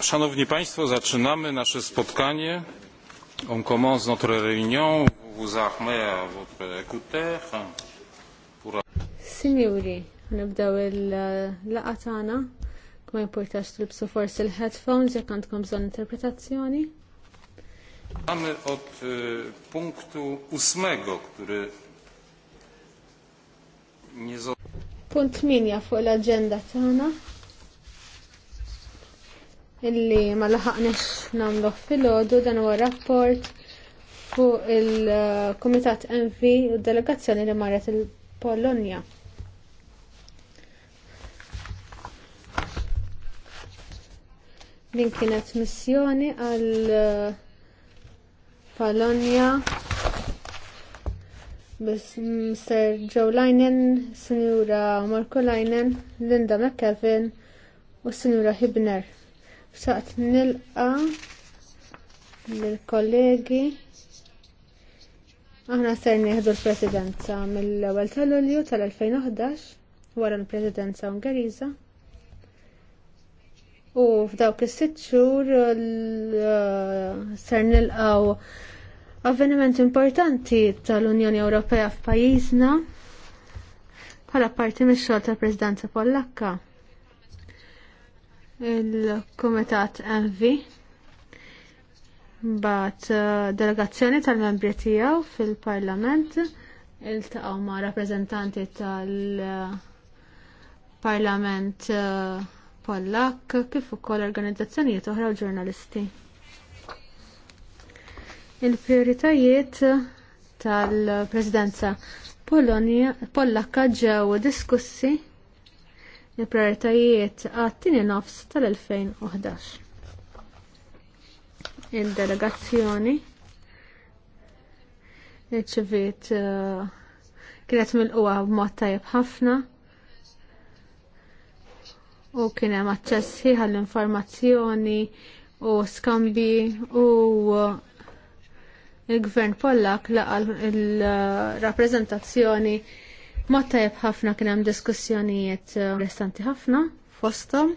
Szanowni Państwo, zaczynamy nasze spotkanie. On commence notre réunion. Vous vous armez à votre écouteur. Pour... Signori, nabdaw il laqatana Kma jimportax importax tilbsu il-headphones jekk għandkom zon interpretazzjoni. Mamy od e, punktu ósmego, który nie Punkt minja fuq l-agenda tagħna illi ma laħaqnex namluħ fil-ħodu dan huwa rapport fuq il-Komitat MV u d-delegazzjoni li marret il polonia Din kienet missjoni għal Polonia bis Mr. Joe Linen, Sinjura Marko Linen, Linda McKevin u Sinjura Hibner. Saqt nilqa lill-kollegi. Aħna ser nieħdu l-presidenza mill-ewwel ta' Lulju tal-2011 wara l-presidenza Ungeriża. U f'dawk is-sitt xhur ser nilqaw avveniment importanti tal-Unjoni Ewropea f'pajjiżna bħala parti mix-xogħol tal-Presidenza Pollakka il-Kumitat Envi bat uh, delegazzjoni tal-membri tiegħu fil-Parlament il-taqaw ma' rappreżentanti tal-Parlament uh, Pollak kif ukoll organizzazzjonijiet oħra u ġurnalisti. Il-prioritajiet tal-Presidenza Pollakka ġew diskussi il-prioritajiet għat-tini nofs tal-2011. Il-delegazzjoni irċivit eh, kienet mill-qwa b'mod tajjeb ħafna u kien hemm aċċess għall-informazzjoni u skambi u il-gvern Pollak laqal il-rappreżentazzjoni eh, Ma tajb ħafna kien hemm diskussjonijiet eh, restanti ħafna fostom.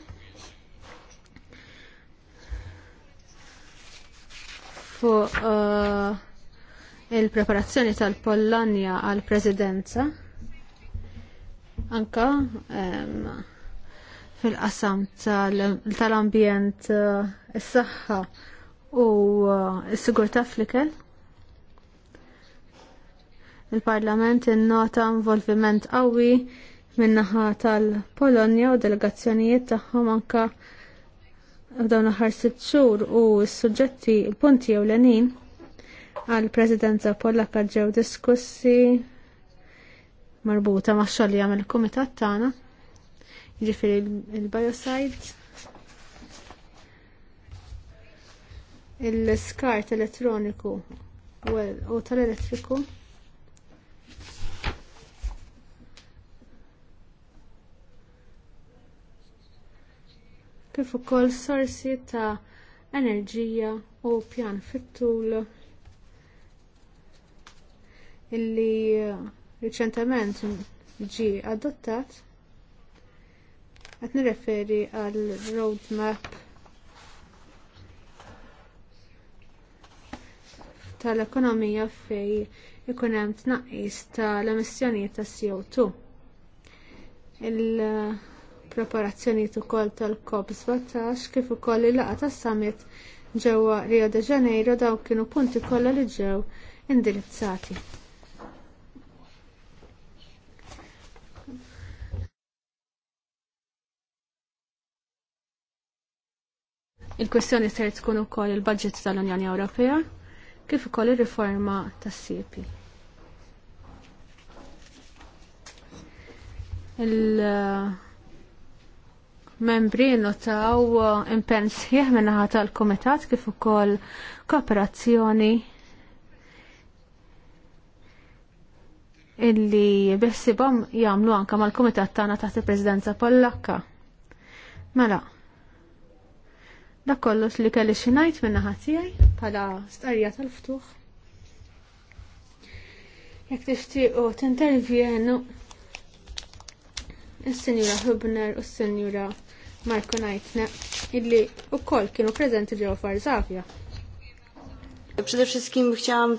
Fuq eh, il-preparazzjoni tal-Pollonja għall presidenza Anka fil-qasam tal-ambjent eh, is-saħħa u s-sigurtà fl-ikel. Il-Parlament innota involviment qawwi min-naħa tal-Polonja u delegazzjonijiet tagħhom anke f'dawn aħħar sitt xhur u s-suġġetti punti ewlenin għall presidenza Pollakka ġew diskussi marbuta ma' xogħlija mill kumitat tagħna. jiġifieri il-biocides. Il-skart elettroniku u tal-elettriku. kif ukoll sorsi ta' enerġija u pjan fit-tul illi riċentement ġie adottat qed nirreferi għal roadmap tal-ekonomija fejn ikun hemm tnaqqis tal-emissjonijiet ta' CO2. Il- preparazzjonijiet ukoll tal-COP 17 kif ukoll il-laqgħa tas-summit ġewwa Rio de Janeiro dawk kienu punti kollha li ġew indirizzati. Il-kwestjoni ser tkun ukoll il-budget tal-Unjoni Ewropea kif ukoll ir-riforma tas-CP. il- uh, membri notaw uh, impens sħiħ minnaħa tal-komitat kif ukoll kooperazzjoni illi bessibom jagħmlu anka mal-komitat tagħna taħt il-Presidenza Pollakka. Mela, dak kollox li kelli xinajt ngħid minnaħa tiegħi bħala starja tal-ftuħ. Jekk tixtiequ tintervjenu is-Sinjura Hubner u s senjura Marko Najtne illi u koll kienu prezenti ġewa Farzafja. Przede wszystkim chciałam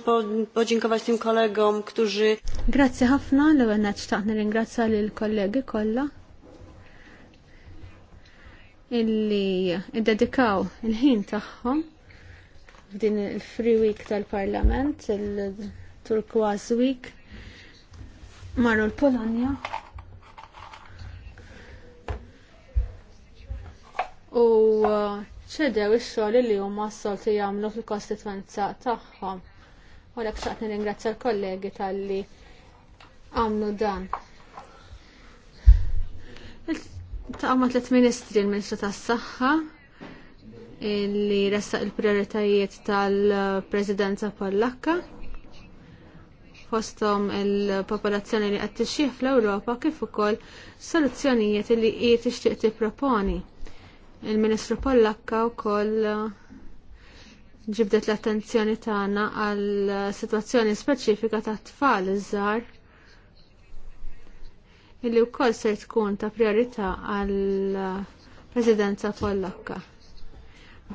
podziękować tym kolegom, którzy... Grazie ħafna, l għanna ċtaqna ringrazza l-kollegi kolla illi id-dedikaw il-ħin taħħom f'din il-Free Week tal-Parlament, il-Turquoise Week, marru l-Polonja. u uh, ċedew ix-xogħol li huma s-soltu jagħmlu fil-kostitwenza tagħhom. U l xaqt nirringrazzja l-kollegi tal-li għamlu dan. Taqma tliet ministri l-Ministru tas-Saħħa li ressaq il-prioritajiet tal-Presidenza Pollakka fosthom il-popolazzjoni li qed tixjih fl-Ewropa kif ukoll soluzzjonijiet li qiegħed tixtieq tipproponi. proponi Il-Ministru Pollakka wkoll uh, ġibdet l-attenzjoni tagħna għal sitwazzjoni speċifika ta' tfal iż-żgħar illi wkoll se tkun ta' priorità għal uh, Presidenza Pollakka.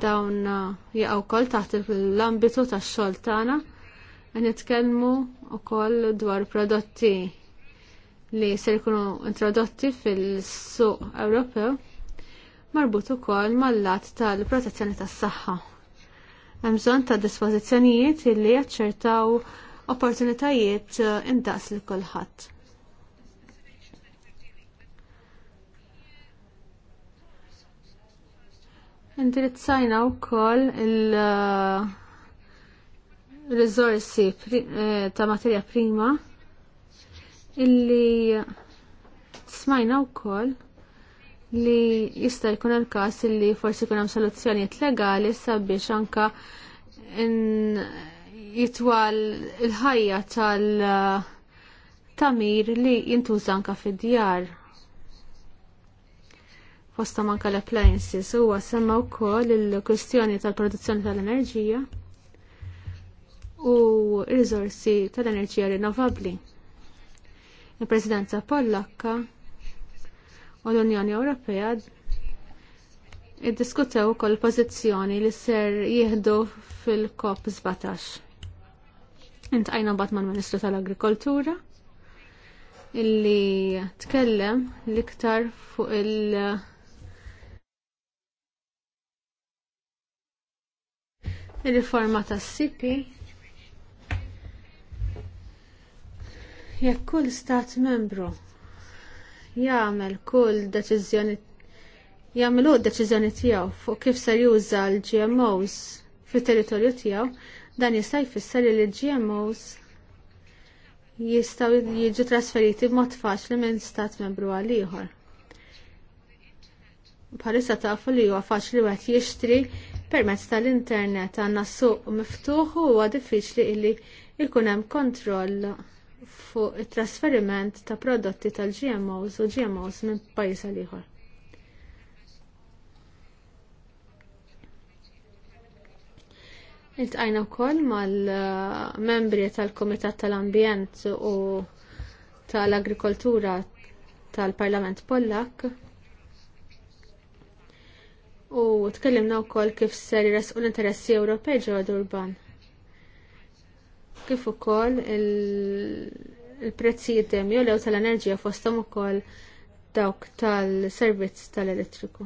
Dawn uh, jaqgħu wkoll taħt l-ambitu tax-xogħol tagħna e nitkellmu wkoll dwar prodotti li se jkunu introdotti fil-suq Ewropew marbut ukoll mal-lat tal-protezzjoni tas-saħħa. Hemm bżonn ta' dispożizzjonijiet illi jaċċertaw opportunitajiet uh, indaqs li kulħadd. Indirizzajna wkoll il-rizorsi uh, uh, ta' materja prima illi smajna wkoll li jista' jkun il każ li forsi jkun hemm soluzzjonijiet legali sabiex anka jitwal il-ħajja tal-tamir li jintuża anka fid-djar. Fosta manka l-appliances huwa semma wkoll il-kwestjoni tal-produzzjoni tal-enerġija u r-riżorsi tal-enerġija rinnovabbli. Il-Presidenza Pollakka u l-Unjoni Ewropea iddiskutew ukoll pożizzjoni li ser jieħdu fil-COP 17. Intqajna mbagħad mal-Ministru tal-Agrikoltura illi tkellem l-iktar fuq il- il-riforma tas sipi jekk kull stat membru jagħmel kull deċiżjoni jagħmel hu deċiżjoni tiegħu fuq kif ser juża l-GMOs fit-territorju tiegħu, dan jista' jfisser li l-GMOs jistgħu jiġu trasferiti b'mod faċli minn stat membru għal ieħor. Bħalissa tafu li huwa faċli wieħed jixtri permezz tal-internet għandna suq miftuħ u huwa diffiċli illi jkun hemm kontroll fuq it trasferiment ta' prodotti tal-GMOs u GMOs minn pajjiż għal ieħor. Iltqajna wkoll mal-membri tal-Kumitat tal-Ambjent u tal-Agrikoltura tal-Parlament Pollak u tkellimna wkoll kif ser jresqu l-interessi Ewropej ġewwa Durban kif ukoll il-prezzijiet demju lew tal-enerġija fosthom ukoll dawk tal-servizz tal-elettriku.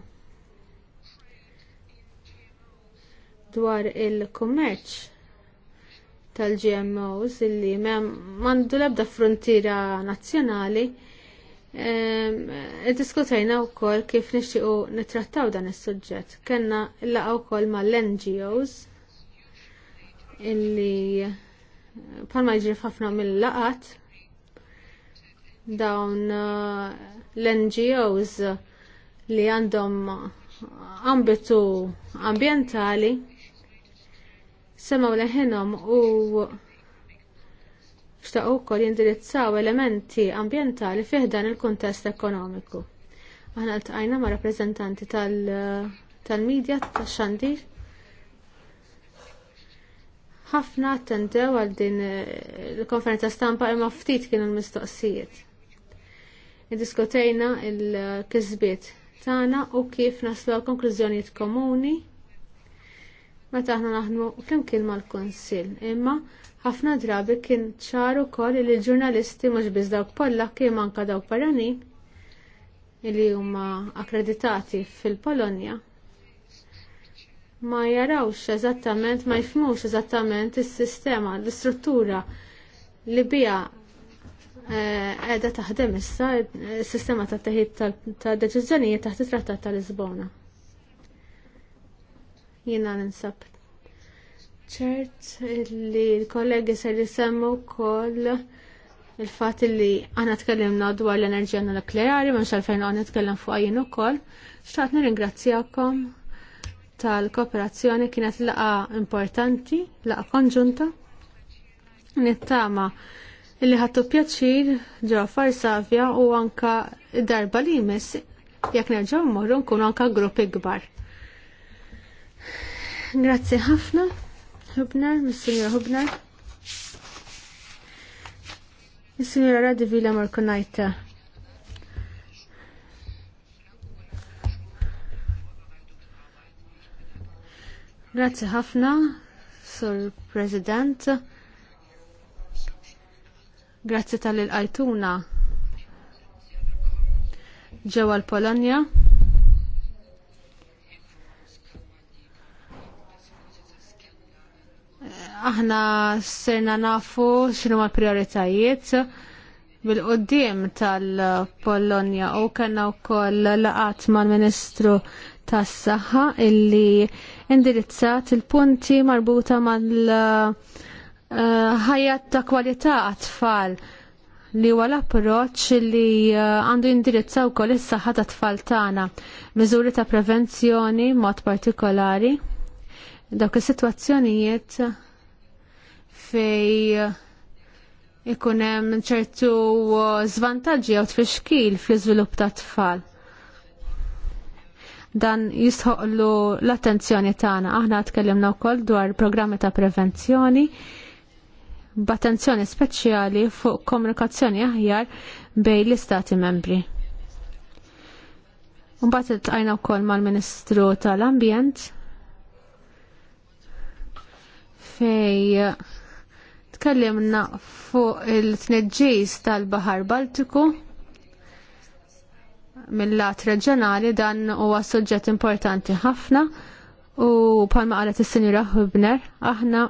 Dwar il-kummerċ tal-GMOs illi mandu lebda frontiera nazzjonali Diskutajna u kol kif nixtiqu nitrattaw dan is-suġġett. Kenna laqgħu wkoll mal-NGOs illi palma jġri ħafna mill-laqat dawn uh, l-NGOs li għandhom ambitu ambientali semaw leħenom u xtaqu kol jindirizzaw elementi ambientali fiħdan il-kontest ekonomiku. Aħna l-tqajna ma' rappresentanti uh, tal-medja, tal-xandir, ħafna attendew għal din il-konferenza eh, stampa imma ftit kienu l-mistoqsijiet. Diskutejna il-kizbiet tagħna u kif naslu għal konklużjonijiet komuni meta aħna naħdmu flimkien mal-Kunsill. Imma ħafna drabi kien ċaru kol li l-ġurnalisti mhux biss dawk kien manka dawk Barranin li huma akkreditati fil-Polonja ma jarawx eżattament, ma jifhmux eżattament is-sistema, l-istruttura li bija qiegħda eh, taħdem issa is sistema ta' teħid ta' deċiżjonijiet taħt it-Trattat ta' Lisbona. Jiena ninsab ċert li l-kollegi se jisemmu wkoll il-fat li għana tkellimna dwar l-enerġija nukleari, ma għalfejn għana nitkellem fuq għajin ukoll. Xtaqt nirringrazzjakom tal-kooperazzjoni kienet laqa importanti, laqa konġunta. Nittama illi ħattu pjaċir ġo savja u anka darba li jmiss jekk nerġgħu mmorru nkunu anka grupp ikbar. Grazzi ħafna, Hubner, mis-Sinjor Hubner. mis sinjora Radivila Markonajta. Grazzi ħafna, Sur President. Grazzi tal-il-qajtuna ġewwa l-Polonja. Aħna serna nafu xinu ma prioritajiet bil-qoddim tal-Polonja u kellna wkoll laqat mal-Ministru tas-saħħa illi indirizzat il-punti marbuta mal-ħajja eh, ta' kwalità għat-tfal li huwa l-approċċ li eh, għandu indirizza wkoll is-saħħa tat tfal tagħna, miżuri ta' prevenzjoni mod partikolari. Dawk is-sitwazzjonijiet fej eh, ikun hemm ċertu żvantaġġi jew tfixkil fl-iżvilupp tat tfal dan jisħoqlu l-attenzjoni tagħna. Aħna tkellimna wkoll dwar programmi ta' prevenzjoni b'attenzjoni speċjali fuq komunikazzjoni aħjar bejn l-istati membri. Mbagħad iltqajna wkoll mal-Ministru tal-Ambjent fej tkellimna fuq il-tneġġis tal-Baħar Baltiku mill-lat reġjonali dan huwa suġġett importanti ħafna u palma qalet is-Sinjura Hubner aħna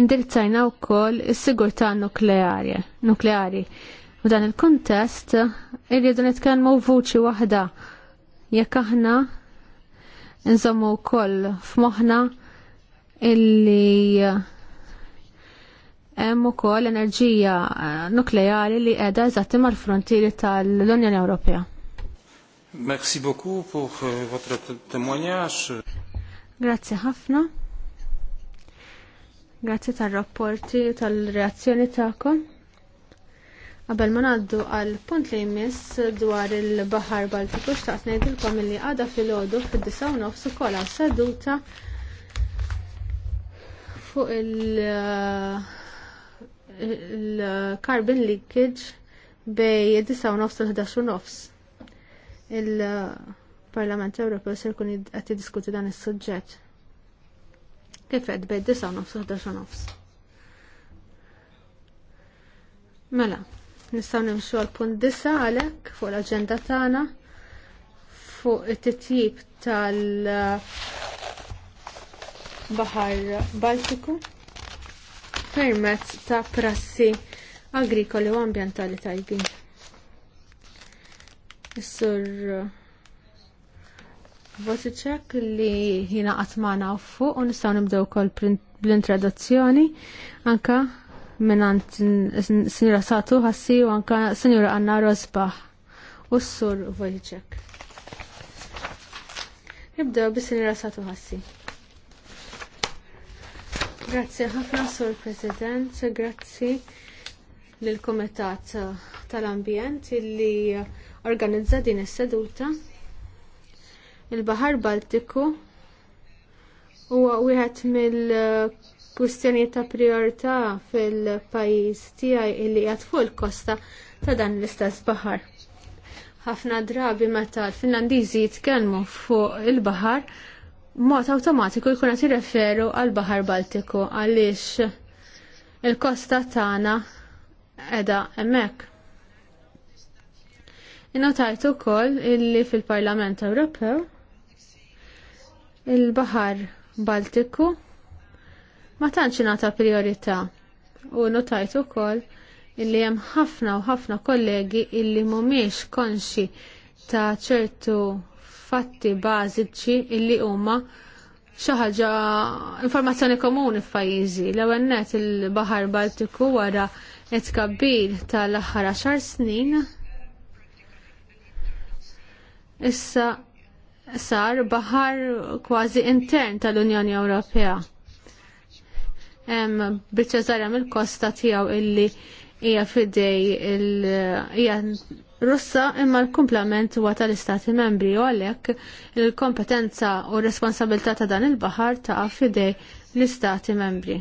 indirizzajna wkoll is-sigurtà nukleari. nukleari. U dan il-kuntest irridu nitkellmu vuċi waħda jekk aħna nżommu wkoll f'moħħna illi hemm ukoll enerġija eh, nukleari li qiegħda eżatti mal-frontieri tal-Unjoni Ewropea. Merci beaucoup pour eh, votre témoignage. Grazie ħafna. Grazie tal-rapporti tal-reazzjoni tagħkom. Qabel ma ngħaddu għal punt li jmiss dwar il-Baħar Baltiku xtaqt ngħidilkom illi għada filgħodu fid-disa u nofs ukoll seduta fuq il- uh, il-carbon leakage bej nofs l-11 nofs. Il-Parlament Ewropew se jkun qed jiddiskuti dan is-suġġett. Kif qed bej nofs l-11 nofs. Mela, nistgħu nimxu għal punt disa għalhekk fuq l-aġenda tagħna fuq it-titjib tal-Bahar Baltiku permezz ta' prassi agrikoli u ambjentali tajbin. Is-sur uh, Votiċek li jina għatmana fuq u nistaw nibdew kol bl-introduzzjoni anka minnant sinjura Satu ħassi u anka sinjura Anna Rozbaħ u s-sur Votiċek. Nibdew bis sinjura Satu ħassi. Grazzi ħafna Sur President, grazzi lill kumitat tal-Ambjent illi organizza din is-seduta. Il-Baħar Baltiku huwa wieħed mill-kwistjonijiet ta' priorità fil-pajjiż tiegħi illi qiegħed fuq il-kosta ta' dan l-istess Bahar. Ħafna drabi meta l-Finlandiżi jitkellmu fuq il-baħar mod awtomatiku jkun qed jirreferu għal Baħar Baltiku għaliex il-kosta tagħna qiegħda hemmhekk. Innutajt ukoll illi fil-Parlament Ewropew il-Baħar Baltiku ma tantx nata priorità u notajt ukoll illi hemm ħafna u ħafna kollegi illi mhumiex konxi ta' ċertu fatti bażiċi illi huma xi ħaġa informazzjoni komuni f'pajjiżi. L-ewwel net il-Baħar Baltiku wara it-tkabbir tal-aħħar għaxar snin issa sar baħar kważi intern tal-Unjoni Ewropea. Hemm biċċa żara mill-kosta tiegħu illi hija fidej hija il Russa imma l-kumplament huwa tal-Istati membri u għalhekk il-kompetenza u responsabilità ta' dan il-baħar ta' fidej l-Istati membri.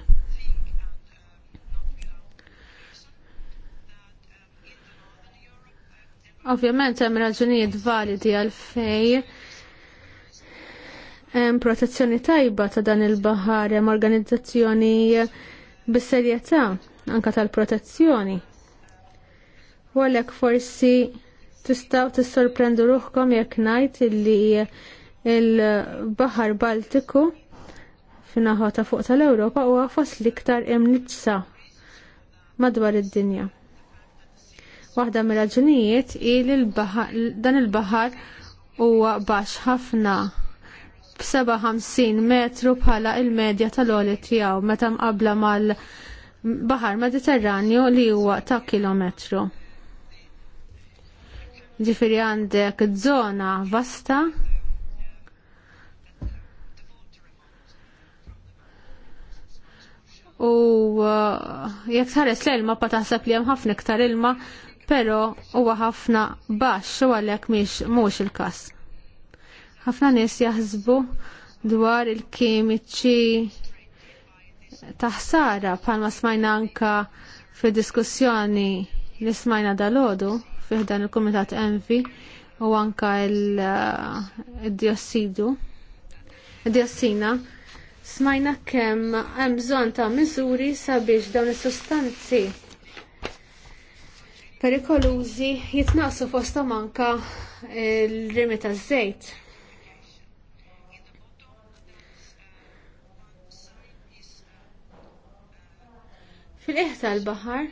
Ovvjament hemm raġunijiet validi għalfej hemm protezzjoni tajba ta' dan il-baħar hemm organizzazzjoni bis-serjetà anke tal-protezzjoni. Walek forsi tistgħu tissorprendu ruħkom jekk ngħid illi il-Baħar Baltiku finaħa ta' fuq tal-Ewropa huwa fost l-iktar imnitsa madwar id-dinja. Waħda mir-raġunijiet hi li dan il-baħar huwa baxx ħafna b-57 metru bħala il-medja tal għoli tiegħu meta mqabbla mal-Baħar Mediterranju li huwa ta' kilometru. Ġifiri għandek zona vasta u uh, jekk tħares l-ilma pa taħseb li hemm ħafna iktar ilma, pero huwa ħafna baxx u għalhekk mux mhux il-każ. Ħafna nies jaħsbu dwar il-kimiċi taħsara bħalma smajna anka fid diskussjoni li smajna dal-ħodu fiħdan il-Komitat Envi u anka eh, il-diossidu. Diossina, smajna kemm hemm bżonn ta' miżuri sabiex dawn is-sustanzi perikolużi jitnaqsu fosta manka l-rimi taż-żejt. Fil-qiegħ tal-baħar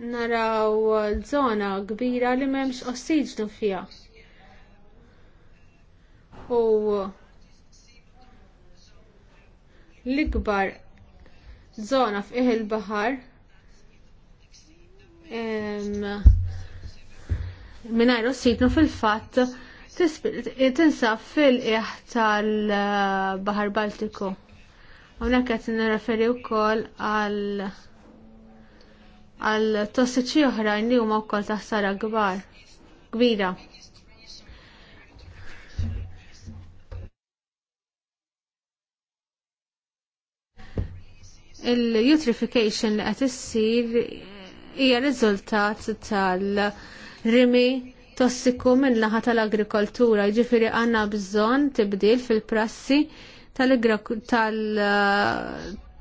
naraw żona kbira li m'hemmx ossiġnu fiha. U l-ikbar żona fih il-baħar mingħajr ossiġnu fil-fatt tinsab fil-qiegħ tal-Baħar Baltiku. Hawnhekk qed nirreferi wkoll għal għal tossiċi oħrajn li huma wkoll taħsara kbar kbira. il-eutrification li qed issir hija riżultat tal-rimi tossiku min laħa tal-agrikoltura, jiġifieri għandna bżonn tibdil fil-prassi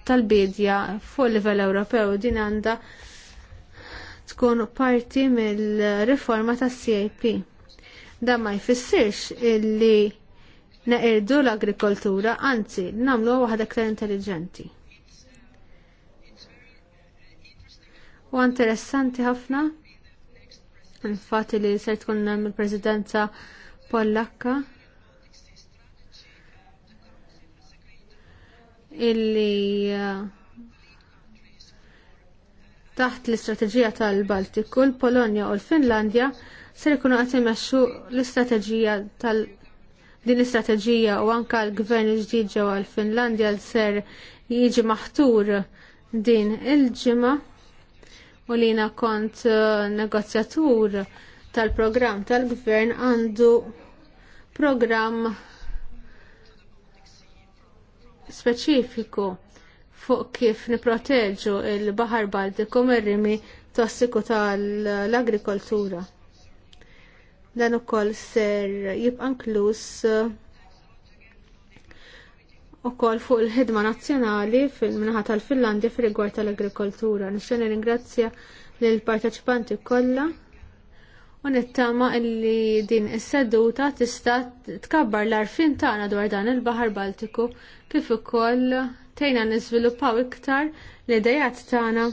tal-bidja fuq livell Ewropew din għandha tkun parti mill-riforma tas CIP. Dan ma jfissirx illi naqirdu l-agrikoltura, anzi, namlu waħda aktar intelligenti. U interessanti ħafna il-fat li ser tkun hemm il-Presidenza Pollakka illi uh, taħt l-istrateġija tal-Baltiku, l-Polonja u l-Finlandja ser ikunu qed imexxu l-istrateġija tal- din l-istrateġija u anka l-gvern ġdid ġewwa l-Finlandja l ser jiġi maħtur din il-ġimgħa u li jiena kont eh, negozjatur tal-programm tal-gvern għandu programm speċifiku fuq kif niproteġu il-Bahar Baltiku mir-rimi tossiku tal-agrikoltura. Dan ukoll ser jibqa' inkluż uh, ukoll fuq il-ħidma nazzjonali fil-minħa tal-Finlandja fir-rigward tal-agrikoltura. Nixtieq nirringrazzja lill parteċipanti kollha u nittama illi din is-seduta tista' tkabbar l-arfin tagħna dwar dan il-Baħar Baltiku kif ukoll tejna niżviluppaw iktar l-idejat tagħna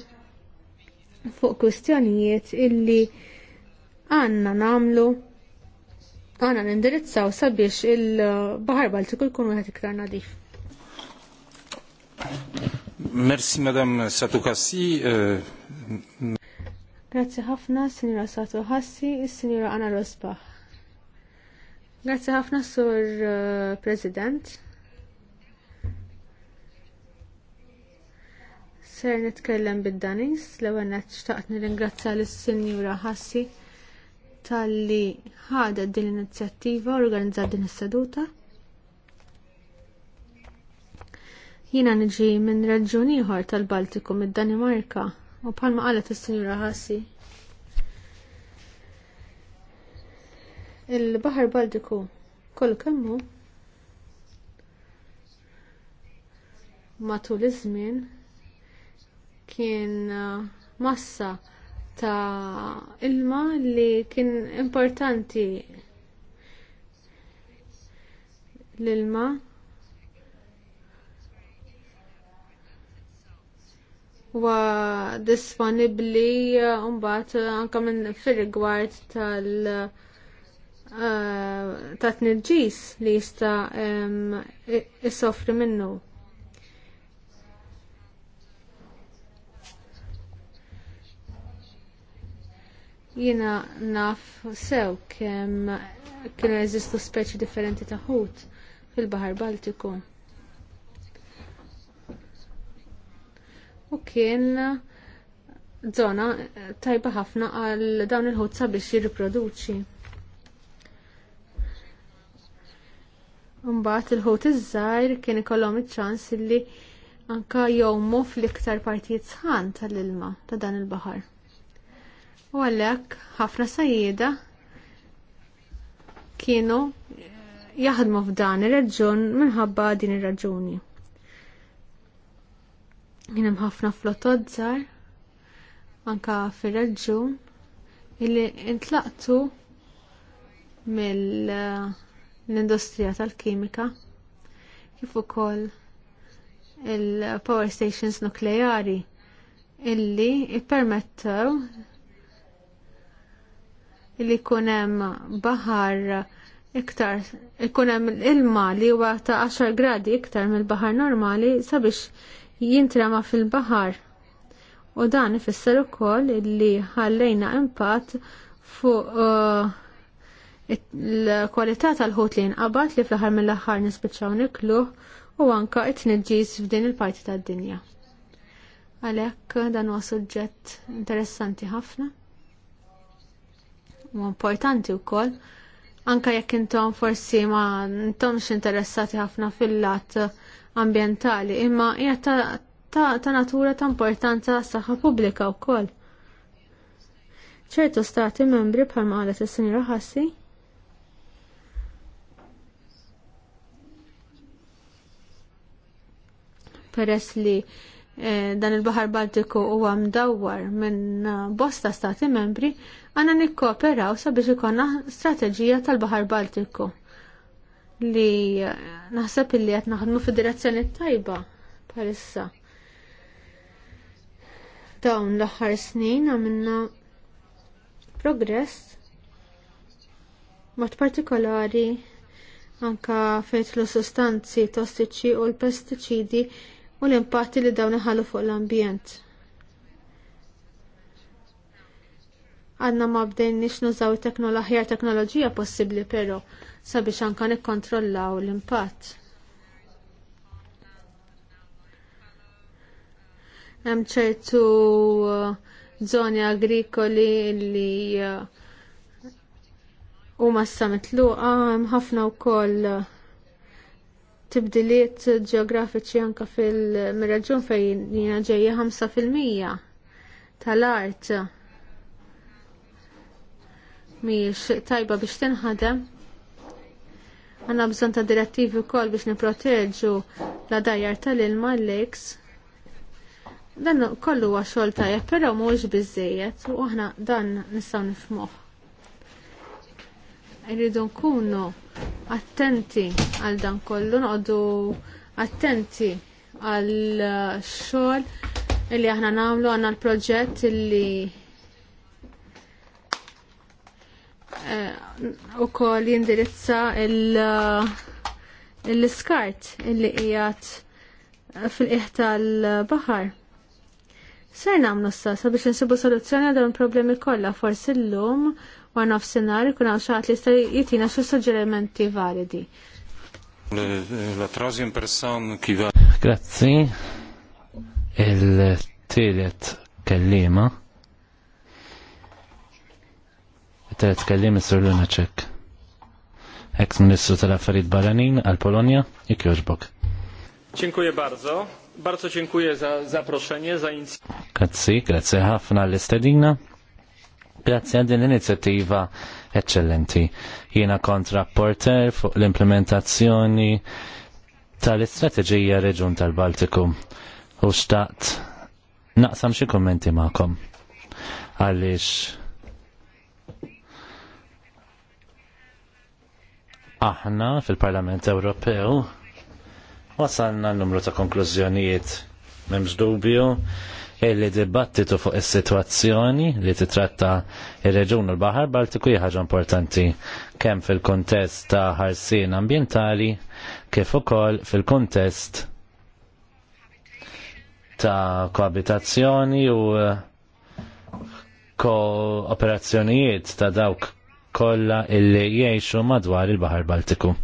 fuq kwistjonijiet illi għanna namlu għanna nindirizzaw sabiex il-Bahar Baltiku jkun wieħed iktar nadif. Merci Madame Satukassi. Euh, Grazie ħafna, Sinjora Satukassi, Sinjora Anna Rosbach. Grazie ħafna, Sur euh, President. Ser nitkellem bid-Danis, l-ewwel qed xtaqt nirringrazzja lis-Sinjura Ħassi talli ħada din l-inizjattiva u organizzat din is-seduta. Jiena niġi minn raġun ieħor tal-Baltiku mid-Danimarka u bħalma qalet is-Sinjura Ħassi. Il-Baħar Baltiku kollu kemmu matul iż-żmien kien uh, massa ta' ilma li kien importanti l-ilma wa disponibbli mbagħad uh, uh, anke minn fir-rigward tal- ta' tniġġis li jista' um, issofri minnu. Jiena naf sew kemm kienu jeżistu speċi differenti ta' ħut fil-Baħar Baltiku. U kien żona tajba ħafna għal dawn il-ħut sabiex jirriproduċi. Mbagħad il-ħut iż-żgħir kien ikollhom iċ-ċans li anke jgħumu fl-iktar partijiet sħan tal-ilma ta' dan il-baħar. U għalhekk ħafna sajjida kienu jaħdmu f'dan ir-raġun minħabba din ir-raġuni. Kien hemm ħafna flotod żgħar anka fir-raġun illi intlaqtu mill-industrija tal-kimika kif ukoll il-power stations nukleari illi ippermettew li kunem bahar iktar, hemm ilma li huwa ta' 10 gradi iktar mill-bahar normali sabiex jintrema fil-bahar. U dan ifisser ukoll li ħallejna impatt fuq uh, il-kwalità tal-ħut li jinqabad li fl-aħħar mill-aħħar nispiċċaw nikluh u anka it-tniġġis f'din il-parti tad-dinja. Għalhekk dan huwa suġġett interessanti ħafna u importanti wkoll. Anke jekk intom forsi ma intomx interessati ħafna fil-lat ambjentali, imma hija ta, ta, ta, natura ta' importanza saħħa pubblika wkoll. ċertu stati membri bħalma qalet is sinjura Ħassi peress li Eh, dan il-Bahar Baltiku huwa mdawwar minn bosta stati membri, għanna nikkooperaw sabiex ikonna strateġija tal-Bahar Baltiku li eh, naħseb illi qed naħdmu fid-direzzjoni tajba parissa. Dawn l-aħħar snin għamilna progress mod partikolari anka fejn l sustanzi tossiċi u l-pestiċidi u l-impatti li dawn iħallu fuq l-ambjent. Għanna ma bdejniex nużaw l teknoloġija teknoloġija possibbli però sabiex anka nikkontrollaw l-impatt. Hemm ċertu żoni uh, agrikoli li uh, huma uh, mitluqa, samitluqa hemm ħafna wkoll uh, tibdiliet ġeografiċi anke fil-raġun fejn jiena ġejja 5% tal-art mhijiex tajba biex tinħadem. Għanna bżon ta' direttivi wkoll biex niproteġu la dajjar tal-ilma l-leks. Dan kollu huwa xogħol tajjeb, però mhuwiex biżżejjed, u aħna dan nistgħu nifhmuh. Irridu nkunu attenti għal dan kollu, noqdu attenti għal uh, xogħol illi aħna nagħmlu għandna l-proġett illi uh, ukoll jindirizza uh, l-iskart illi qiegħed fil-qiegħ tal-baħar. Ser nagħmlu sa sabiex insibu soluzzjoni għal dawn il-problemi kollha forsi llum lum ma nofsinhar ikun hawn xaħat li jista' jitina xi suġġerimenti validi. Grazzi. Il-tielet kellima. Il-tielet kellima sur ċek. Ex-Ministru tal-Affarijiet Barranin għal-Polonja, ikjoġbok. Dziękuję bardzo. Bardzo dziękuję za zaproszenie, za inicjatywę. Grazie, grazie Hafna l-istedina. Grazzi għal din l-inizjattiva eccellenti. Jiena kontra porter fuq l-implementazzjoni tal-istrateġija Reġun tal-Baltiku u xtaqt naqsam xi kummenti magħkom. Għaliex aħna fil-Parlament Ewropew wasalna n-numru ta' konklużjonijiet memx dubju illi dibattitu fuq is-sitwazzjoni li titratta il reġun l baħar Baltiku hija ħaġa importanti kemm fil-kuntest ta' ħarsien ambjentali kif ukoll fil-kuntest ta' koabitazzjoni u kooperazzjonijiet ta' dawk kollha illi jgħixu madwar il-Baħar Baltiku.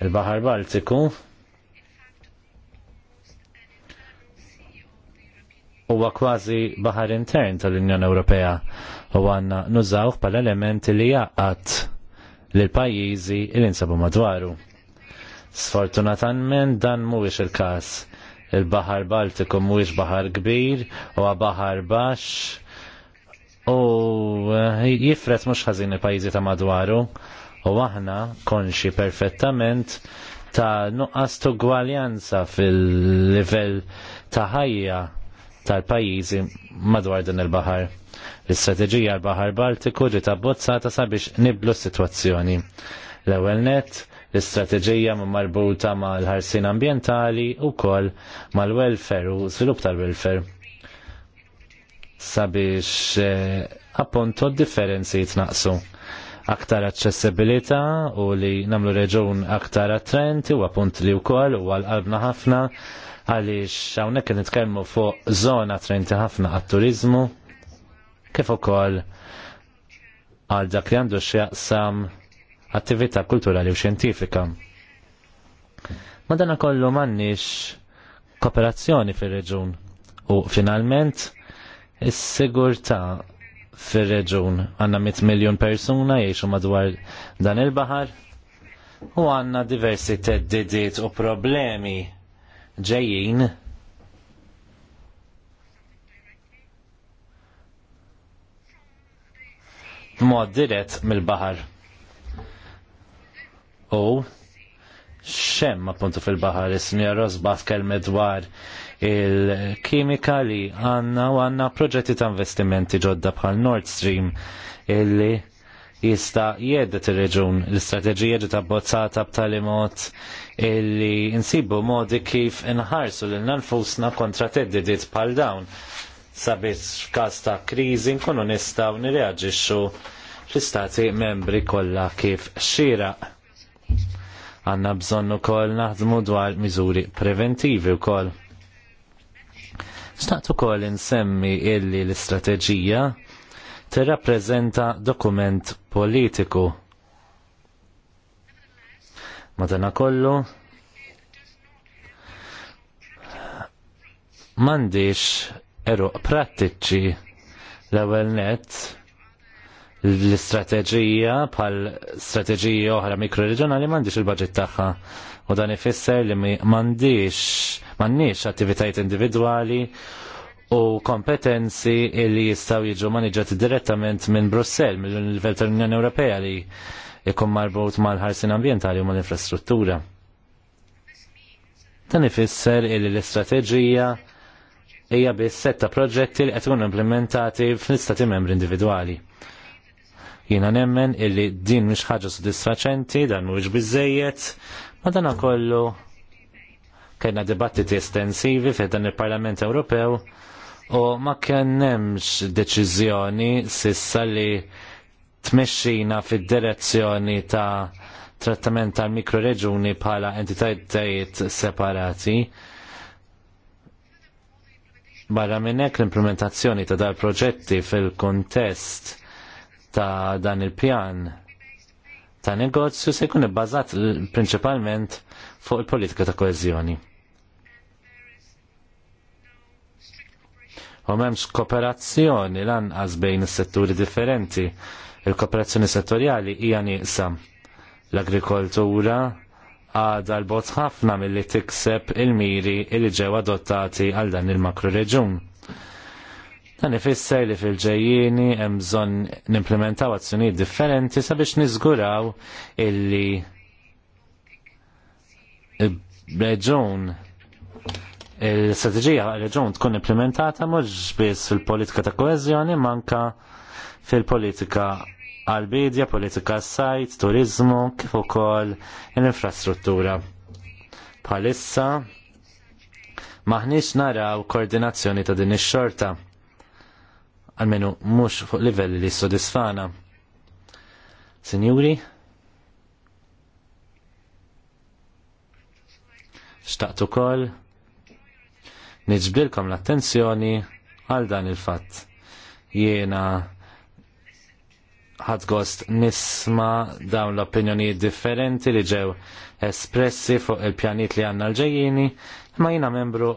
Il-Baħar Baltiku huwa kważi baħar intern tal-Unjoni Ewropea u għanna nużawħ pal element li jaqqat l pajjiżi li insabu madwaru. Sfortunatament dan mhuwiex il-każ. Il-Baħar Baltiku mhuwiex baħar kbir u baħar baxx u eh, jifret mhux ħażin il-pajjiżi ta' madwaru u aħna konxi perfettament ta' nuqqas tugwaljanza fil-livell ta' ħajja tal-pajjiżi madwar din il-baħar. L-istrateġija l-Baħar Baltiku ġiet abbozzata sabiex niblu s-sitwazzjoni. L-ewwel net, l-istrateġija marbuta mal-ħarsin ambjentali u koll mal-welfare u l-żvilupp tal-welfare. Sabiex eh, appunto differenzi jitnaqsu aktar aċċessibilità u li namlu reġun aktar attrenti u appunt li wkoll u għal-qalbna ħafna għaliex hawnhekk kien nitkellmu fuq żona trenti ħafna għat-turizmu kif ukoll għal dak li għandu x'jaqsam attività kulturali u xjentifika. Madana kollu m'għandniex kooperazzjoni fir-reġun u finalment is-sigurtà fir-reġun għandna 100 miljun persuna jgħixu madwar dan il-baħar u għandna diversi teddidiet u problemi ġejjin mod dirett mill-bahar. U xem appuntu fil-bahar ismija Rosbach kelme dwar il-kimika li għanna u għanna proġetti ta' investimenti ġodda bħal Nord Stream illi jista jedet il-reġun. L-istrateġija ġiet abbozzata b'tali mod illi insibu modi kif inħarsu l nanfusna kontra teddidiet bħal dawn. Sabiex f'każ ta' kriżi nkunu nistgħu nirreaġixxu fl-istati membri kollha kif xira. Għanna bżonn ukoll naħdmu dwar miżuri preventivi wkoll. Staqt ukoll insemmi illi l-istrateġija tirrappreżenta dokument politiku. Madana kollu, mandiċ eruq prattiċi l-ewel net l-istrateġija pal strateġija oħra mikroreġjonali mandiċ il-budget tagħha u dan ifisser li mandiċ mandiċ attivitajiet individwali u kompetenzi li jistaw jiġu maniġati direttament minn Brussel, mill-livell tal-Unjoni Ewropea li jkun marbut mal-ħarsin ambientali u mal-infrastruttura. Dan ifisser li l-istrateġija hija biss setta proġetti li qed implementati fl-istati membri individwali. Jiena nemmen illi din mhix ħaġa sodisfaċenti, dan mhuwiex biżejjed, ma dan kollu kellna dibattiti estensivi fih dan il-Parlament Ewropew u ma kennemx deċiżjoni sissa li tmexxina fid-direzzjoni ta' trattament tal-mikroreġuni bħala entitajiet separati. Barra minn hekk l-implementazzjoni ta' dal proġetti fil-kontest ta' dan il-pjan ta' negozju se jkun ibbażat prinċipalment fuq il-politika ta' koeżjoni. u m'hemmx kooperazzjoni lanqas bejn is-setturi differenti. Il-kooperazzjoni settorjali hija nieqsa. L-agrikoltura għadha l-bot ħafna milli tikseb il-miri li ġew adottati għal dan il-makroreġun. Dan ifisser li fil-ġejjieni hemm bżonn nimplementaw azzjonijiet differenti sabiex niżguraw illi il-reġun il-strategija reġun tkun implementata mhux biss fil-politika ta' koeżjoni manka fil-politika għal-bidja, politika s-sajt, turizmu, kif ukoll l-infrastruttura. Bħalissa maħniex naraw koordinazzjoni ta' din ix-xorta għalmenu mhux fuq livelli li sodisfana. Sinjuri, xtaqt ukoll niġbilkom l-attenzjoni għal dan il-fatt. Jiena ħad gost nisma dawn l-opinjonijiet differenti li ġew espressi fuq il-pjanit li għanna l-ġejjini, ma jina membru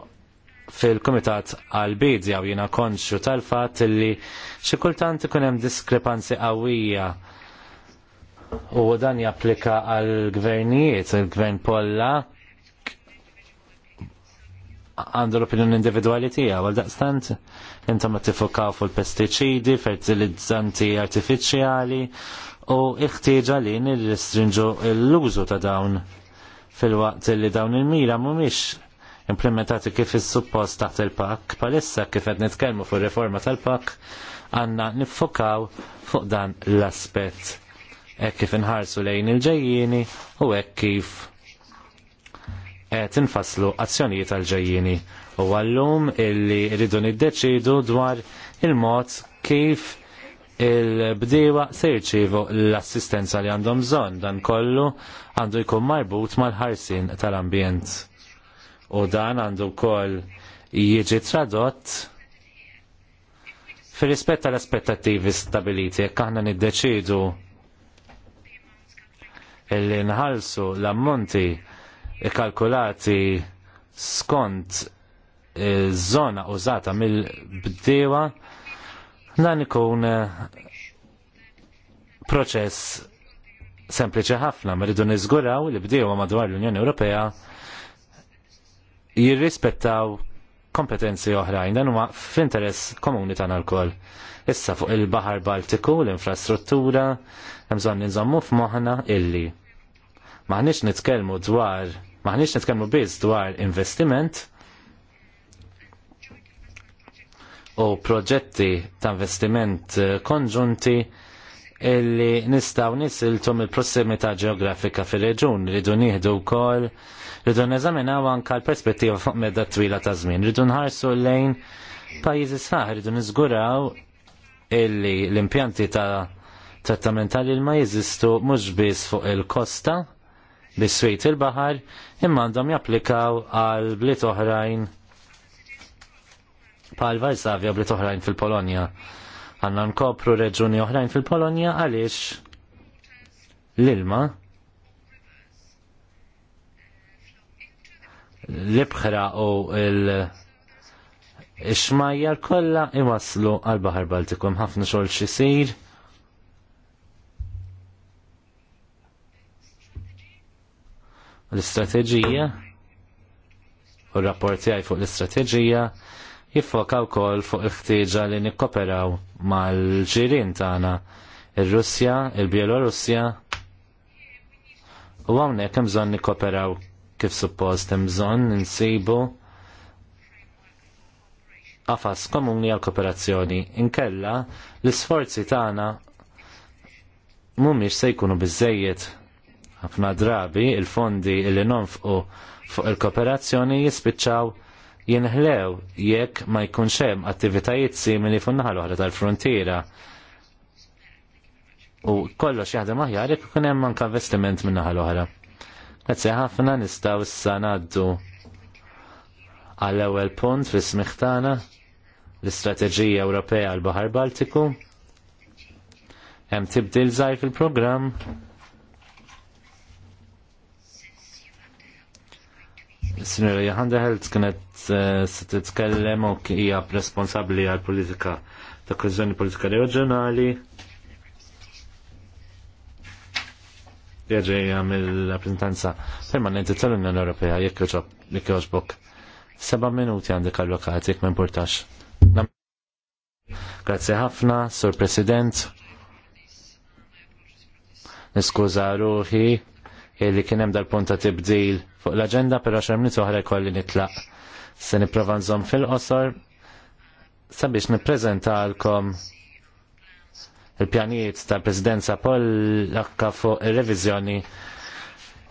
fil-komitat għal-bidja u jiena konxu tal-fat li xikultant hemm diskrepanzi qawwija u dan japplika għal-gvernijiet, il-gvern Polla għandu l-opinjoni individuali tiegħu għal daqstant intom ma tifokaw fuq il-pestiċidi, fertilizzanti artifiċjali u iħtieġa ħtieġa li nirrestrinġu l-użu ta' dawn fil-waqt li dawn il-mira mhumiex implementati kif is-suppost taħt il-pak, palissa kif qed nitkellmu fuq riforma tal-pak għandna niffokaw fuq dan l-aspett. Hekk kif inħarsu lejn il ġejjini u hekk kif infasslu azzjonijiet għal-ġajjini u għallum illi rridu niddeċidu dwar il-mod kif il-bdewa se jirċivu l-assistenza li għandhom bżonn dan kollu għandu jkun marbut mal-ħarsin tal-ambjent. U dan għandu koll jieġi tradott fir rispett tal-aspettativi stabiliti, jekk aħna niddeċidu illi nħalsu l-ammonti ikkalkulati skont żona e, użata mill-bdewa dan ikun e, proċess sempliċi ħafna, ma rridu niżguraw li bdewa madwar l-Unjoni Ewropea jirrispettaw kompetenzi oħrajn, dan huwa f'interess komuni tagħna lkoll. Issa fuq il-Baħar Baltiku, l-infrastruttura, hemm bżonn ninżommu f'moħħna illi Maħniex nitkellmu dwar, maħniex nitkellmu biss dwar investiment u proġetti ta' investiment eh, konġunti illi nistaw nisiltum il-prossimità ġeografika fil-reġun, rridu nieħdu wkoll rridu neżaminaw anke l-perspettiva fuq medda twila ta' żmien, rridu nħarsu lejn pajjiżi sħaħ, rridu niżguraw illi l-impjanti ta' trattament tal-ilma jeżistu mhux biss fuq il-kosta bis-swit il-baħar imma għandhom japplikaw għal bliet oħrajn pal Varsavja bliet oħrajn fil-Polonja. Għanna nkopru reġuni oħrajn fil-Polonja għaliex l-ilma l-ibħra u l- Ixmajjar kolla iwaslu għal-Bahar Baltikum ħafna xogħol xisir. L-istrateġija u r-rapporti għaj fuq l-istrateġija jiffoka wkoll fuq il-ħtieġa li nikkoperaw mal-ġirien tagħna ir-Russja, il bielorussja U hawnhekk hemm bżonn nikkoperaw kif suppost hemm bżonn insibu għafas komuni għal kooperazzjoni inkella l-isforzi tagħna mhumiex se jkunu biżejjed ħafna drabi il-fondi li nonfqu fuq il-kooperazzjoni jispiċċaw jinħlew jekk ma jkunx hemm attivitajiet simili fuq naħa l-oħra tal-frontiera. U kollox jaħdem aħjar jekk ikun hemm anke investiment minn naħa l-oħra. Grazzi ħafna nistgħu issa ngħaddu għall-ewwel punt fis-smigħ tagħna l-Istrateġija Ewropea għall-Baħar Baltiku. Hemm tibdil żgħir fil-programm Sinjora Johanna Helt kienet eh, se titkellem u hija responsabbli għal politika ta' kwestjoni politika reġjonali. Jaġeja mill-rappresentanza permanenti tal-Unjoni Ewropea jekk jogħġbok. Seba' minuti għandek għal-lokat, jekk ma importax. Grazie ħafna, Sur President. Niskuża ruħi illi kien hemm dal punta tibdil fuq l-aġenda però xemnit oħra kolli nitlaq. Se nipprova nżomm fil-qosor sabiex niprezentalkom il-pjanijiet tal-Presidenza lakka fuq ir revizjoni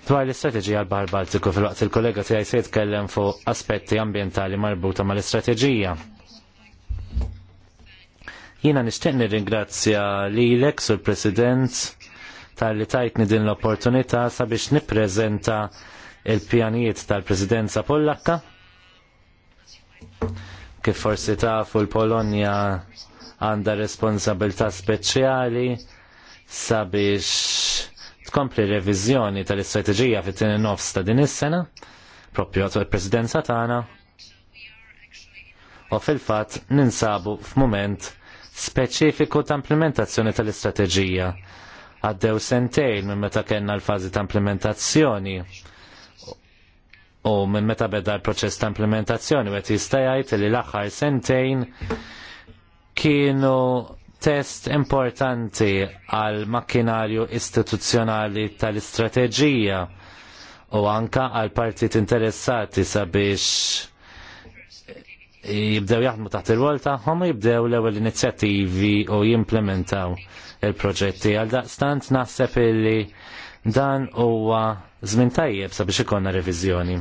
dwar l-istrateġija għal bahar Baltiku fil-waqt il-kollega tiegħi se jitkellem fuq aspetti ambjentali marbuta mal-istrateġija. Jiena nixtieq nirringrazzja lilek l President tal-li tajtni din l-opportunità sabiex nippreżenta il-pjanijiet tal-Presidenza Pollakka. Kif forsi tafu l-Polonja għandha responsabilità speċjali sabiex tkompli reviżjoni tal-istrateġija fit-tieni nofs ta' din is-sena, propju għatu l-Presidenza tagħna. U fil-fatt ninsabu f'mument speċifiku ta' implementazzjoni tal-istrateġija għaddew sentejn minn meta kellna l-fażi ta' implementazzjoni u minn meta beda l-proċess ta' implementazzjoni u għet jista' jgħid li l-aħħar sentejn kienu test importanti għal makkinarju istituzzjonali tal-istrateġija u anka għal partit interessati sabiex jibdew jaħdmu taħt il-wol tagħhom u jibdew l-ewwel inizjattivi u jimplementaw il-proġetti. Għal daqstant naħseb illi dan huwa żmien tajjeb sabiex ikonna reviżjoni.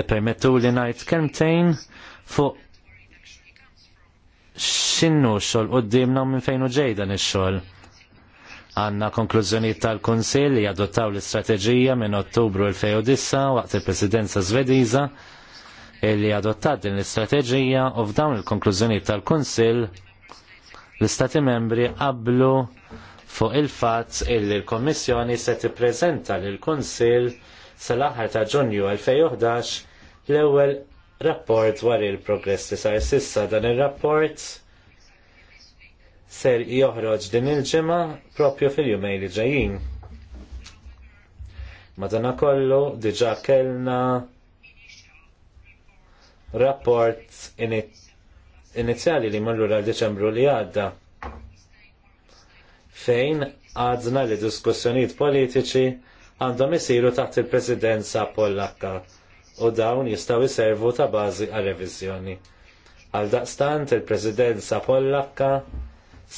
Ippermettu li ngħid kelmtejn fuq x'inhu x-xogħol qudiemna minn fejn u ġej dan ix-xogħol. Għanna konklużjoni tal-Kunsill li adottaw l-istrateġija minn Ottubru 2009 waqt il-Presidenza Svediża li adottat din l-istrateġija u f'dawn il-konklużjoni tal-Kunsill l-Istati membri qablu fuq il-fatt illi l-Kommissjoni se tippreżenta lil kunsill sal-aħħar ta' Ġunju 2011 l-ewwel rapport dwar il-progress li sar sissa dan ir-rapport ser joħroġ din il-ġimgħa propju fil-jumej li ġejjin. Madanakollu diġà kellna rapport inizjali li marru għal deċembru li għadda fejn għadna li diskussjonijiet politiċi għandhom isiru taħt il-presidenza pollakka u dawn jistaw iservu ta' bażi għal reviżjoni. Għal daqstant il-presidenza pollakka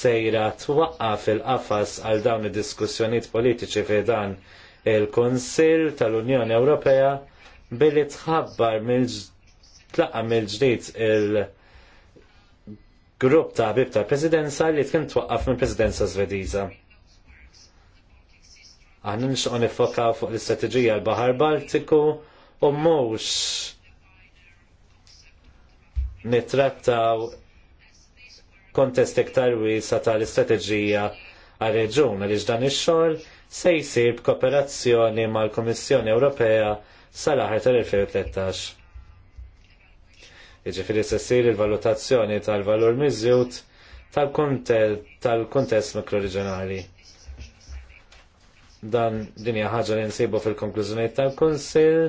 sejra twaqqa fil-qafas għal dawn id-diskussjonijiet politiċi fi dan il-Kunsill tal-Unjoni Ewropea billi tħabbar mill tlaqa mill-ġdid il-grupp ta' ħbib ta' presidenza li tkun twaqqaf minn presidenza Svediża. Aħna nixqon nifoka fuq l-istrateġija l-Bahar Baltiku u mhux nittrattaw kontest iktar wiesa tal-istrateġija għal-reġun għaliex dan ix-xogħol se jsir b'kooperazzjoni mal-Kummissjoni Ewropea sal-aħħar tal-2013. Jiġifieri se ssir il-valutazzjoni tal-valur miżjud tal-kuntest mikroreġjonali. Dan din hija ħaġa li nsibu fil-konklużjonijiet tal-Kunsill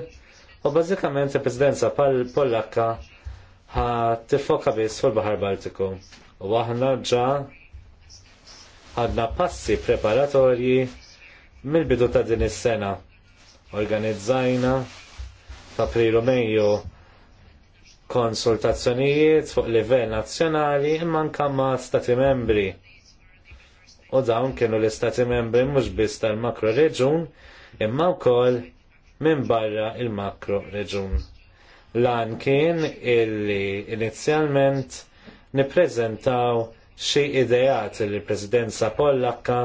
u bazzikament il-Presidenza Pollakka ħa tifoka biss fil-Baħar Baltiku. U aħna ġa għadna passi preparatorji mill-bidu ta' din is-sena. Organizzajna ta' Prilu Mejju konsultazzjonijiet fuq livell nazzjonali imma anke ma' stati membri. U dawn kienu l-istati membri mhux biss tal-makro reġun imma wkoll minn barra il-makro reġun. Lan kien illi inizjalment nippreżentaw xi ideat li l-Presidenza Pollakka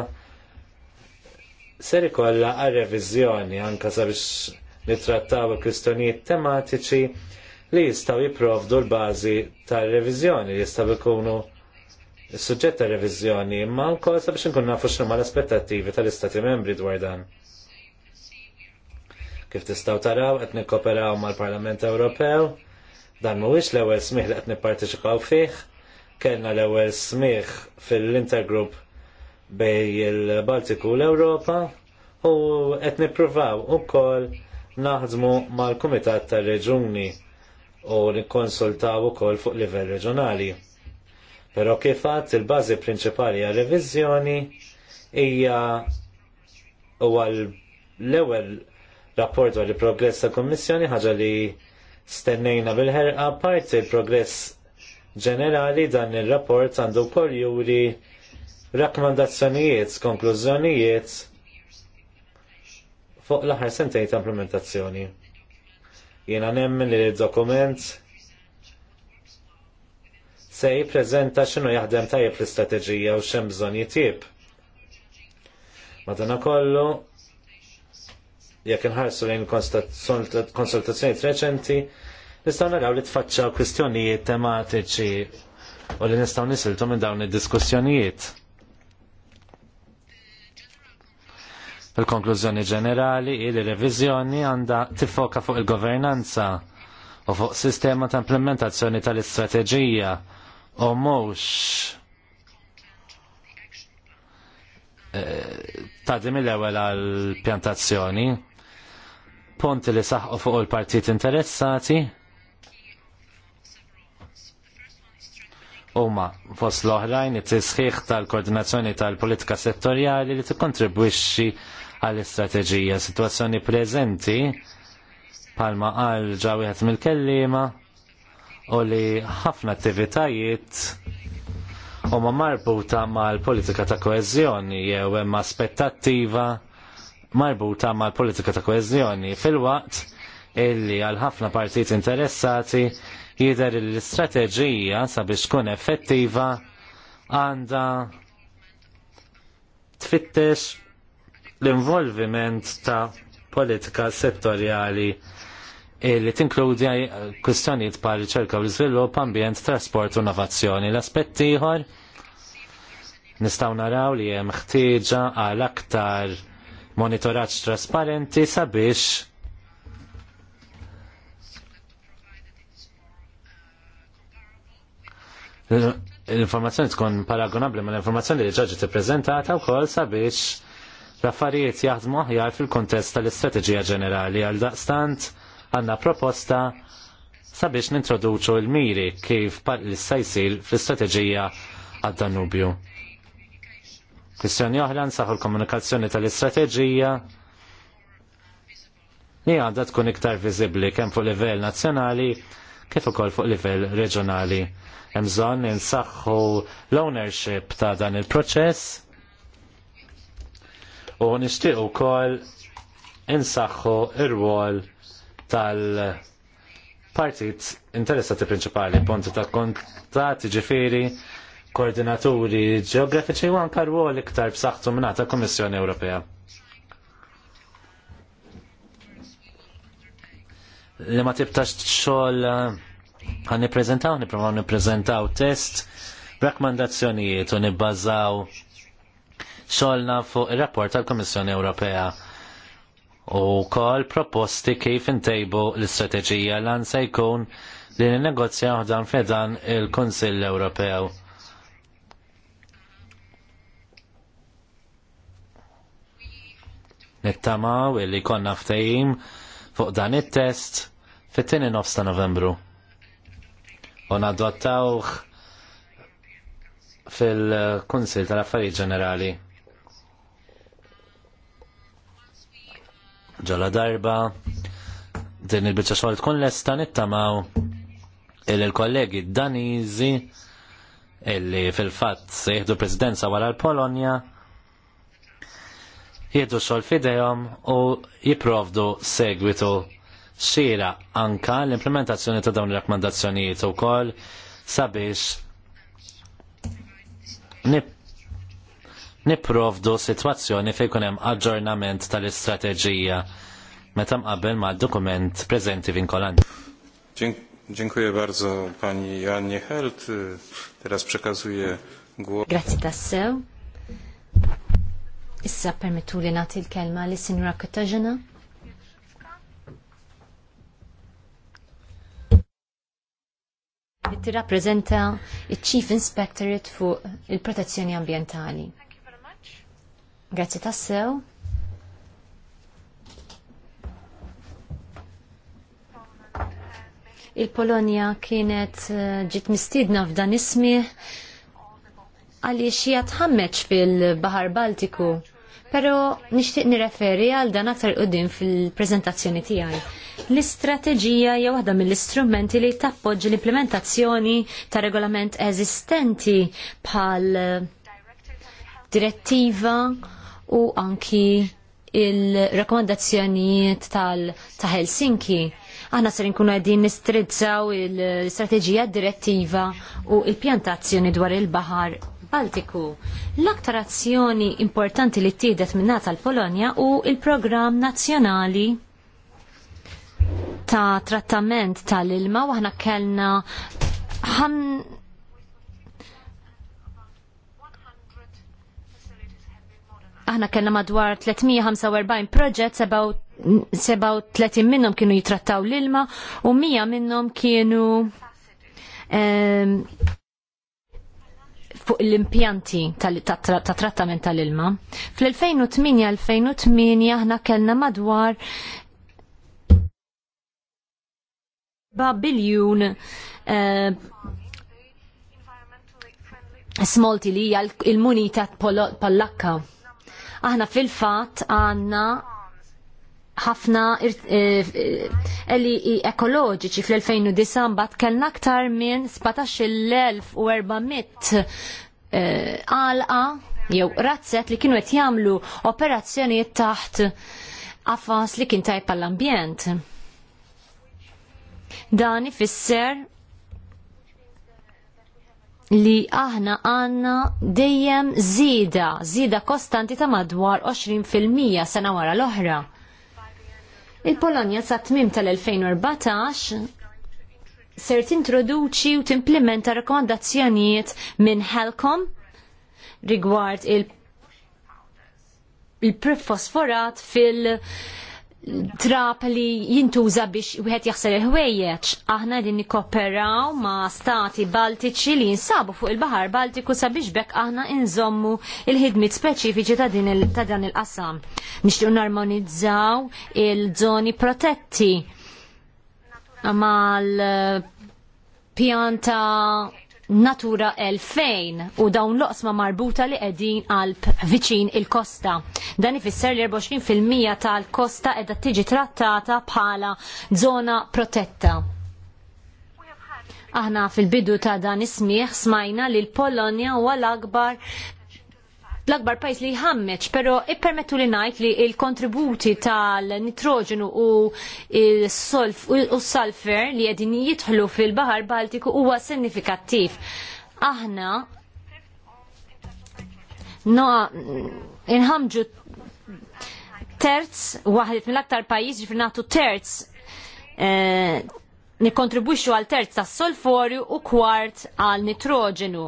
ser ikollha għal reviżjoni anke sabiex nittrattaw il-kwistjonijiet tematiċi li jistgħu jipprovdu l-bażi tar-reviżjoni, jistgħu jkunu s-suġġett ta' reviżjoni, imma wkoll sabiex inkunu nafu x'huma l-aspettattivi tal-Istati Membri dwar dan. Kif tistgħu taraw qed nikkoperaw mal-Parlament Ewropew, dan mhuwiex l-ewwel smih li qed nipparteċipaw fih, kellna l-ewwel smih fil-intergroup bej il-Baltiku u l-Ewropa u qed nippruvaw ukoll naħdmu mal-Kumitat tar-Reġuni u nikkonsultaw ukoll fuq livell reġjonali. Però kif għadd il-bażi prinċipali għal reviżjoni hija huwa l-ewwel rapport għal il-progress ta' Kummissjoni ħaġa li stennejna bil-ħerqa parti il-progress ġenerali dan il-rapport għandu wkoll juri rakkomandazzjonijiet, konklużjonijiet fuq l-aħħar sentejn ta' implementazzjoni. Jena nemmen li l-dokument se jiprezenta x'inhu jaħdem tajjeb l-istrateġija u bżon bżonn Madana kollu, jekk inħarsu lejn konsultazzjonijiet treċenti, nistgħu naraw li tfaċċaw kwistjonijiet tematiċi u li nistgħu nisiltu minn dawn id-diskussjonijiet. Fil-konklużjoni ġenerali, il-revizjoni għanda tifoka fuq il-governanza u fuq sistema ta' implementazzjoni tal-istrateġija u mhux eh, ta' mill-ewwel għal pjantazzjoni punti li saħqu fuq il-partit interessati huma fost l-oħrajn it-tisħiħ tal-koordinazzjoni tal-politika settorjali li tikkontribwixxi għall-istrateġija. Situazzjoni preżenti palma qal ġawieħed mill-kellima u li ħafna attivitajiet huma marbuta mal-politika ta' koeżjoni jew hemm aspettattiva marbuta mal-politika ta' koezjoni fil-waqt illi għal ħafna partijiet interessati jidher li l-istrateġija sabiex tkun effettiva għandha tfittex l-involviment ta' politika settorjali li tinkludi kwistjonijiet bħal riċerka u l-iżvilupp, ambjent, trasport u innovazzjoni. L-aspett ieħor nistgħu naraw li hemm ħtieġa għal aktar monitoraġġ trasparenti sabiex l-informazzjoni tkun paragonabli ma l-informazzjoni li ġoġi t-prezentata u kol sabiex l-affarijiet jaħdmu aħjar fil-kontest tal-istrateġija ġenerali għal daqstant għanna proposta sabiex nintroduċu il-miri kif l-issa jisir fl-istrateġija għad-Danubju. Kwistjoni oħra nsaħu l-komunikazzjoni tal-istrateġija li għadda tkun iktar viżibbli kemm fuq livell nazzjonali kif ukoll fuq livell reġjonali Hemm bżonn insaħħu l-ownership ta' dan il-proċess u nixtieq ukoll insaħħu ir-rwol tal-partit interessati prinċipali, ponti ta' kontati ġifiri, koordinaturi ġeografiċi u anka rwol iktar b'saħħtu mingħata Kommissjoni Ewropea. Li ma tibtax xogħol Għan niprezentaw, niprofaw niprezentaw test, rakkomandazzjonijiet u nibbażaw xolna fuq il-rapport tal-Komissjoni Ewropea u kol proposti kif intejbu l-istrateġija lan se jkun li n-negozja uħdan fedan il-Konsill Ewropew. Nittamaw illi konna ftejim fuq dan it-test fit-tini nofs ta' novembru u nadottawh fil-Kunsil tal-Affarijiet Ġenerali. Ġola darba, din il-bicċa xogħol tkun lesta nittamaw il-kollegi Danizi illi fil-fatt se jieħdu presidenza wara l-Polonja jieħdu xogħol fidejhom u jipprovdu segwitu sira anka l-implementazzjoni ta' dawn il-rakkomandazzjonijiet ukoll sabiex niprovdu situazzjoni fejn kun hemm aġġornament tal-istrateġija meta mqabbel ma' dokument preżenti vinkolanti. Dziękuję bardzo pani Joannie Held. Teraz przekazuję głos. Grazie tassew. Issa permettu nagħti l-kelma li sinjura Katarzyna. Ti rappresenta il-Chief Inspectorate fuq il-protezzjoni ambientali. Grazzi tassew. Il-Polonja kienet eh, ġit mistidna f'dan ismi għaliex hija tħammeġ fil-Bahar Baltiku Pero nixtieq nireferi għal dan aktar qudiem fil-preżentazzjoni tiegħi. L-istrateġija hija waħda mill-istrumenti li tappoġġi l-implementazzjoni ta' regolament eżistenti bħal direttiva u anki il-rakkomandazzjonijiet ta' Helsinki aħna ser nkunu qegħdin nistrizzaw il istrateġija direttiva u il-pjantazzjoni dwar il baħar baltiku L-aktar azzjoni importanti li tiedet minna tal-Polonja u il-programm nazzjonali ta' trattament tal-ilma u aħna kellna ħan aħna kellna madwar 345 proġett, sebaw tletin minnhom kienu jitrattaw l-ilma u 100 minnhom kienu um, fuq l-impjanti ta' trattament tal-ilma. Fl-2008-2008 aħna kellna madwar 4 biljun eh, smolti li hija l-munita lakka Aħna fil-fatt għandna ħafna eh, eh, eli ekoloġiċi fl-2009 bat kellna aktar minn 17,400 eh, għalqa jew razzet li kienu qed jagħmlu operazzjonijiet taħt għafas li kien tajb għall-ambjent. Dan ifisser li aħna għanna dejjem zida, zida kostanti ta' madwar 20% sena wara l-oħra. Il-Polonja sa tmim tal-2014 ser tintroduċi u timplementa rekomandazzjonijiet minn Helcom rigward il-prefosforat il prefosforat fil- trap li jintuża biex wieħed jaħsel il-ħwejjeġ. Aħna din nikkooperaw ma' stati Baltiċi li jinsabu fuq il-Baħar Baltiku sabiex bekk aħna inżommu il-ħidmit speċifiċi ta' din ta' dan il-qasam. Nixtiequ narmonizzaw il-żoni protetti mal pjanta Natura 2000 u dawn loqsma marbuta li qegħdin għal viċin il-kosta. Dan ifisser li 24% tal-kosta qiegħda tiġi trattata bħala zona protetta. Aħna fil-bidu ta' dan ismieħ smajna li l-Polonja huwa l-akbar l-akbar pajis li jħammeċ, pero ippermettu li najt li il-kontributi tal-nitrogenu u s-sulfur li għedin jitħlu fil-Bahar Baltiku huwa sinifikattiv. Aħna no, inħamġu terz, waħdet mill-aktar pajis ġifri terz eh, nikontribwixxu għal terz tas-solforju u kwart għal nitroġenu.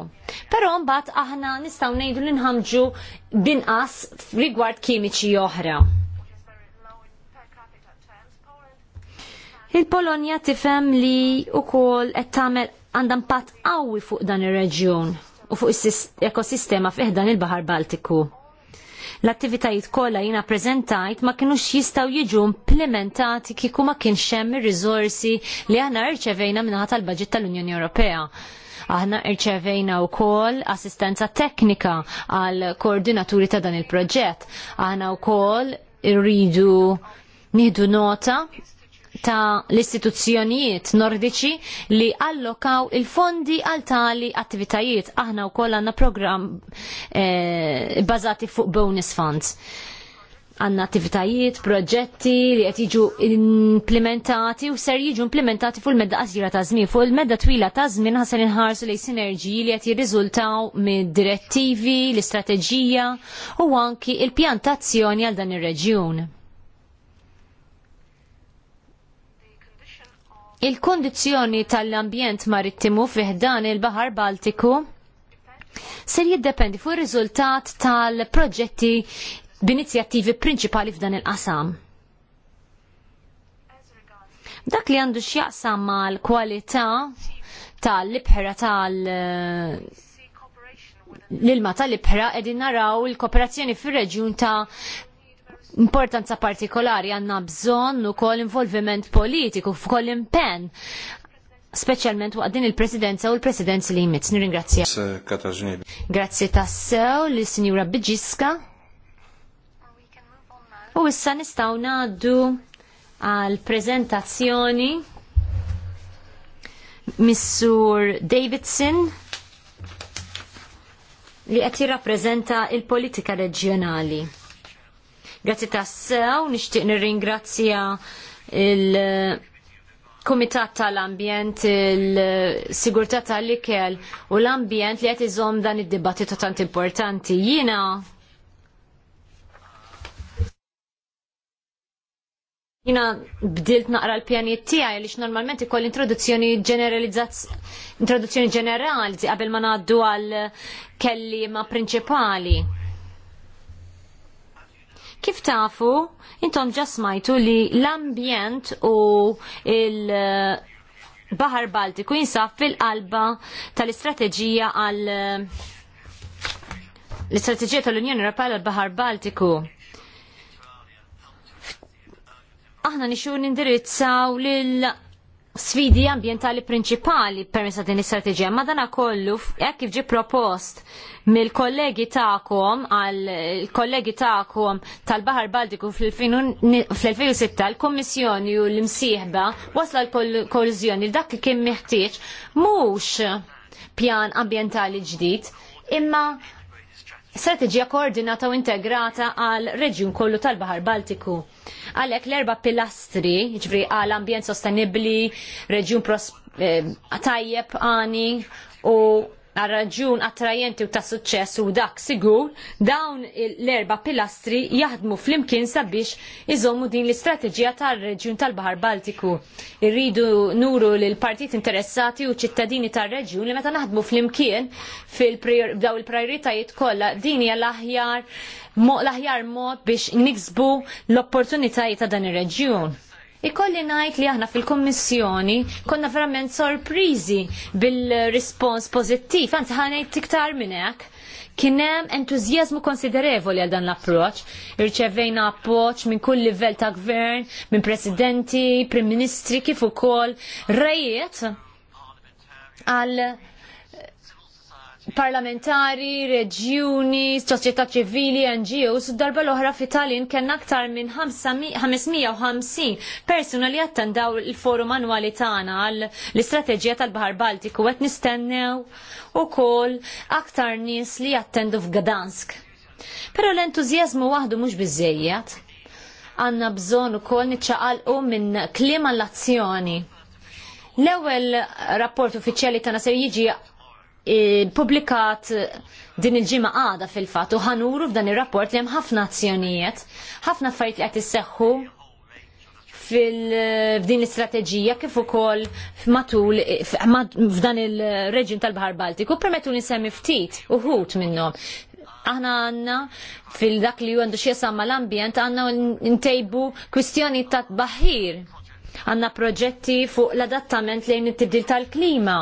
Però mbagħad aħna nistgħu ngħidu li nħamġu binqas rigward kimiċi oħra. Il-Polonja tifhem li wkoll qed tagħmel għandha impatt qawwi fuq dan ir-reġjun u fuq is ekosistema fih dan il-Baħar Baltiku l-attivitajiet kollha jina prezentajt ma kinux jistgħu jiġu implementati kieku ma kienx hemm ir rizorsi li aħna rċevejna minħata tal-baġit tal-Unjoni Ewropea. Aħna rċevejna wkoll assistenza teknika għal koordinaturi ta' dan il-proġett. Aħna wkoll irridu nieħdu nota ta' l-istituzzjonijiet nordiċi li allokaw il-fondi għal tali attivitajiet. Aħna wkoll għandna program eh, bazati fuq bonus funds. Għandna attivitajiet, proġetti li qed jiġu implementati u ser jiġu implementati fuq il-medda qasira ta' zmin. Fuq il-medda twila ta' żmien ħasel inħarsu lejn sinerġiji li qed jirriżultaw mid-direttivi, l-istrateġija u anki il-pjantazzjoni għal dan ir-reġjun. il kundizzjoni tal-ambjent marittimu fiħdan il-Bahar Baltiku ser jiddependi fuq ir-riżultat tal-proġetti b'inizjattivi prinċipali f'dan il-qasam. Dak li għandu x'jaqsam mal-kwalità tal-libħra tal- l-ilma tal-ibħra edin naraw il-kooperazzjoni fir reġjun ta' importanza partikolari għanna bżonn ukoll involviment politiku f'kol impenn specialment waqt din il-presidenza u l-presidenza li jmitt. Nirringrazzja. Grazzi tassew li sinjura Bġiska. U issa nistgħu naddu għal prezentazzjoni Missur Davidson li qed jirrappreżenta l politika reġjonali. Grazzi tassew, nixtieq nirringrazzja il- Kumitat tal-Ambjent, il-Sigurtà tal-Ikel u l-Ambjent li qed iżomm dan id-dibattitu tant importanti. Jiena jina bdilt naqra l-pjaniet tiegħi li normalment ikoll introduzzjoni introduzzjoni ġenerali qabel ma ngħaddu għal kelliema prinċipali. Kif tafu, intom ġasmajtu li l-ambjent u il- eh, Bahar Baltiku jinsab fil-qalba tal-istrateġija għal eh, l-istrateġija tal-Unjoni Europea għal Bahar Baltiku aħna nixu nindirizzaw lil sfidi ambientali prinċipali permessa din l-istrateġija, ma dana kollu hekk kif ġi propost mill-kollegi tagħkom għal kollegi tagħkom tal-Baħar Baltiku fl-2006 l-Kommissjoni u l-imsieħba wasla l-kollużjoni dak li kien meħtieġ mhux pjan ambientali ġdid, imma Strategija koordinata u integrata għal reġjun kollu tal-Bahar Baltiku. Għalek l-erba pilastri, ġifri għal ambjent sostenibli, reġjun eh, tajjeb għani u għal raġun attrajenti u ta' suċċess u dak sigur, dawn l-erba pilastri jaħdmu flimkien sabiex iżommu din l-istrateġija tal-reġjun tal-Bahar Baltiku. Irridu nuru l-partit interessati u ċittadini tal-reġjun li meta naħdmu flimkien fil-daw il-prioritajiet kollha din hija l-aħjar l-aħjar mod biex niksbu l-opportunitajiet ta' dan ir-reġjun Ikolli ngħid li aħna fil-Kummissjoni konna verament sorpriżi bil-rispons pożittiv, anzi ħanajt tiktar minn hekk. Kien hemm entużjażmu konsiderevoli għal dan l-approċ. Irċevejna appoġġ minn kull livell ta' gvern, minn presidenti, prim ministri kif ukoll rejiet għal parlamentari, reġjuni, soċjetà ċivili, NGOs, darba l-oħra fi Tallinn kien aktar minn 550 persuna li attendaw il-forum annwali tagħna għal l-istrateġija tal-Baħar Baltiku qed nistennew ukoll aktar nies li jattendu f'Gdansk. Però l-entużjażmu waħdu mhux biżejjed. Għandna bżonn ukoll niċċaqalqu minn kliem l-azzjoni. L-ewwel rapport uffiċjali tagħna se jiġi publikat din il-ġimma għada fil-fat u ħanuru f'dan il-rapport li hemm ħafna azzjonijiet, ħafna affarijiet li qed isseħħu f'din l-istrateġija kif ukoll matul f'dan il-reġjun tal-Baħar Baltiku permettu nisemmi ftit uħut minnhom. Aħna għanna fil-dak li għandu samma l ambjent għanna ntejbu kwistjoni ta' baħir. Għanna proġetti fuq l-adattament lejn it-tibdil tal-klima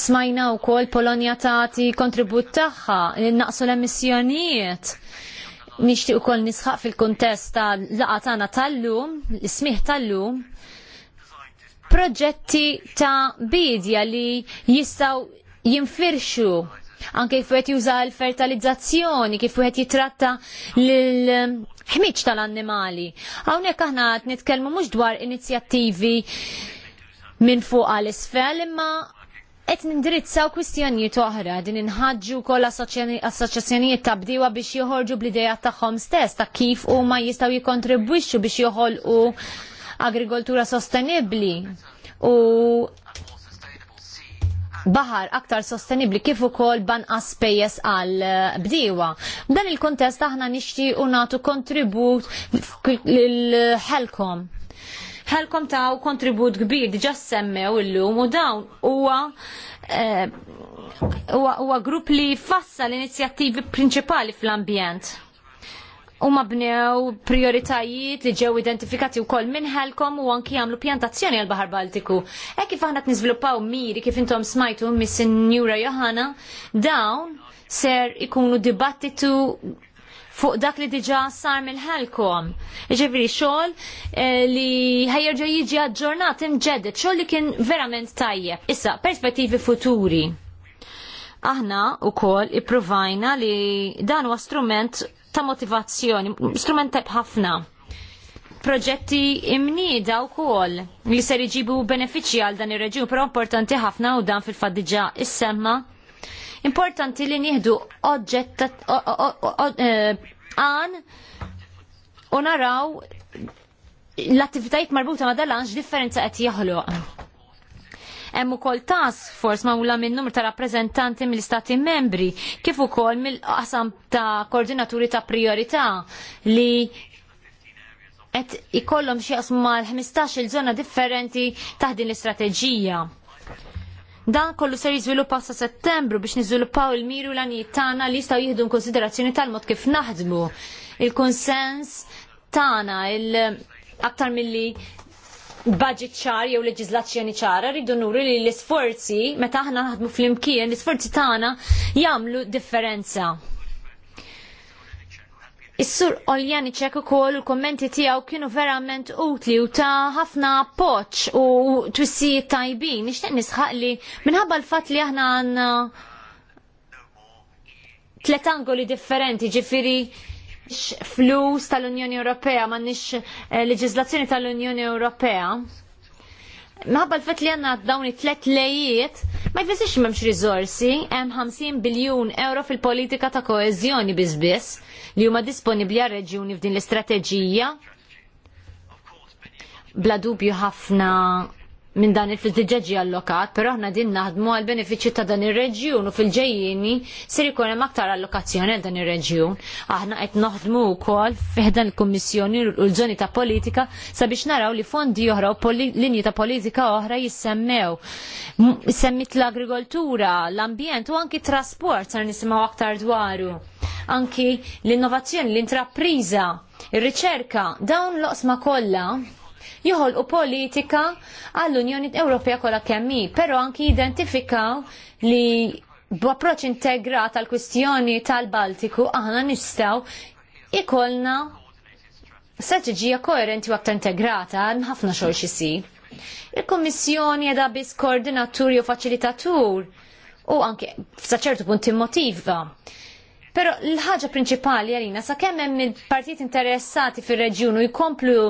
Smajna u kol Polonja taħti kontribut taħħa, naqsu l-emissjonijiet. Nishtiq u kol nisħaq fil-kontest ta' laqatana tal-lum, l-ismiħ tal-lum, proġetti ta' bidja li jistaw jinfirxu anke kif wieħed juża l-fertilizzazzjoni, kif wieħed jitratta l-ħmiġ tal-annimali. Hawnhekk aħna qed nitkellmu mhux dwar inizjattivi minn fuq għal isfel imma qed nindirizzaw kwistjonijiet oħra din inħadġu wkoll assoċjazzjonijiet ta' bdiewa biex joħorġu bl-idea tagħhom stess ta' kif huma jistgħu jikkontribwixxu biex joħolqu agrikoltura sostenibbli u baħar aktar sostenibli kif ukoll banqas spejjeż għal bdiewa. B'dan il-kontest aħna nixtiequ nagħtu kontribut l ħelkom ħelkom u kontribut kbir diġa semmew illum u dawn huwa eh, huwa grupp li fassa l-inizjattivi prinċipali fl-ambjent u mabnew prioritajiet li ġew identifikati u koll ħelkom u anki għamlu pjantazzjoni għal Bahar Baltiku. E kif aħna t-nizviluppaw miri kif intom smajtu mis Njura Johanna, dawn ser ikunu dibattitu fuq dak li diġa sar mill-ħelkom. Ġeviri xol eh, li ħajjerġa jiġi għadġornat imġeddet, xol li kien verament tajjeb. Issa, perspettivi futuri. Aħna u kol ipprovajna li dan huwa strument ta' motivazzjoni, strument tajb ħafna proġetti imnida u kol li ser iġibu benefiċi għal dan ir reġim però importanti ħafna u dan fil fadġa is-semma Importanti li nieħdu oġġett eh, għan u naraw l-attivitajiet marbuta ma' dalanx differenza qed jaħlu. Hemm ukoll task force magħmula minn numru ta' rappreżentanti mill-istati membri kif ukoll mill-qasam ta' koordinaturi ta' priorità li qed ikollhom xi qasma l-15 il żona differenti taħdin l-istrateġija. Dan kollu ser jizviluppaw sa' settembru biex niżviluppaw il-miru l-għanijiet tagħna li jistgħu jieħdu konsiderazzjoni tal-mod kif naħdmu il-konsens tagħna il-aktar milli budget ċar jew leġizlazzjoni ċara rridu nuru li l-isforzi meta aħna naħdmu flimkien l-isforzi tagħna jagħmlu differenza. Is-sur Oljani ċek ukoll il-kommenti tiegħu kienu verament utli u ta' ħafna poċ u twissijiet tajbin. Nixtieq nisħaq li minħabba l-fatt li aħna għandna tlet angoli differenti, ġifiri flus tal-Unjoni Ewropea, m'għandniex eh, leġiżlazzjoni tal-Unjoni Ewropea. Minħabba l-fatt li għandna dawn tlet lejiet, ma jfissirx m'hemmx rizorsi, hemm 50 biljun euro fil-politika ta' koeżjoni biss biss li huma disponibbli għal reġjuni f'din l-istrateġija. Bla dubju ħafna minn dan il-flus allokat, però aħna din naħdmu għal benefiċi ta' dan ir-reġjun u fil-ġejjini ser ikun hemm aktar allokazzjoni għal dan ir-reġjun. Aħna qed naħdmu wkoll fiħdan il-Kummissjoni u l-żoni ta' politika sabiex naraw li fondi oħra u linji ta' politika oħra jissemmew. Semmit l-agrikoltura, l-ambjent u anki trasport sar nisimgħu aktar dwaru. Anki l-innovazzjoni, l-intrapriża, ir-riċerka, dawn l-oqsma kollha joħolqu politika għall-Unjoni Ewropea kollha kemm hi, però anki identifikaw li b'approċċ integrat tal kwistjoni tal-Baltiku aħna nistgħu ikolna strategija koerenti u integrata għal ħafna xogħol xisir. il kummissjoni edha biss koordinatur jew faċilitatur u anke sa ċertu punt immotiva. Pero l-ħaġa prinċipali għalina sa' kemm hemm il partit interessati fir-reġjun u jkomplu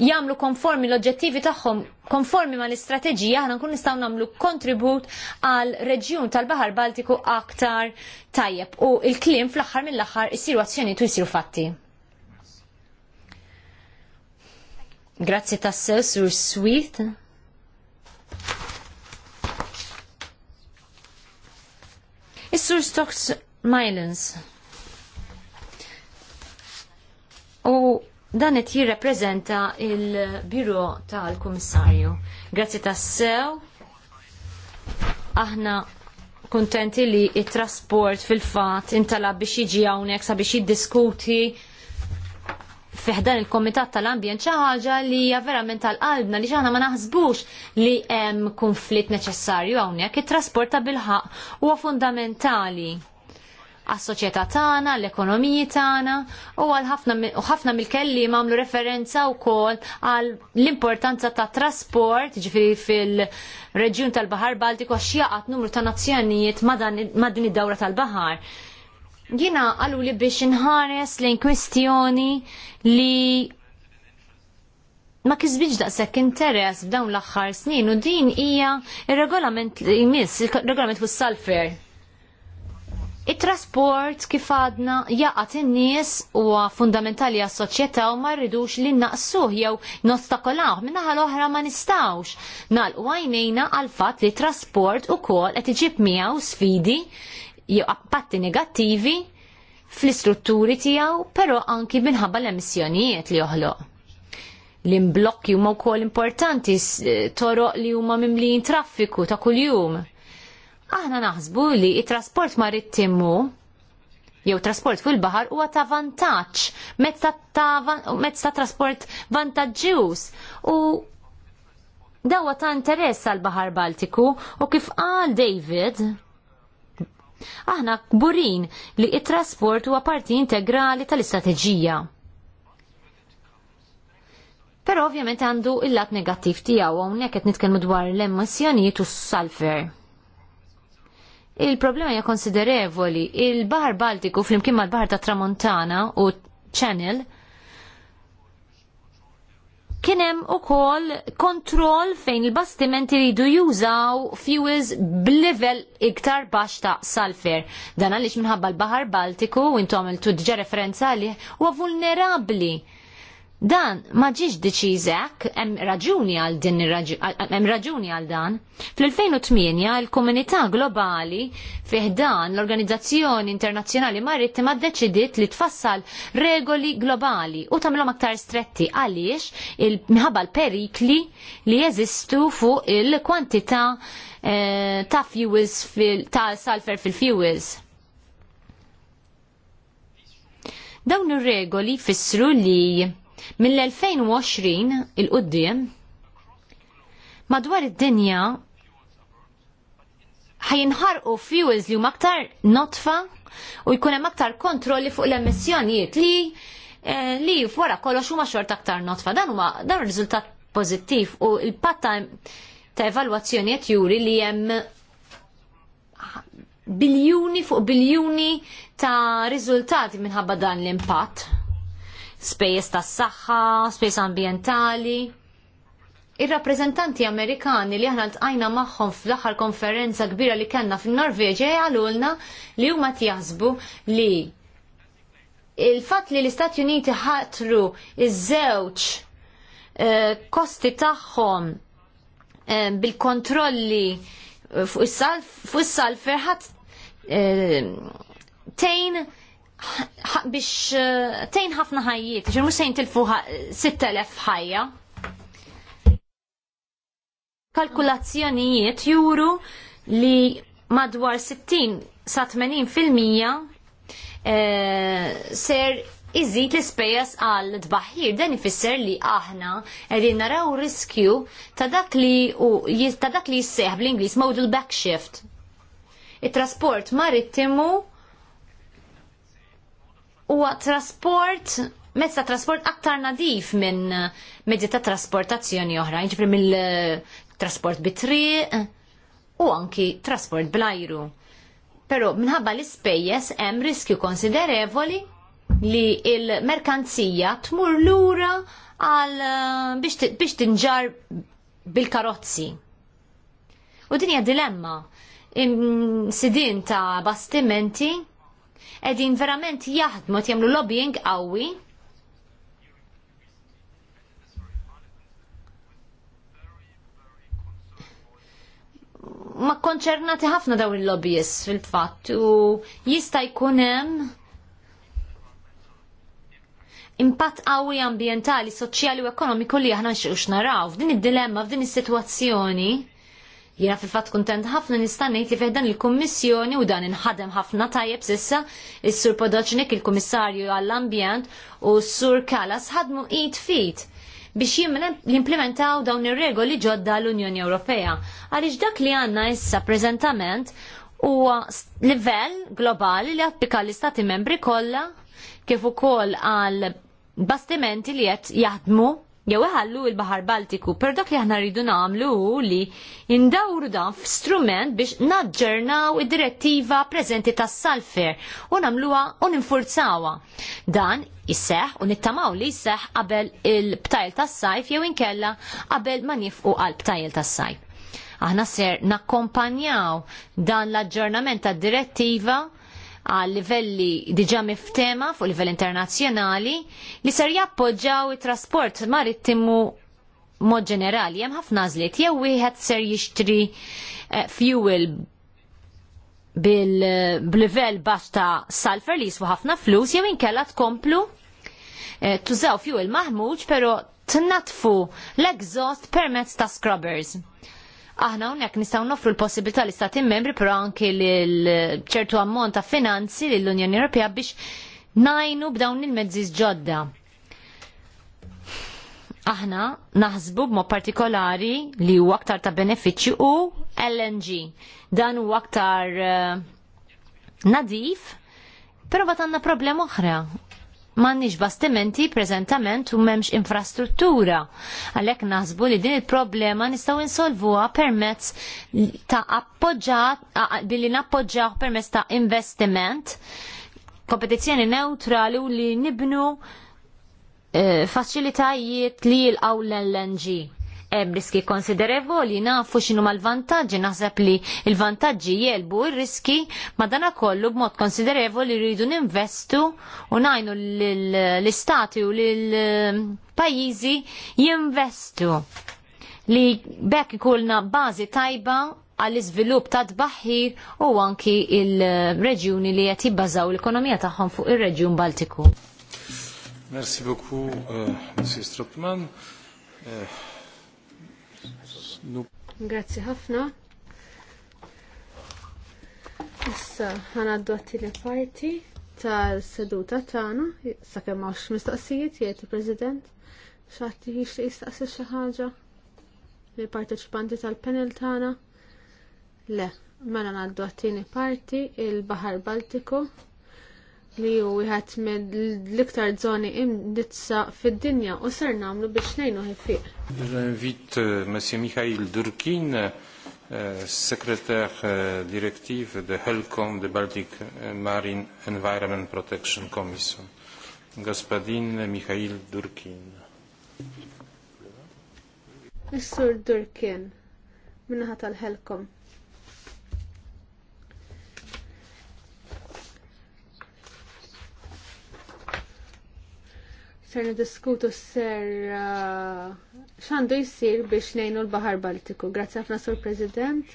jamlu konformi l-oġġettivi tagħhom konformi ma l-istrateġija aħna nkun nistgħu nagħmlu kontribut għal reġjun tal-Baħar Baltiku aktar tajjeb u l-kliem fl-aħħar mill-aħħar isiru azzjoni tu jsiru fatti. Grazzi tassew sur Sweet. Is-Sur Stocks Milans. U Dan qed jirrappreżenta il-Biro tal-Kummissarju. Grazzi tassew. Aħna kuntenti li t trasport fil-fatt intalab biex jiġi hawnhekk sabiex jiddiskuti fiħdan il-Komitat tal-Ambjent xi ħaġa li hija verament tal-qalbna li xaħna ma naħsbux li hemm konflitt neċessarju hawnhekk it-trasport ta' bilħaq huwa fundamentali għas-soċjetà tagħna, l-ekonomiji tagħna u għal ħafna mill-kelli għamlu referenza wkoll għal l-importanza ta' trasport ġifieri fil-reġjun tal-Baħar Baltiku għax jaqat numru ta' nazzjonijiet ma' din id-dawra tal-baħar. Jina għallu li biex inħares lejn kwistjoni li ma kisbiġ daqshekk interess f'dawn l-aħħar snin u din hija ir-regolament jmiss, il-regolament fis-salfer It-trasport kif għadna jaqat in-nies huwa fundamentali għas soċjetà u ma rridux li naqsuh jew nostakolaw minnaħa l-oħra ma nistawx nagħlqu għajnejna għal fatt li trasport ukoll qed iġib miegħu sfidi jew appatti negattivi fl-istrutturi tiegħu però anki minħabba l-emissjonijiet li joħloq. L-imblokki huma wkoll importanti eh, toroq li huma mimlijin traffiku ta' kuljum Aħna naħsbu li it-trasport marittimu jew trasport fil-baħar huwa ta' vantaġġ, mezz ta' trasport vantaġġjuż u dawa ta' interess għal baħar Baltiku u kif qal David aħna kburin li it-trasport huwa parti integrali tal-istrateġija. Però ovvjament għandu il-lat negattiv tiegħu hawnhekk qed nitkellmu dwar l-emissjonijiet u s-salfer. Il-problema hija konsiderevoli. Il-Baħar Baltiku flimkien mal-Baħar ta' Tramontana u Channel kien hemm ukoll kontroll fejn il-bastimenti li jridu jużaw fuels b'livell iktar baxx ta' salfer. Dan għaliex minħabba l-Baħar Baltiku u intom il-tudġa referenza li huwa vulnerabbli Dan ma ġiġ deċiżek, hemm raġuni għal din hemm raġuni għal dan. Fl-2008 il-komunità globali fih dan l-Organizzazzjoni Internazzjonali Marittima ddeċidiet li tfassal regoli globali u tagħmilhom aktar stretti għaliex il-mħabba l-perikli li jeżistu fuq il-kwantità eh, ta' fuels fil, ta' sulfur fil-fuels. Dawn ir-regoli fissru li Mill-2020 il-qoddim madwar id-dinja ħajinħarqu fuels li huma aktar notfa u jkun hemm aktar kontrolli fuq l-emissjonijiet li eh, li wara kollox huma xorta aktar notfa. Dan huma dan riżultat pożittiv u l-patta ta' evalwazzjonijiet juri li hemm biljuni fuq biljuni ta' riżultati minħabba dan l-impatt spejjeż tas-saħħa, spejjeż ambjentali. Ir-rappreżentanti Amerikani li aħna ltqajna magħhom fl-aħħar konferenza kbira li kellna fin-Norveġja jgħalulna li huma jaħsbu li il-fatt li l-Istati Uniti ħatru iż-żewġ eh, kosti tagħhom eh, bil-kontrolli eh, fuq is-salfer ħadd tejn biex eh, tejn ħafna ħajjiet, ġer mux sejn tilfu 6.000 ħajja. Kalkulazzjonijiet juru li madwar 60 sa 80 fil-mija eh, ser iżid l-ispejjeż għal tbaħħir dan ifisser li aħna qegħdin naraw riskju ta' dak li ta' dak li jisseħ bl-Ingliż modal backshift. It-trasport marittimu huwa trasport mezz ta' trasport aktar nadif minn mezzi ta' trasportazzjoni oħra, jiġifieri mill-trasport eh, bit-triq u anki trasport bl-ajru. Però minħabba l-ispejjeż hemm riskju konsiderevoli li il-merkanzija tmur lura għal eh, biex tinġar bil-karozzi. U din hija dilemma. Sidin ta' bastimenti edin verament jaħdmu jagħmlu lobbying qawwi. Ma konċernati ħafna daw il-lobbyis fil-fatt u jista' jkun hemm impatt qawwi ambjentali, soċjali u ekonomiku li aħna nxiequx naraw f'din id-dilemma, f'din is-sitwazzjoni. Jena fil-fat kontent ħafna nistannejt li fiħdan il-Kommissjoni u dan inħadem ħafna tajjeb sissa il-Sur Podoċnik, il-Kommissarju għall-Ambjent u s-Sur Kalas ħadmu id fit biex jimplementaw dawn ir-regoli ġodda l-Unjoni Ewropea. Għaliex dak li għanna issa prezentament huwa livell globali li applika l-istati membri kollha kif ukoll għal bastimenti li qed jaħdmu jew iħallu il-Bahar Baltiku, per dak li aħna rridu nagħmlu li indawru dan f'strument biex naġġernaw id-direttiva preżenti tas-salfer u nagħmluha u ninfurzawa. Dan jisseħ u nittamaw li jisseħ qabel il-btajl tas-sajf jew inkella qabel ma nifqu għal btajl tas-sajf. Aħna ser nakkompanjaw dan l-aġġornament tad-direttiva għal livelli diġa miftema fuq livell internazzjonali li ser jappoġġaw it-trasport marittimu mod ġenerali. Hemm ħafna żliet jew wieħed ser jixtri eh, fuel bil livell baħ ta' sulfur li jiswa ħafna flus jew inkella tkomplu eh, tużaw fuel maħmuġ pero tnatfu l-exhaust permezz ta' scrubbers. Aħna hawnhekk nistgħu noffru l-possibilità li stati membri però anki lil ċertu ammont ta' finanzi lill-Unjoni Ewropea biex najnu b'dawn il-mezzi ġodda aħna naħsbu b'mod partikolari li huwa aktar ta' benefiċċju u LNG. Dan huwa aktar uh, nadif, però bat għandna problem oħra m'għandniex bastimenti preżentament u m'hemmx infrastruttura. Għalhekk naħsbu li din il-problema nistgħu insolvuha permezz ta' appoġġat billi nappoġġaw permezz ta' investiment, kompetizzjoni neutrali u li nibnu eh, faċilitajiet li jilqgħu l-LNG hemm riski konsiderevoli, nafu x'inhu mal-vantaġġi, naħseb li l-vantaġġi jelbu r-riski, dana kollu b'mod konsiderevoli rridu ninvestu u ngħinu l-istati u l-pajjiżi jinvestu li bekk ikolna bażi tajba għall iżvilupp ta' tbaħħir u anki il-reġjuni li qed jibbażaw l-ekonomija tagħhom fuq ir-reġjun Baltiku. Merci beaucoup, euh, Monsieur Strottmann. Euh, Grazzi ħafna. Issa ħanaddu li parti tal-seduta tagħna sakemm għax mistoqsijiet jgħid il-President xaħti jiex li jistaqsi xi ħaġa il-parteċipanti tal-panel tagħna. Le, mela ngħaddu t-tieni parti il-Baħar Baltiku li u jħat l-iktar zoni imditsa fid-dinja u ser namlu biex nejnu ħifiq. Invit euh, Monsieur Mikhail Durkin, euh, Sekretar euh, Direktiv de HELCOM de Baltic Marine Environment Protection Commission. Gospodin Mikhail Durkin. Mr. Durkin, minnaħat tal-HELCOM. ser nidiskutu ser uh, xandu jisir biex nejnu l-Bahar Baltiku. Grazzi ħafna sur President,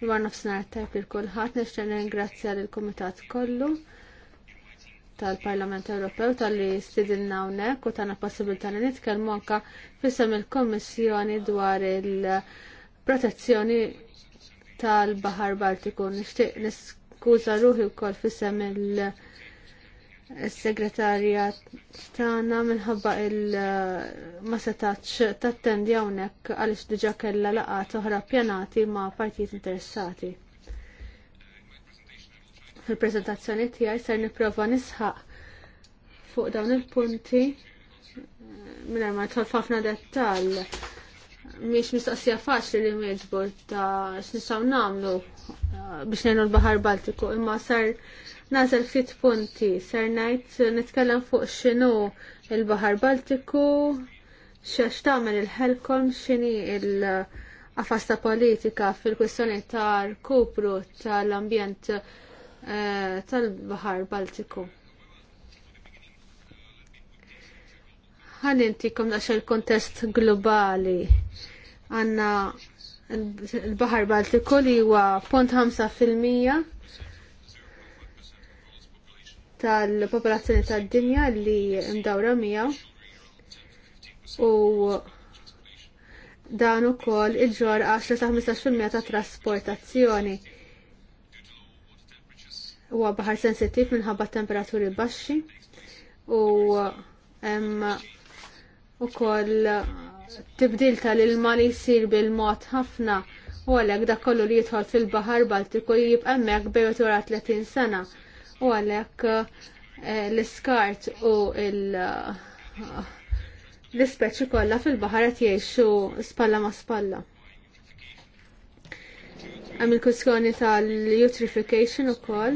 dwar nofsnar tajb il-kulħat, nishtan ringrazzja l-Komitat kollu tal-Parlament Ewropew tal-li stidilna unek u tana possibilità li nitkellmu anka fissam il-Kommissjoni dwar il-protezzjoni tal-Bahar Baltiku. Nishtiq niskuza ruħi wkoll fissam il-Kommissjoni il-segretarja tagħna minħabba il-ma setax tattendi hawnhekk għaliex diġà kellha laqgħat oħra pjanati ma' partijiet interessati. Fil-preżentazzjoni tiegħi ser nipprova nisħaq fuq dawn il-punti eh, mingħajr ma nidħol f'ħafna dettall miex mistoqsija faċli li mieġbor ta' x'nistgħu nagħmlu eh, biex ngħinu l-Baħar Baltiku imma sar nażel fit punti ser ngħid nitkellem fuq x'inhu il-Baħar Baltiku, x'għax tagħmel il-Helkom, x'inhi il afasta politika fil-kwistjoni tar kupru tal-ambjent eh, tal-Baħar Baltiku. ħanintikom daċ il-kontest globali għanna il-Bahar Baltiku li huwa fil-mija tal-popolazzjoni tad-dinja li mdawra miegħu u dan ukoll il-ġor 10 sa 15% ta' trasportazzjoni. Huwa baħar sensittiv minħabba temperaturi baxxi u hemm ukoll tibdil tal-ilma li jsir bil-mod ħafna u għalhekk dak kollu li jidħol fil-Baħar Baltiku jibqa' hemmhekk bejn 30 sena u għalhekk eh, l-iskart u l-ispeċi kollha fil-baħar qed jgħixu spalla ma' spalla. Hemm il-kwistjoni tal-eutrification ukoll.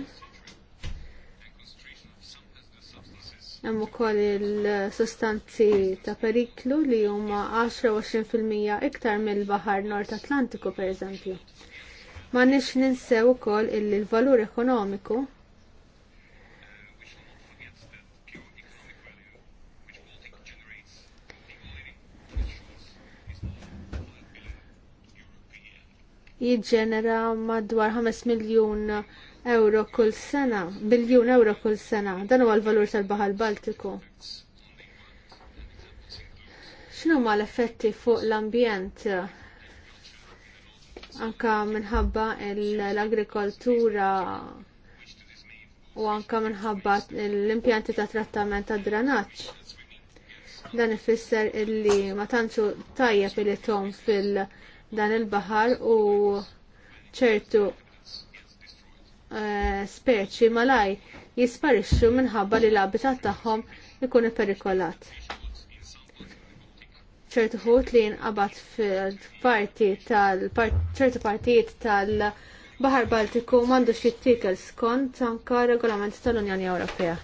Hemm ukoll il-sostanzi ta' periklu li huma 10-20% iktar mill-Baħar Nord Atlantiku pereżempju. M'għandniex ninsew ukoll il-valur ekonomiku jiġġenera madwar 5 miljun euro kull sena, biljun euro kull sena, dan huwa l-valur tal-Baħal Baltiku. X'inhu ma l-effetti fuq l-ambjent anka minħabba l-agrikoltura u anka minħabba l-impjanti ta' trattament ta' dranaċ. Dan ifisser illi ma tantxu tajjeb li tom fil- dan il-bahar u ċertu eh, speċi malaj jisparixxu minħabba li l-abitat tagħhom ikun perikolat. ċertu ħut li jinqabad f'parti tal ċertu partijiet tal-Bahar Baltiku m'għandux jittikel skont anka regolament tal-Unjoni Ewropea.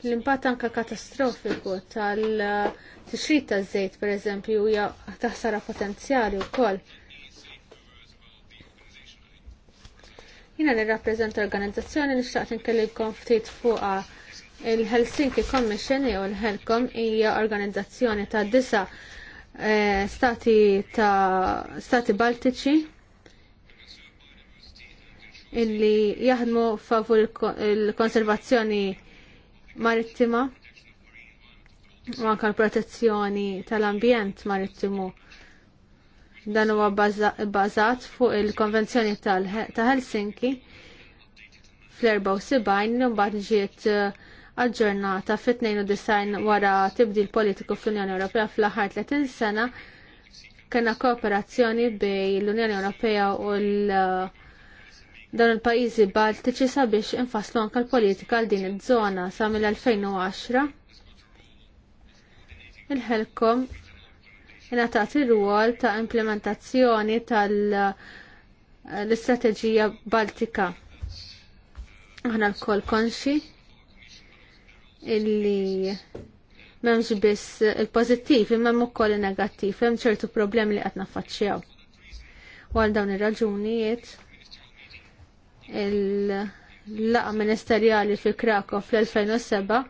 L-impatt anka katastrofiku tal-tixrid taż-żejt pereżempju hija taħsara potenzjali wkoll. Jiena nirrappreżenta organizzazzjoni nixtaqt nkellimkom ftit fuqha il-Helsinki Commission jew il-Helcom hija organizzazzjoni ta' disa eh, stati ta' stati Baltiċi illi jaħdmu favur il-konservazzjoni marittima u anke l-protezzjoni tal-ambjent marittimu. Dan huwa bbażat fuq il-Konvenzjoni ta' Helsinki fl-74 li mbagħad ġiet eh, aġġornata fit-92 wara tibdil politiku fl-Unjoni Ewropea fl-aħħar 30 sena kena kooperazzjoni bej l-Unjoni Ewropea u l- dan il-pajjiżi Baltiċi sabiex infaslu anke l-politika għal din il żona sa mill-2010. Il-Helkom ingħatat il ruol ta' implementazzjoni tal-istrateġija Baltika. Aħna lkoll konxi illi m'hemmx biss il-pożittiv imma hemm ukoll il-negattiv, hemm ċertu problemi li qed naffaċċjaw. Għal dawn ir-raġunijiet il-laqa ministerjali fi Krakow fl-2007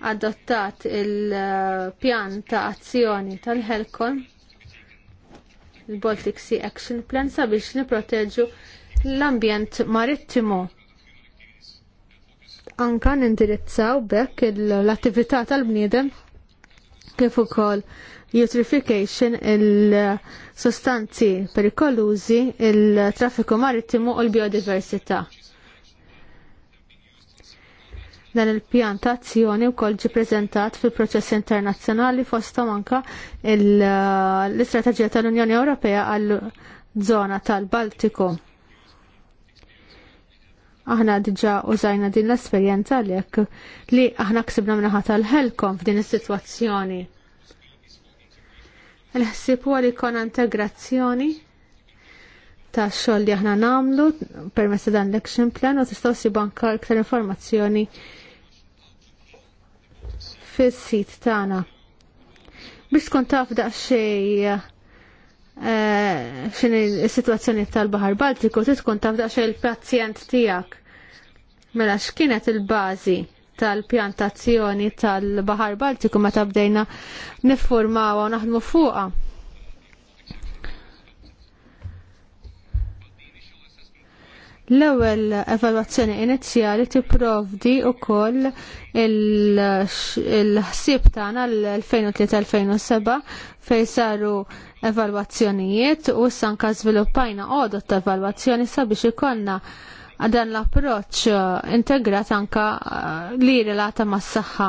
adottat il-pjan ta' azzjoni tal-Helcon il-Baltic Sea Action Plan sabiex niproteġu l-ambjent marittimu. Anka nindirizzaw bekk l-attività tal-bniedem kif ukoll eutrification il-sostanzi perikolużi, il-traffiku marittimu u l-biodiversità. Dan il-pjan ta' azzjoni wkoll ġie preżentat fil proċess internazzjonali fostom anka l-istrateġija tal-Unjoni Ewropea għall zona tal-Baltiku. Aħna diġà użajna din l-esperjenza għalhekk li aħna ksibna minnaħat tal-ħelkom f'din is-sitwazzjoni. Il-ħsib huwa li jkun integrazzjoni ta' xoll li aħna nagħmlu permezz dan l-action plan u tistgħu ssib anke iktar informazzjoni fis-sit tagħna. Biex tkun taf xej eh, xin il-situazzjoni tal-Bahar Baltiku, tkun taf xej il-pazjent tiegħek. Mela x'kienet il-bażi tal-pjantazzjoni tal-Bahar Baltiku meta bdejna nifformaw u naħdmu fuqha. L-ewwel evalwazzjoni inizjali tipprovdi wkoll il-ħsieb tagħna l-2003-2007 fejn saru evalwazzjonijiet u issa sanka żviluppajna għodot ta' evalwazzjoni sabiex ikollna dan l-approċ uh, integrat anka uh, li relata ma' s-saxħa.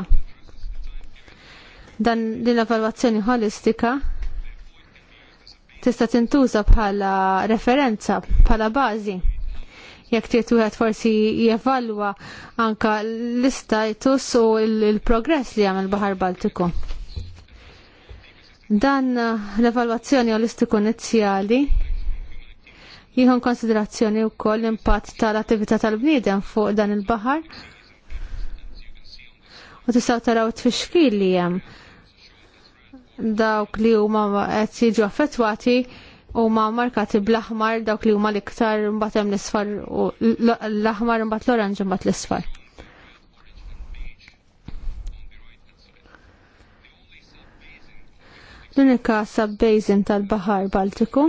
Dan din l-evalwazzjoni holistika tista' tintuża bħala referenza, bħala bażi. Jekk trid wieħed forsi jevalwa anka l-istatus u l-progress li għamel baħar Baltiku. Dan uh, l-evalwazzjoni holistiku inizjali jihon konsiderazzjoni wkoll l-impatt tal-attività tal-bniedem fuq dan il-baħar. U tistgħu taraw t li hemm dawk li huma qed jiġu affettwati huma markati bl-aħmar dawk li huma l-iktar mbagħad hemm l-isfar u l-aħmar mbagħad l-oranġ mbagħad l-isfar. L-unika sub-basin tal-Bahar Baltiku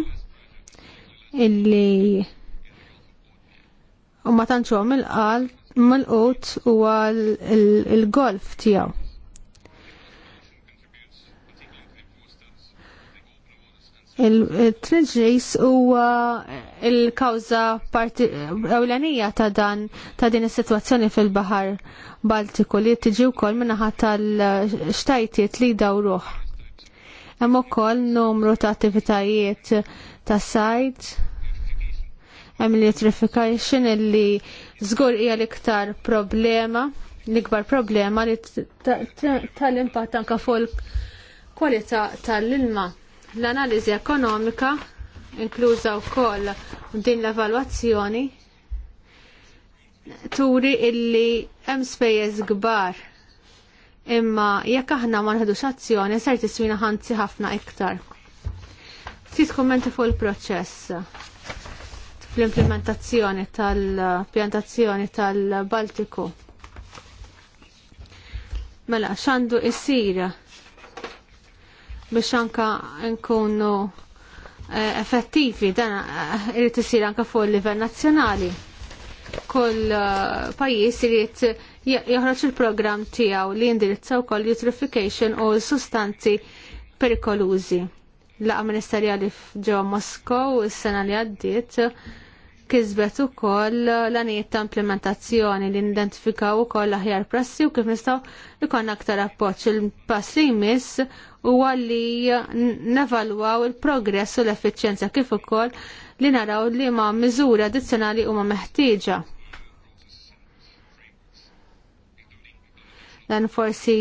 illi u ma tantxu il qal mill-qut u l-golf tiegħu. Il-tnġis huwa il-kawża ewlenija ta' dan ta' din is-sitwazzjoni fil-Baħar Baltiku li tiġi wkoll minnaħa tal-xtajtiet li dawruh. Hemm ukoll numru ta' attivitajiet ta' sajt hemm electrification illi żgur hija l-iktar problema l-ikbar problema li tal-impatt anke fuq il-kwalità tal-ilma. L-analiżi ekonomika inkluża wkoll din l-evalwazzjoni turi illi hemm spejjeż kbar imma jekk aħna ma nħedux azzjoni ser tiswina ħanzi ħafna iktar. Sis kommenti fuq il-proċess fl-implementazzjoni tal-pjantazzjoni tal-Baltiku. Mela, xandu issir biex anka nkunu eh, effettivi dan eh, irrid isir anka fuq il-livell nazzjonali. Kull eh, pajjiż irid joħroġ il-programm tiegħu li jindirizza wkoll eutrophication u l-sustanzi perikolużi laqa ministerjali ġewwa Moskow s sena li għaddiet kisbet ukoll l-għanijiet ta' implementazzjoni li nidentifikaw ukoll aħjar prassi u kif nistgħu ikon aktar appoġġ il-pass li jmiss huwa li nevalwaw il-progress u l-effiċjenza kif ukoll li naraw li ma' miżuri addizzjonali huma meħtieġa. Dan forsi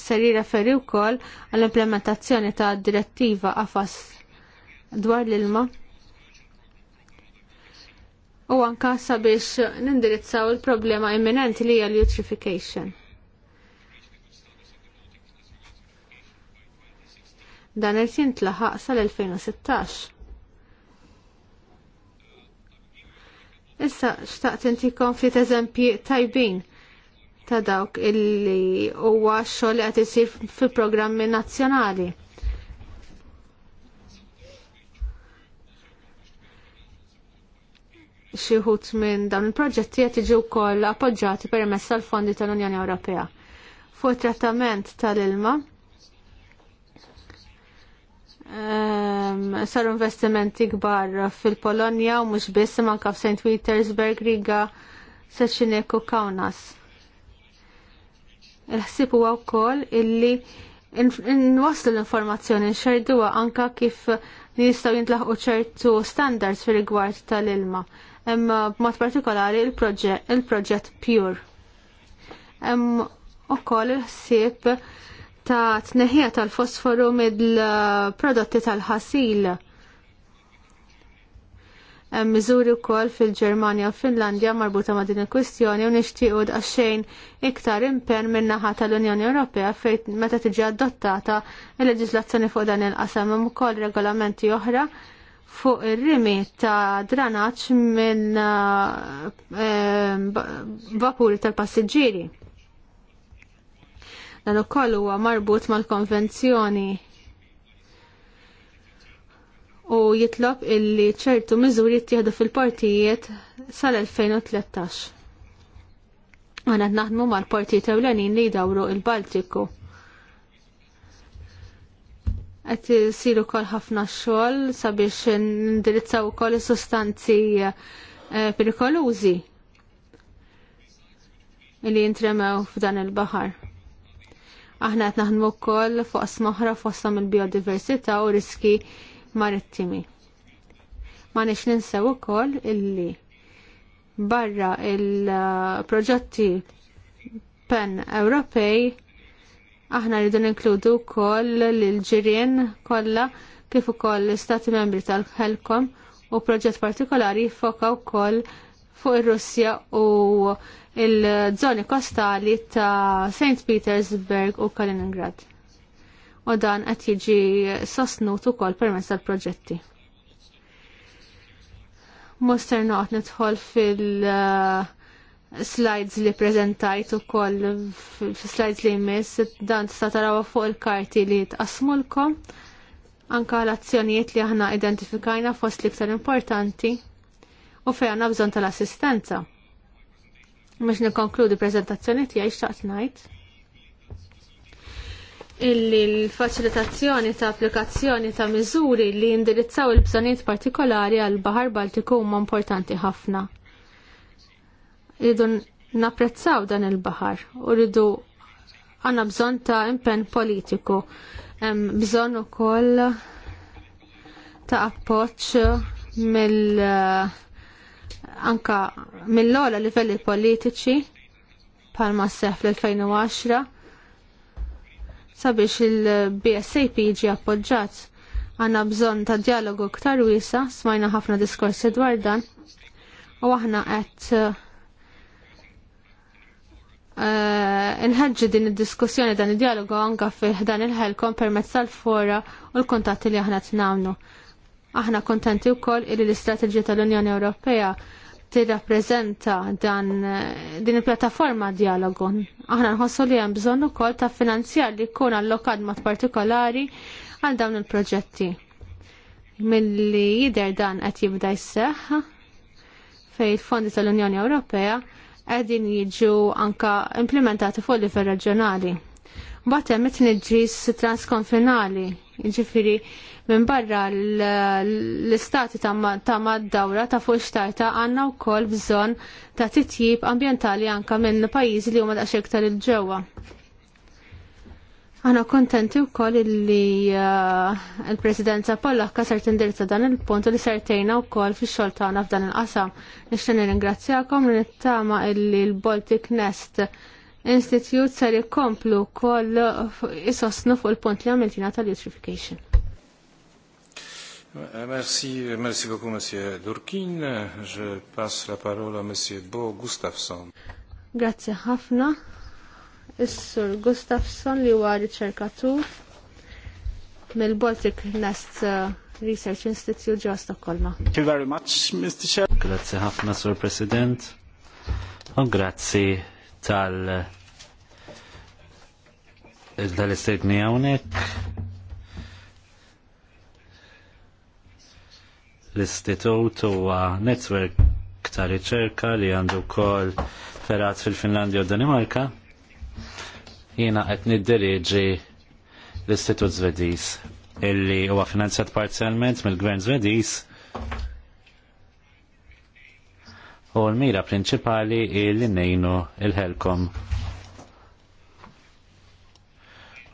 ser jirreferi wkoll għall-implementazzjoni ta' direttiva għafas dwar l-ilma. U anka sabiex nindirizzaw il-problema imminenti li hija l-eutrification. Dan il sin tlaħaq sal-2016. Issa xtaqt inti konflit eżempji tajbin ta' dawk illi huwa xogħol li qed isir fi programmi nazzjonali. Xi wħud minn dawn il-proġetti qed jiġu wkoll appoġġjati permezz tal-fondi tal-Unjoni Ewropea. Fuq it trattament tal-ilma, Um, saru investimenti kbar fil-Polonja u mhux biss anke f'St. Petersburg, Riga, u Kaunas. Ħsib huwa wkoll illi nwaslu l-informazzjoni nxerduha anka kif nistgħu jintlaħqu ċertu standards fir-rigward tal-ilma. Imma b'mod partikolari il-proġett Pure. Hemm ukoll il-ħsieb ta' tneħħija tal-fosforu mill-prodotti tal-ħasil miżuri wkoll fil-Ġermanja u Finlandja marbuta ma' din il-kwistjoni u nixtiequ daqsxejn iktar impenn min-naħa tal-Unjoni Ewropea fejn meta tiġi adottata il-leġiżlazzjoni fuq dan il-qasam hemm ukoll regolamenti oħra fuq ir-rimi ta' dranaċ minn eh, eh, vapuri tal-passiġġieri. Dan ukoll huwa marbut mal-konvenzjoni u jitlob illi ċertu miżuri jittieħdu fil-partijiet sal-2013. Għanet naħdmu mal-partijiet ewlenin li jdawru il-Baltiku. Qed isiru wkoll ħafna xogħol sabiex nindirizzaw ukoll sustanzi eh, perikolużi li jintremew f'dan il-baħar. Aħna qed naħdmu wkoll fuq smoħra fosthom il-biodiversità u riski marittimi. Ma nix ninsew ukoll illi barra il-proġetti pen Ewropej aħna rridu ninkludu wkoll l-ġirien kollha kif ukoll l-Stati membri tal-Helkom u proġett partikolari jiffoka wkoll fuq ir-Russja u l żoni kostali ta' St. Petersburg u Kaliningrad u dan qed jiġi sostnut ukoll permezz tal-proġetti. Muster nidħol fil- uh, slides li prezentajt ukoll fil slides li jmiss dan tista' tarawha fuq il-karti li tqasmulkom anka l-azzjonijiet li aħna identifikajna fost l-iktar importanti u għandna bżon tal-assistenza. Mux nikonkludi prezentazzjoni tiegħi xtaqt ngħid illi l-faċilitazzjoni ta' applikazzjoni ta' miżuri li jindirizzaw il-bżonijiet partikolari għal Bahar Baltiku huma importanti ħafna. Rridu napprezzaw dan il-bahar u rridu għanna bżon ta' impenn politiku. Bżon bżonn ukoll ta' appoġġ mill- eh, anka mill-ola livelli politiċi palma s fl 2010 sabiex il-BSAP jiġi appoġġat. Għanna bżon ta' dialogu ktar wisa, smajna ħafna diskorsi dwar dan, u aħna qed eh, nħedġi din id-diskussjoni dan id-dialogu anka dan il-ħelkom permezz tal-fora u l-kontatti li aħna t Aħna kontenti wkoll koll l-istrateġija tal-Unjoni Ewropea tirrappreżenta dan din il-pjattaforma dialogon. Aħna nħossu li hemm bżonn ukoll ta' finanzjar li jkun allokat mod partikolari għal dawn il-proġetti. Milli jidher dan qed jibda jseħħ fej il-fondi tal-Unjoni Ewropea qegħdin jiġu anka implementati fuq livell reġjonali. Batem it-tniġġis transkonfinali Ġifiri, minn barra l-istati ta' maddawra dawra ta' fuq xtajta għanna u kol bżon ta' titjib ambientali anka minn pajizi li huma daqs iktar il-ġewwa. Għana kontenti u koll li uh, l-presidenza Polla kasar tindirta dan il-punt li sertejna u koll fi xol tagħna f'dan il-qasam. Nixtieq nirringrazzjakom li nittama illi l-Baltic Nest institut sar ikomplu koll isosnu fuq il-punt li għamilt jina tal-eutrification. Eh, merci, merci beaucoup, Monsieur Durkin. Je passe la parole à Monsieur Bo Gustafsson. Grazie Hafna. Is-Sur Gustafsson li huwa riċerkatur mill-Baltic Nest eh, Research Institute ġewwa Stokkolma. Thank you very much, Mr. Chair. Grazie ħafna, Sur President. U oh, grazie tal- tal-istejtni għonek l-istitut huwa netwerk ta' riċerka li għandu kol ferat fil-Finlandja u Danimarka jiena qed niddiriġi l-Istitut Zvediż illi huwa finanzjat parzialment mill-Gvern Zvediż u l-mira prinċipali li nejnu il-ħelkom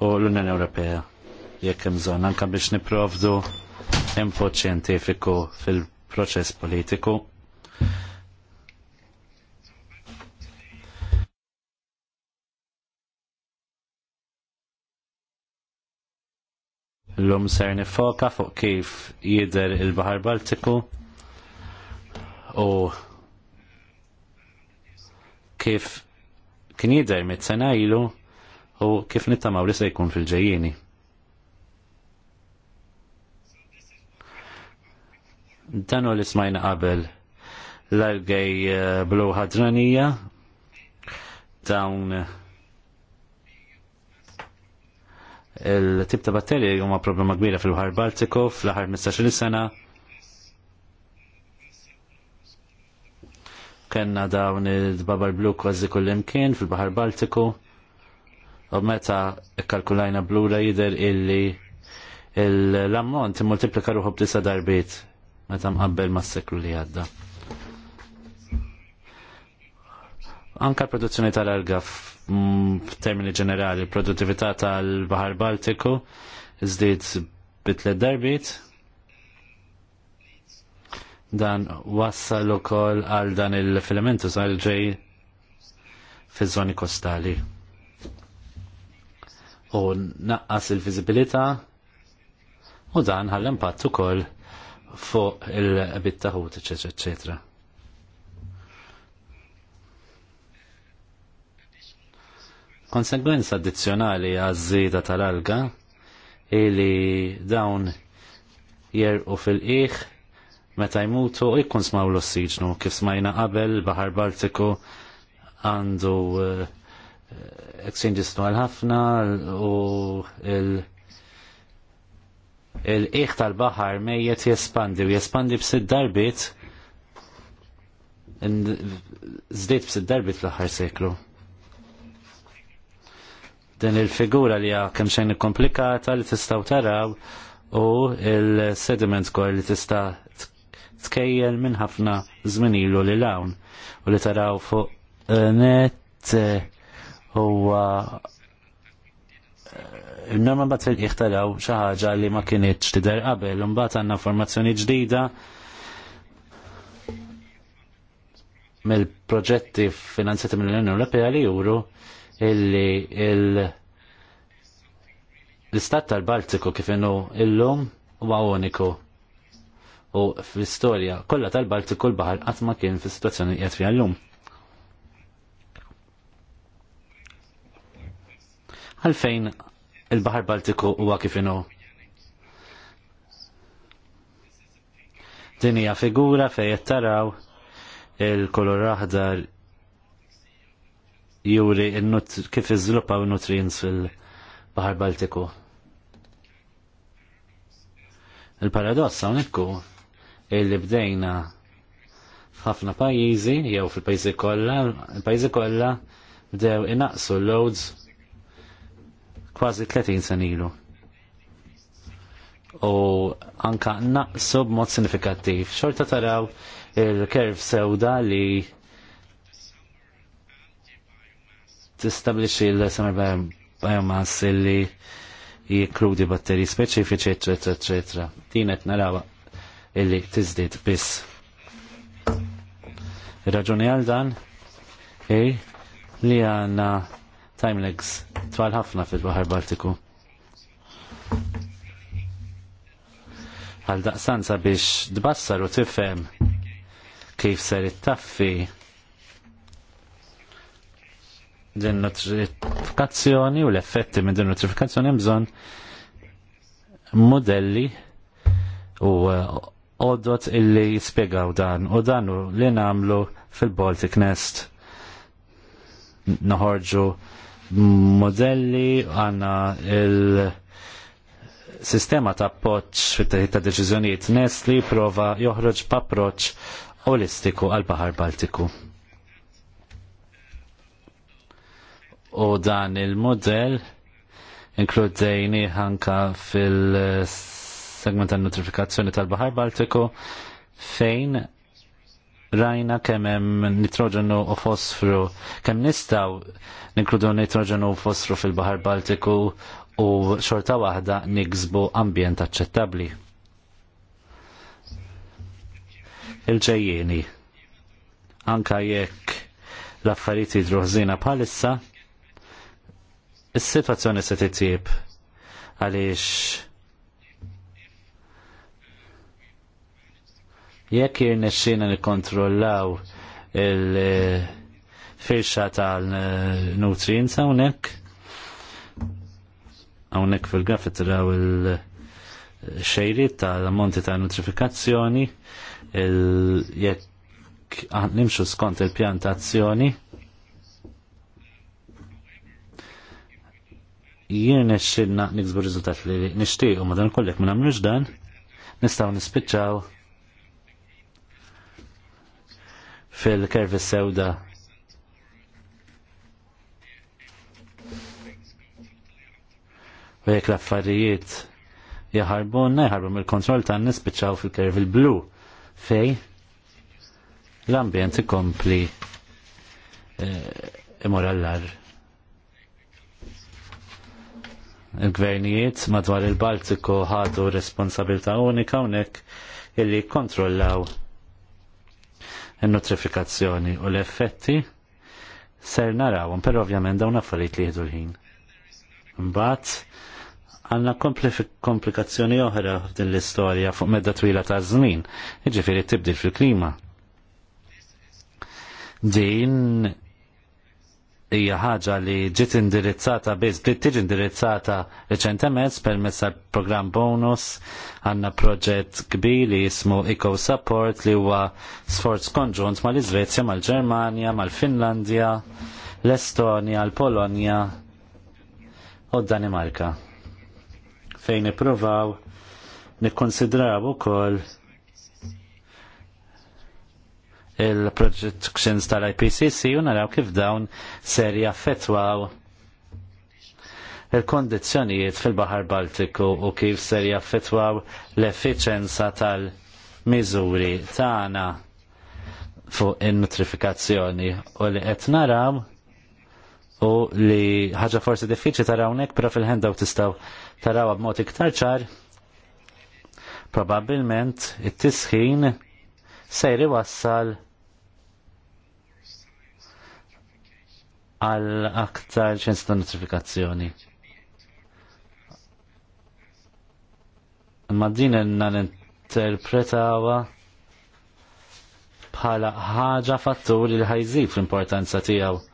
u l-Unjoni Ewropea jekk hemm bżonn anke biex niprovdu input xjentifiku fil-proċess politiku. l-lum ser nifoka fuq kif jider il-Bahar Baltiku u kif kien jidher mit-sena ilu u kif nittamaw li se jkun fil-ġejjieni. Dan u li smajna qabel l-algej eh, blu ħadranija dawn eh, il-tip ta' batterji huma problema kbira fil-ħar Baltiku fl-ħar 15 sena Kenna dawn il-Babar Blu kważi kullimkien fil-Bahar Baltiku. U meta kalkulajna Blu jider illi l-ammont multiplika ruħu b'tisa darbit meta mqabbel mas-seklu li għadda. Anka l-produzzjoni tal-arga f'termini ġenerali, produttività tal-Bahar Baltiku żdied bitlet darbit, Dan wassal ukoll għal dan il-filamentu sal ġej fiż-żoni kostali. U naqqas il-viżibilità u dan ħall impattu ukoll fuq il-bit taħut, eċetera, Konsegwenza addizzjonali għaż-żieda tal-alga ili dawn jerqu fil iħ meta jmutu ikkun smaw l-ossiġnu kif smajna qabel Bahar Baltiku għandu eh, exchanges għal ħafna u il- il tal-baħar mejjet jespandi u jespandi b'sid darbit zdejt b'sid darbit l-aħħar seklu. Din il-figura li hija kemm xejn komplikata li tistgħu taraw u il-sediment kor li tista' tkejjel minn ħafna żmien ilu li hawn u li taraw fuq eh, net eh, huwa eh, Norma bat fil iħtaraw taraw xi ħaġa li ma kienieċ tidher qabel, u mbagħad għandna formazzjoni ġdida mill-proġetti finanzjati mill-Unjoni Ewropea li juru illi l-istat tal-Baltiku kif innu illum huwa uniku u fl-istorja kollha tal-Baltiku l-baħar qatt ma kien fis-sitwazzjoni qiegħed fiha llum. Għalfejn il-Baħar Baltiku huwa kif inhu. Din hija figura fejn qed taraw il-kolor aħdar juri kif iżviluppaw nutrients fil-Baħar Baltiku. Il-paradossa unikku illi bdejna f'ħafna pajjiżi jew fil-pajjiżi kollha, il-pajjiżi kollha bdew inaqsu l-loads kważi 30 sen ilu. U anka naqsu b'mod sinifikattiv. Xorta taraw il-kerv sewda li tistabliċi l-summer biomass li jikkludi batteri speċifiċi, eccetera, eccetera. Tinet narawa illi tiżdied biss. Ir-raġuni għal dan ej, li għandna time legs twal ħafna fil-Baħar Baltiku. Għal daqsanza biex tbassar u tifhem kif ser it-taffi din notifikazzjoni u l-effetti minn din notifikazzjoni bżonn modelli u oddot illi jispiegaw dan u danu li namlu fil-Baltic Nest. Naħorġu modelli għanna il- sistema ta' poċ fit-teħid ta' deċiżjonijiet Nest li prova joħroġ b'approċċ holistiku għal baħar Baltiku. U dan il-modell inkludejni ħanka fil- segment tal notifikazzjoni tal-Bahar Baltiku fejn rajna kemm hemm nitroġenu u fosfru, kemm nistgħu ninkludu nitroġenu u fosfru fil-Bahar Baltiku u xorta waħda niksbu ambjent aċċettabbli. Il-ġejjieni. Anka jekk l-affarijiet jidhru ħżina bħalissa, is-sitwazzjoni se titjib għaliex Jekk jirnessina nikkontrollaw il-firxa tal-nutrients hawnhekk hawnhekk fil-graf tiraw il xejrit tal monti ta' nutrifikazzjoni jekk nimxu skont il-pjantazzjoni jien nixxilna niksbu riżultat li ma madan kollek ma nagħmlux dan nistgħu nispiċċaw fil-kervi sewda. U jek jaharbu, najħarbu mill-kontroll ta' n-nis bieċaw fil-kervi blu fej l-ambjent ikompli eh, imorallar. Il-gvernijiet madwar il-Baltiku ħadu responsabilta unika unek illi kontrollaw il-notrifikazzjoni u l-effetti ser narawhom, però ovvjament dawn affarijiet li jieħdu l-ħin. Mbagħad għandna komplikazzjoni oħra din l-istorja fuq medda twila ta' żmien, jiġifieri tibdil fil-klima. Din hija ħaġa li ġiet indirizzata biss bdiet tiġi indirizzata reċentement permezz program bonus għandna proġett kbir li jismu Eco Support li huwa sforz konġunt mal-Iżvezja, mal-Ġermanja, mal-Finlandja, l-Estonja, l-Polonja u d-Danimarka fejn ippruvaw nikkonsidraw ukoll il-projections tal-IPCC u naraw kif dawn ser jaffetwaw il-kondizjonijiet fil-Bahar Baltiku u kif ser jaffetwaw l-effiċenza tal-miżuri tagħna fuq in-nutrifikazzjoni u li qed naraw u li ħaġa forsi diffiċli tarawnek, pero fil-ħendaw tistaw taraw b'mod iktar ċar, probabbilment it-tisħin sejri wassal għal aktar ċens ta' notifikazzjoni. Ma din għanna interpretawa bħala ħaġa fattur li ħajżib l-importanza tiegħu.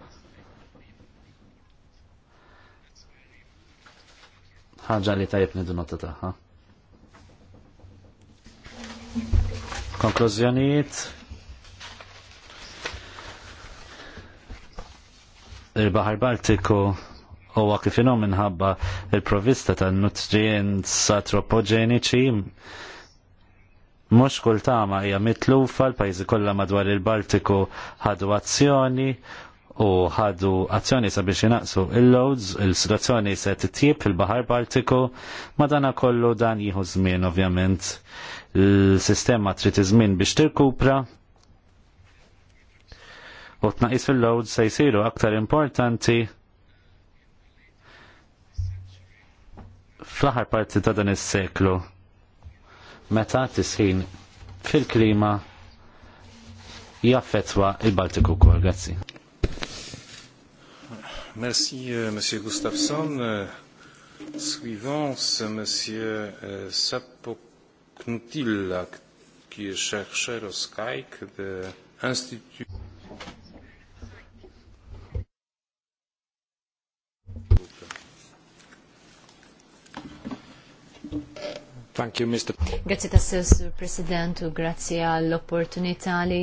ħaġa li tajb nidu nota taħħa. Konklużjonijiet il-Bahar Baltiku u kif inhom minħabba il-provista ta' nutrients atropogeniċi. mhux kull tama hija mitlufa l-pajjiżi kollha madwar il-Baltiku ħadu azzjoni u ħadu azzjoni sabiex jinaqsu il-loads, il-situazzjoni se titjib fil-Bahar Baltiku, madana kollu dan jieħu żmien ovvjament. Il-sistema trid iżmien biex tirkupra, u tnaqis fil-load se jsiru aktar importanti fl-aħar parti ta' dan is-seklu meta tisħin fil-klima jaffetwa il-Baltiku kol. Grazzi. Merci, euh, Monsieur Gustafsson. Euh, suivant, c'est Monsieur euh, qui est chercheur au SCAIC de l'Institut. Thank you, Mr. Grazie tassew, Sur President, u grazie għall-opportunità li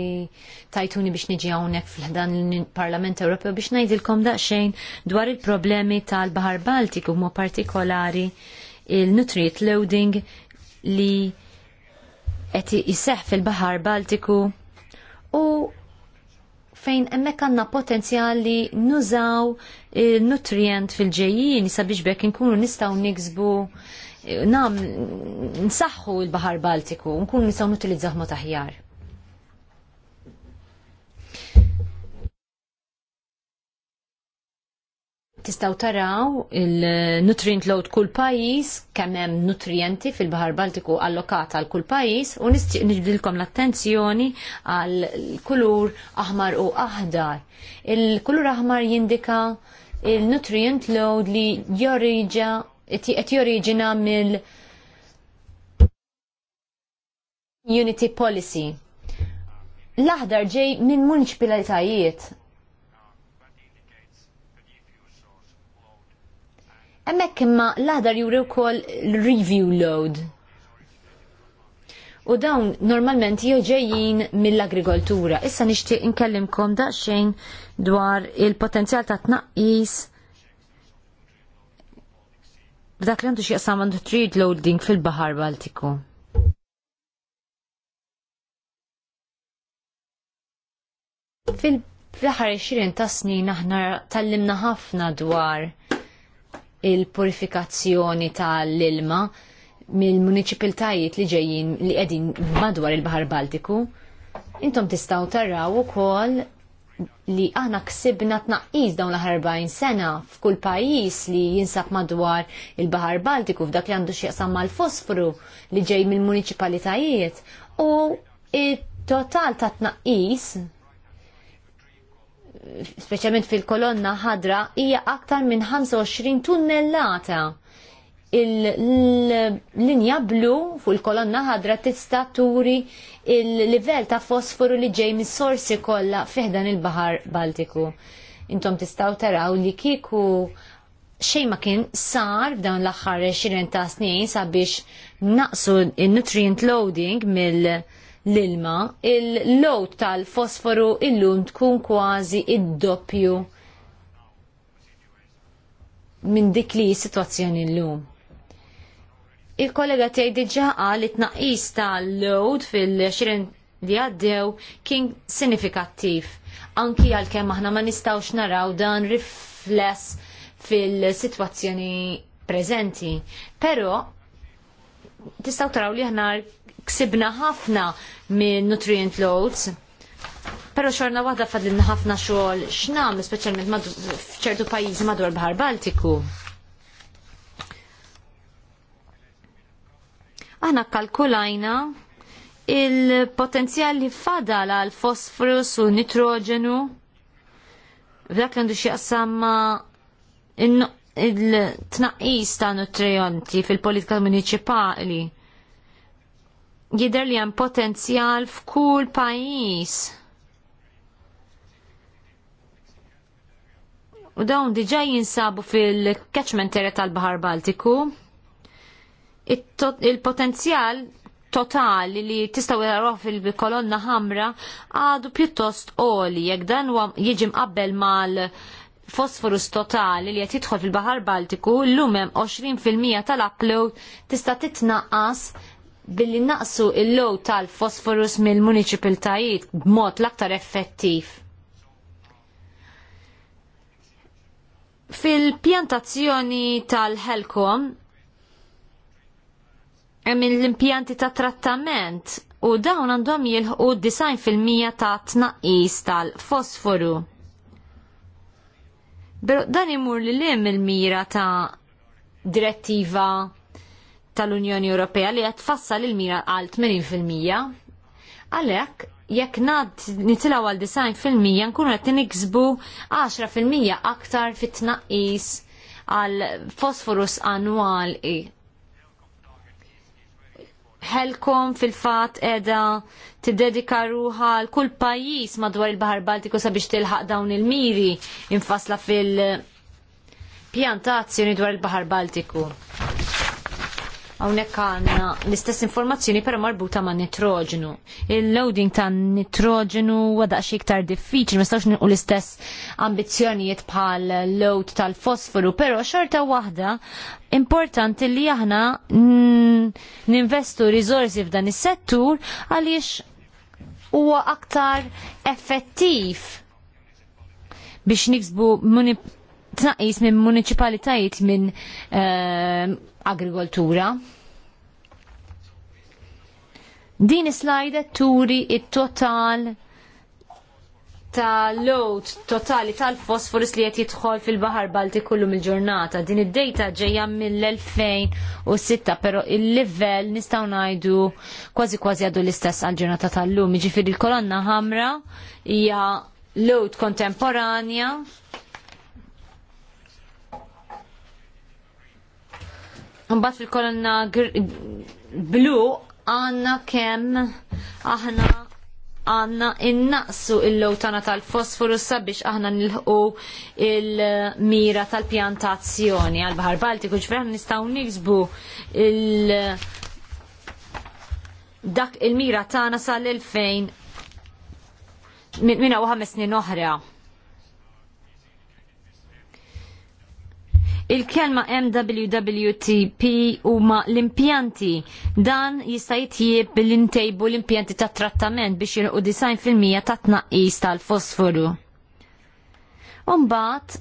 tajtuni biex niġi hawnhekk fl ħdan l-Parlament Ewropew biex ngħidilkom daqsxejn dwar il-problemi tal-Baħar Baltiku mu partikolari il-nutrient loading li qed iseħħ fil-Baħar Baltiku u fejn hemmhekk għandna potenzjal li nużaw il-nutrient fil-ġejjin sabiex bekk inkunu nistgħu niksbu nam nsaħħu l-Bahar Baltiku, nkun nisaw nutilizzaħ ma taħjar. Tistaw taraw il-nutrient load kull pajis, hemm nutrienti fil-Bahar Baltiku allokata għal kull pajis, u nibdilkom l-attenzjoni għal kulur aħmar u aħdar. Il-kulur aħmar jindika il-nutrient load li joriġa qed joriġina mill Unity Policy. L-aħdar ġej minn munċpilatajiet. Emmek imma l-aħdar juri wkoll review load. U dawn normalment ġejjin mill-agrikoltura. Issa nixtieq inkellimkom daqsxejn dwar il-potenzjal ta' tnaqqis b'dak li għandu xieqsam għandu trid loading fil-Bahar Baltiku. Fil-Bahar 20 ta' snin aħna tal-limna ħafna dwar il-purifikazzjoni tal-ilma mill-municipaltajiet li ġejjin li qegħdin madwar il-Bahar Baltiku. Intom tistgħu taraw ukoll li aħna ksibna tnaqqis dawn l-40 sena f'kull pajis li jinsab madwar il-Bahar Baltiku f'dak li għandu xieqsam mal-fosforu li ġej mill-municipalitajiet u il-total ta' tnaqqis speċjalment fil-kolonna ħadra hija aktar minn 25 tunnellata il-linja blu fuq il-kolonna ħadra tista' turi il-livell ta' fosforu li ġej mis-sorsi kollha fiħdan il-Baħar Baltiku. Intom tistgħu taraw li kieku xejn ma kien sar f'dawn l-aħħar 20 ta' snin sabiex naqsu il-nutrient loading mill-ilma, il-load tal-fosforu illum tkun kważi id-doppju minn dik li situazzjoni l-lum. Il-kollega tiegħi diġà qal li tnaqqis tal-load fil-20 li għaddew kien sinifikattiv. Anki għalkemm aħna ma nistgħux naraw dan rifless fil-sitwazzjoni preżenti. Però tistgħu taraw li aħna ksibna ħafna minn nutrient loads. però xorna waħda fadlinna ħafna xogħol x'nam, speċjalment f'ċertu pajjiżi madwar Baħar Baltiku. Aħna kalkulajna il-potenzjal li fadal għal fosforus u nitrogenu f'dak għandu xie għassamma il-tnaqis ta' nutrijonti fil-politika municipali jider li hemm potenzjal f'kull pajjiż. U dawn diġà jinsabu fil-catchment area tal-Bahar Baltiku il-potenzjal totali li tistaw jaraw fil-kolonna ħamra għadu pjuttost oli jekk dan jiġi mqabbel mal fosforus totali li qed jidħol fil-Baħar Baltiku llum hemm 20% tal-upload tista' titnaqqas billi naqsu il-low tal-fosforus mill-municipalitajiet b'mod l-aktar effettiv. Fil-pjantazzjoni tal-Helcom minn l-impjanti ta' trattament u dawn għandhom jilħu 90% ta' tnaqqis tal-fosforu. Pero dan imur li lim il-mira ta' direttiva tal-Unjoni Ewropea li qed tfassal il-mira għal 80%. Għalhekk jekk nad nitilaw għal 90% nkunu qed niksbu 10% aktar fit-tnaqqis għal fosforus annwali Helkom fil-fat edha tiddedika ruħa l-kull pajis madwar il-Bahar Baltiku sabiex tilħaq dawn il-miri infasla fil-pjantazzjoni dwar il-Bahar Baltiku. Hawnhekk għandna l-istess informazzjoni però marbuta ma' nitroġenu. Il-loading ta' nitroġenu huwa daqsxejn iktar diffiċli, ma stawx u l-istess ambizzjonijiet bħal load tal-fosforu, però xorta waħda importanti li aħna ninvestu riżorsi f'dan is-settur għaliex huwa aktar effettiv biex niksbu tnaqis minn municipalitajiet minn ehm, agrikoltura. Din slajda turi it-total ta' load totali tal-fosforus li qed jidħol fil-Baħar Baltiku kullu il-ġurnata. Din id-dejta ġejja mill-2006, però il-livell nistgħu ngħidu kważi kważi għadu l-istess għal-ġurnata tal-lum. Jiġifieri il-kolonna ħamra hija load kontemporanja Mbagħad fil-kolonna blu għandna kemm aħna għanna innaqsu il-lowtana tal-fosforu sabiex aħna nilħu il-mira tal-pjantazzjoni għal-Bahar Baltiku ġifreħ nistaw nixbu il- dak il-mira tagħna sal-2000 minna u ħames snin oħra. Il-kelma MWWTP huma l-impjanti. Dan jista' jitjieb bil-intejbu l-impjanti ta' trattament biex jirqu 90 fil-mija ta' tnaqqis tal-fosforu. Umbat,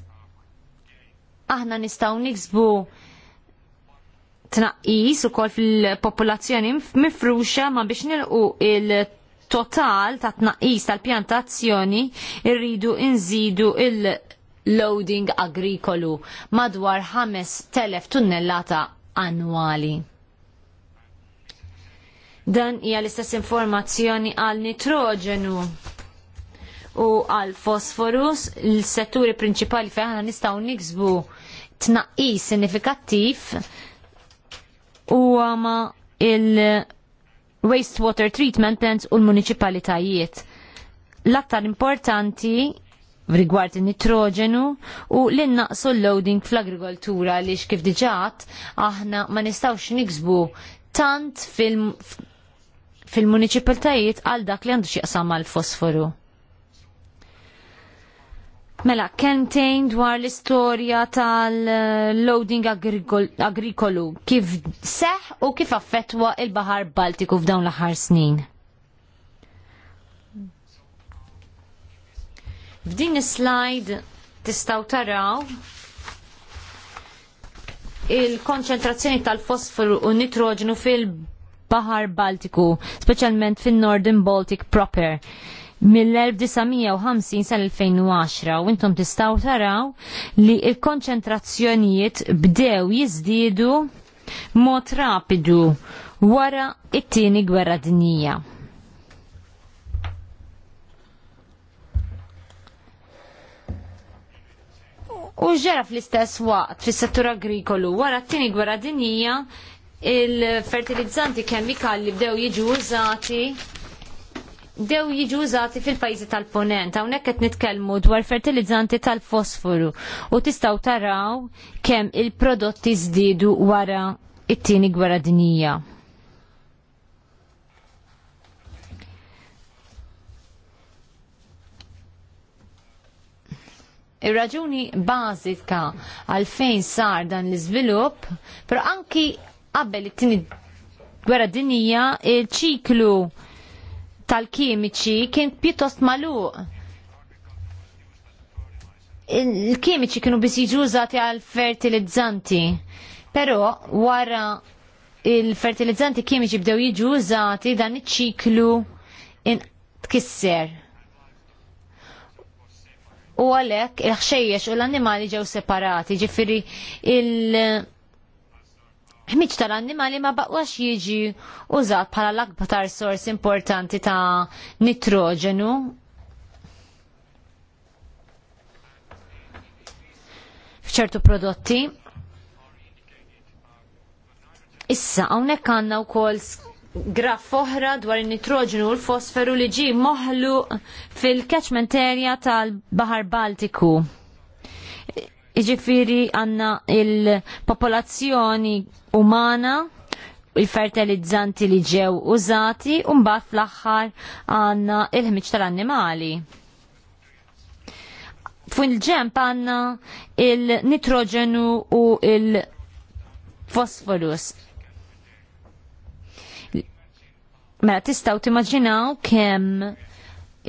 aħna nistgħu niksbu tnaqqis ukoll fil-popolazzjoni mifruxa ma biex nilqu il- total ta' tnaqqis tal-pjantazzjoni irridu inżidu il- loading agrikolu madwar 5,000 tunnellata annwali. Dan hija l-istess informazzjoni għal nitrogenu u għal fosforus l-setturi prinċipali fejn aħna nistgħu niksbu tnaqqis sinifikattiv huwa ma il wastewater treatment plants u l-municipalitajiet. L-aktar importanti rigward nitrogenu u li naqsu l-loading fl-agrikoltura li kif diġat aħna ma nistawx niksbu tant fil-municipalitajiet għal dak li għandu xieqsam għal fosforu. Mela, tejn dwar l-istorja tal-loading agrikolu, kif seħ u kif affettwa il-Bahar Baltiku f'dawn l-aħħar snin. F'din slide tistaw taraw il-konċentrazzjoni tal-fosforu u nitroġenu fil-Bahar Baltiku, speċjalment fin-Northern Baltic proper mill-1950 sal-2010 u intom tistaw taraw li il-konċentrazzjonijiet bdew jizdidu mod rapidu wara it-tieni gwerra dinjija. u ġara fl-istess waqt fis-settur agrikolu wara t-tieni gwerra dinjija il-fertilizzanti kemikali bdew jiġu użati dew jiġu użati fil-pajjiżi tal-ponent. Hawnhekk qed nitkellmu dwar fertilizzanti tal-fosforu u tistgħu taraw kemm il-prodotti żdiedu wara it-tieni gwerra dinjija. Ir-raġuni bażika għalfejn sar dan l-iżvilupp, però anki qabel it-tieni gwerra dinija il-ċiklu tal-kimiċi kien pjuttost magħluq. Il-kimiċi kienu biss jiġu użati għal fertilizzanti, però wara il-fertilizzanti kimiċi bdew jiġu użati dan il ċiklu tkisser u għalhekk il-ħxejjex u l-annimali ġew separati, ġifiri il- ħmiġ tal-annimali ma baqwax jiġi użat bħala l-akbar sors importanti ta' nitrogenu. f'ċertu prodotti. Issa, hawnhekk għandna wkoll graf oħra dwar in-nitroġenu u l-fosferu li ġie moħlu fil-catchment area tal-Bahar Baltiku. Iġifiri għandna il-popolazzjoni umana il-fertilizzanti li ġew użati u mbagħad fl-aħħar għandna il-ħmiġ tal-annimali. Fu il-ġemp għandna il-nitroġenu u il-fosforus Mela tistaw timmaġinaw kemm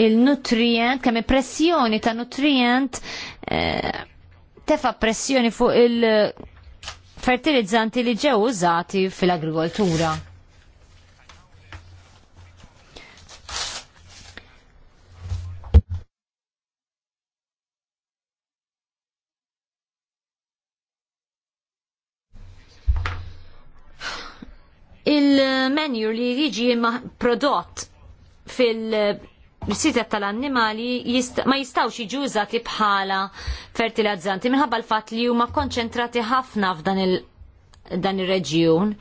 il-nutrient, kemm il-pressjoni ta' nutrient eh, tefa pressjoni fuq il-fertilizzanti li ġew użati fil-agrikoltura. il menu li jiġi prodott fil- Sitet tal-annimali ma jistawx jiġu użati bħala fertilizzanti minħabba l-fatt li huma konċentrati ħafna f'dan il-dan ir-reġjun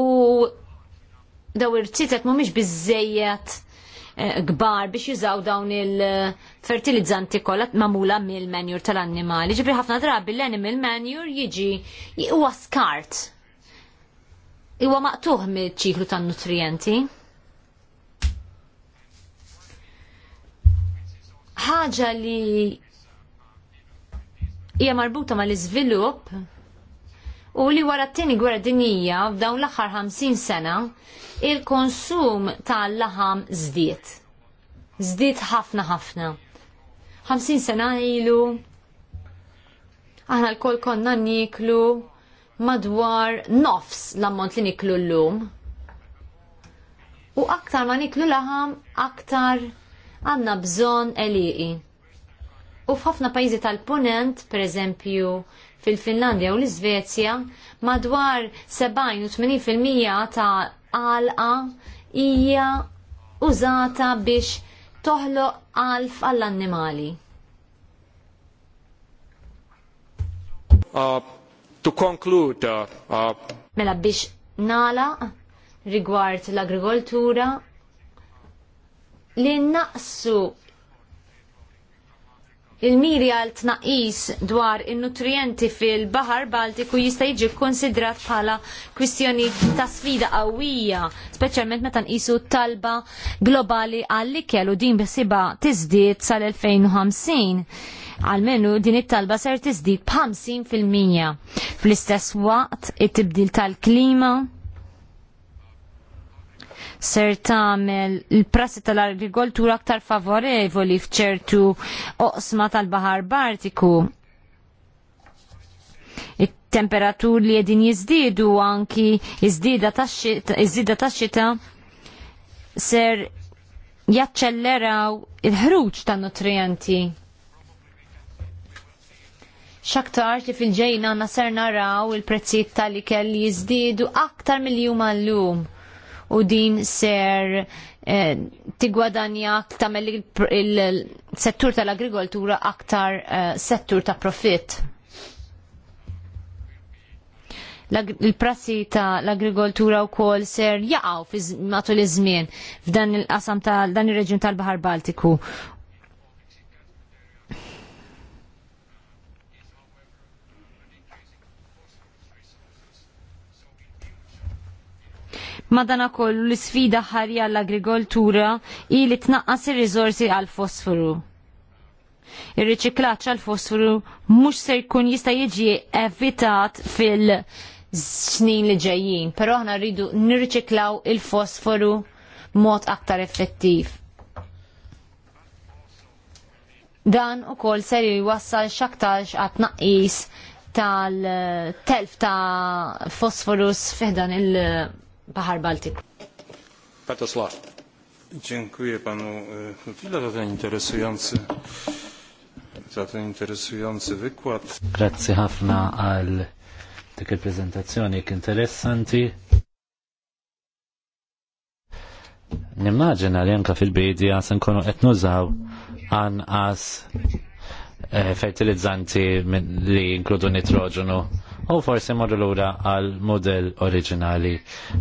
u daw ir-sitet mhumiex biżejjed eh, kbar biex jużaw dawn il-fertilizzanti kollha magħmula mill-menjur tal-annimali. Ġifri ħafna drabi l-animal manure jiġi huwa skart Iwa maqtuħ mill-ċiklu tan-nutrienti. Ħaġa li hija marbuta mal-iżvilupp u li wara t-tieni gwerra dinija f'dawn l-aħħar 50 sena il-konsum tal-laħam żdied. Żdied ħafna ħafna. 50 sena ilu aħna l-kol konna niklu madwar nofs l-ammont li niklu llum. U aktar ma niklu laħam, aktar għandna bżonn eliqi. U f'ħafna pajjiżi tal-punent, pereżempju fil-Finlandja u l-Iżvezja, madwar 70-80% ta' għalqa hija użata biex toħloq għalf għall-annimali. Uh, to conclude uh, uh, Mela biex nala rigward l-agrikoltura li naqsu Il-miri għal tnaqis dwar in-nutrienti fil-Bahar Baltiku jista' jiġi konsidrat bħala kwistjoni ta' sfida qawwija, speċjalment meta nqisu talba globali għall-ikel u din bisiba tiżdied sal-2050 għalmenu din it-talba ser fil b'50% fl-istess waqt it-tibdil tal-klima ser tagħmel il-prassi tal-agrikoltura aktar favorevoli f'ċertu oqsma tal-Baħar Baltiku temperatur li jedin jizdidu anki jizdida tax-xita ser jaċċelleraw il-ħruġ ta' nutrijenti xaktar li fil-ġejna għanna ser naraw il-prezzijiet tal-ikel li jizdidu aktar mill-jum għallum u din ser eh, tigwadanja tamel il-settur tal-agrikoltura aktar eh, settur ta' profit. Il-prassi ta' l-agrikoltura u kol ser jaqaw matul iż-żmien f'dan il-qasam ta' dan ir-reġjun tal-Bahar Baltiku Madana kollu l-sfida ħarja l-agrikoltura i li tnaqqas ir-riżorsi għal-fosforu. Ir-riċiklaċ għal-fosforu mhux ser jkun jista' jiġi evitat fil- snin li ġejjin, però aħna rridu nirriċiklaw il-fosforu mod aktar effettiv. Dan u kol ser jwassal xaktarx għat naqis tal-telf ta' fosforus fiħdan il- Bahar Baltiku. Petosław. Dziękuję panu Fila e, za ten interesujący za ten interesujący wykład. Grazie hafna al dik il-prezentazzjoni jek interessanti. Nimmaġina li anka fil-bidja se nkunu qed nużaw anqas e, fertilizzanti li jinkludu nitroġenu u forse forsi l-ura għal model oriġinali.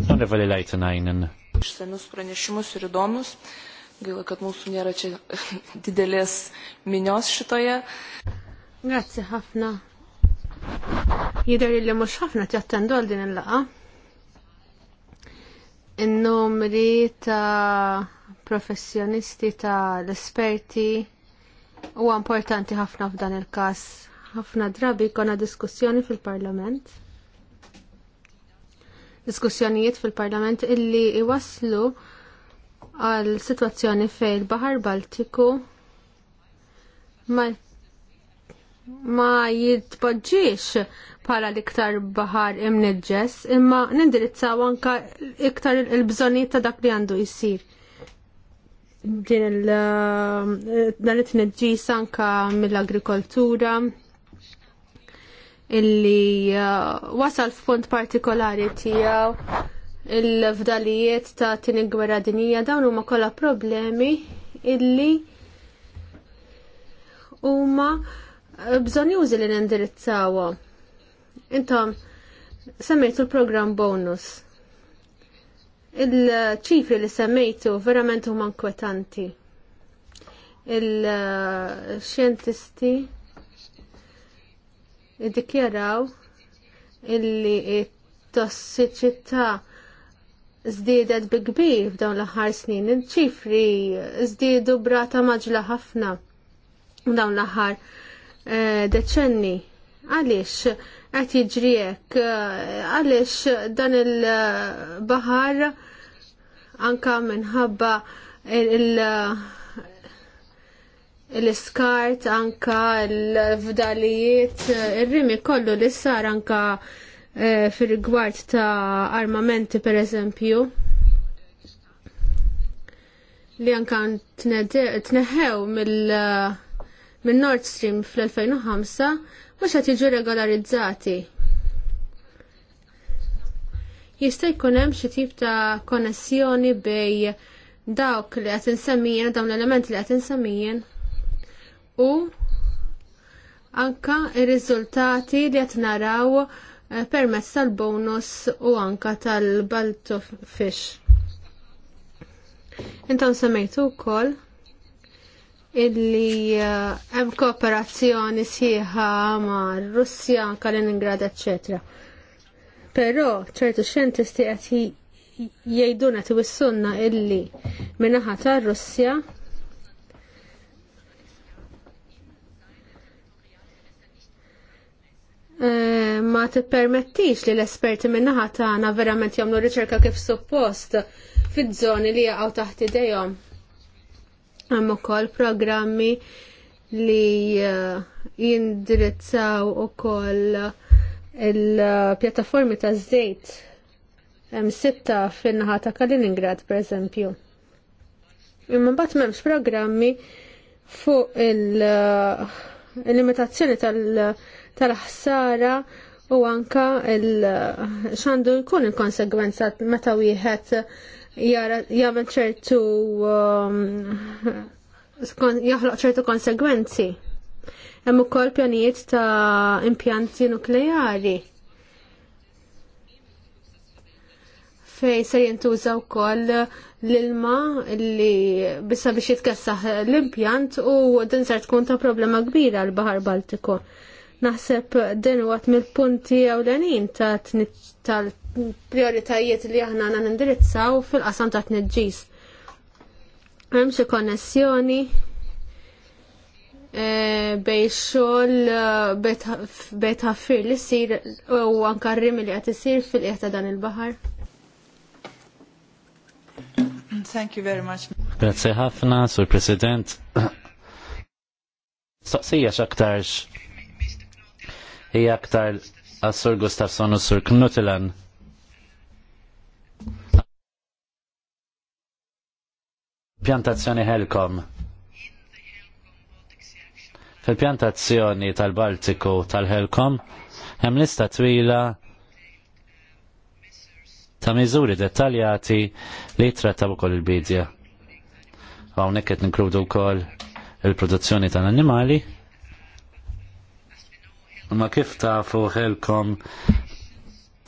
Non rivali lajt najnen. Senus pranešimus ir įdomus. Gaila, kad mūsų nėra čia didelės minios šitoje. Grazie, Hafna. Jidher li mhux ħafna tjattendu għal din il-laqa. In-numri ta' professjonisti ta' l-esperti huwa importanti Hafna f'dan il kas ħafna drabi jkollna diskussjoni fil-Parlament. Diskussjonijiet fil-Parlament illi iwaslu għal situazzjoni fej il-Bahar Baltiku ma, ma jitpoġġiex pala l-iktar bahar imnidġess imma nindirizzaw anka iktar il-bżonijiet ta' dak li għandu jisir din il-dan eh, it-tneġġis anka mill-agrikoltura, illi uh, wasal f'punt partikolari tiegħu il-fdalijiet ta' tini gwerra dinija dawn huma kollha problemi illi huma uh, bżonn jużi li nindirizzawhom. Intom semmejtu l-programm bonus. Il-ċifri li semmejtu verament huma inkwetanti. Il-xjentisti uh, iddikjaraw illi t-tossiċità żdiedet bi kbir f'dawn l-aħħar snin, il-ċifri żdiedu brata maġla ħafna f'dawn l-aħħar eh, deċenni. Għaliex qed jiġri hekk, eh, għaliex dan il-baħar anka minħabba il- l-iskart, anka l-fdalijiet, il-rimi kollu li sar anka eh, fil-gwart ta' armamenti per eżempju li anka tneħew mill Nord Stream fl-2005 mhux qed jiġu regolarizzati. Jista' jkun hemm xi tip ta' konnessjoni bej dawk li qed insemmijien dawn l-elementi li qed insemmijien u anka r riżultati li qed naraw eh, permezz tal-bonus u anka tal-balto fish. Intom semmejtu wkoll illi eh, hemm kooperazzjoni sieħa mar Russja, Kaliningrad, eċċetera. Però ċertu xjentisti qed jgħiduna tiwissunna illi min-naħa tar Russja Eh, ma tippermettix li l-esperti min-naħa tagħna verament jagħmlu riċerka kif suppost fiż-żoni li jaqgħu taħt idejom. Hemm ukoll programmi li eh, jindirizzaw ukoll il-pjattaformi ta' żejt hemm sitta fin-naħa ta' Kaliningrad pereżempju. Imma mbagħad m'hemmx programmi fuq eh, il-limitazzjoni tal- tal-ħsara u anka xandu jkun il-konsegwenza meta wieħed jagħmel ċertu um, jaħloq ċertu konsegwenzi. Hemm ukoll pjanijiet ta' impjanti nukleari. fej se jintuża wkoll l-ilma li bissa biex jitkessaħ l-impjant u din ser tkun ta' problema kbira l-Baħar Baltiku. Naħseb din għat mill-punti ewlenin tal-prioritajiet li aħna għandna nindirizzaw fil-qasam ta' tniġġis. Hemm xi konnessjoni e, bej xogħol bej taffir li sir u anke li qed sir fil-qiegħ ta' dan il-baħar. Thank you very much. Grazie ħafna, Sur President. Soqsija x'aktarx hija aktar għas-Sur Gustafsson u Sur Knutilan. Pjantazzjoni Helkom. Fil-pjantazzjoni tal-Baltiku tal-Helkom hemm lista twila ta' miżuri dettaljati li jitrattaw ukoll il-bidja. Hawnhekk qed ninkludu wkoll il-produzzjoni tal-annimali, ma kif ta' fuħelkom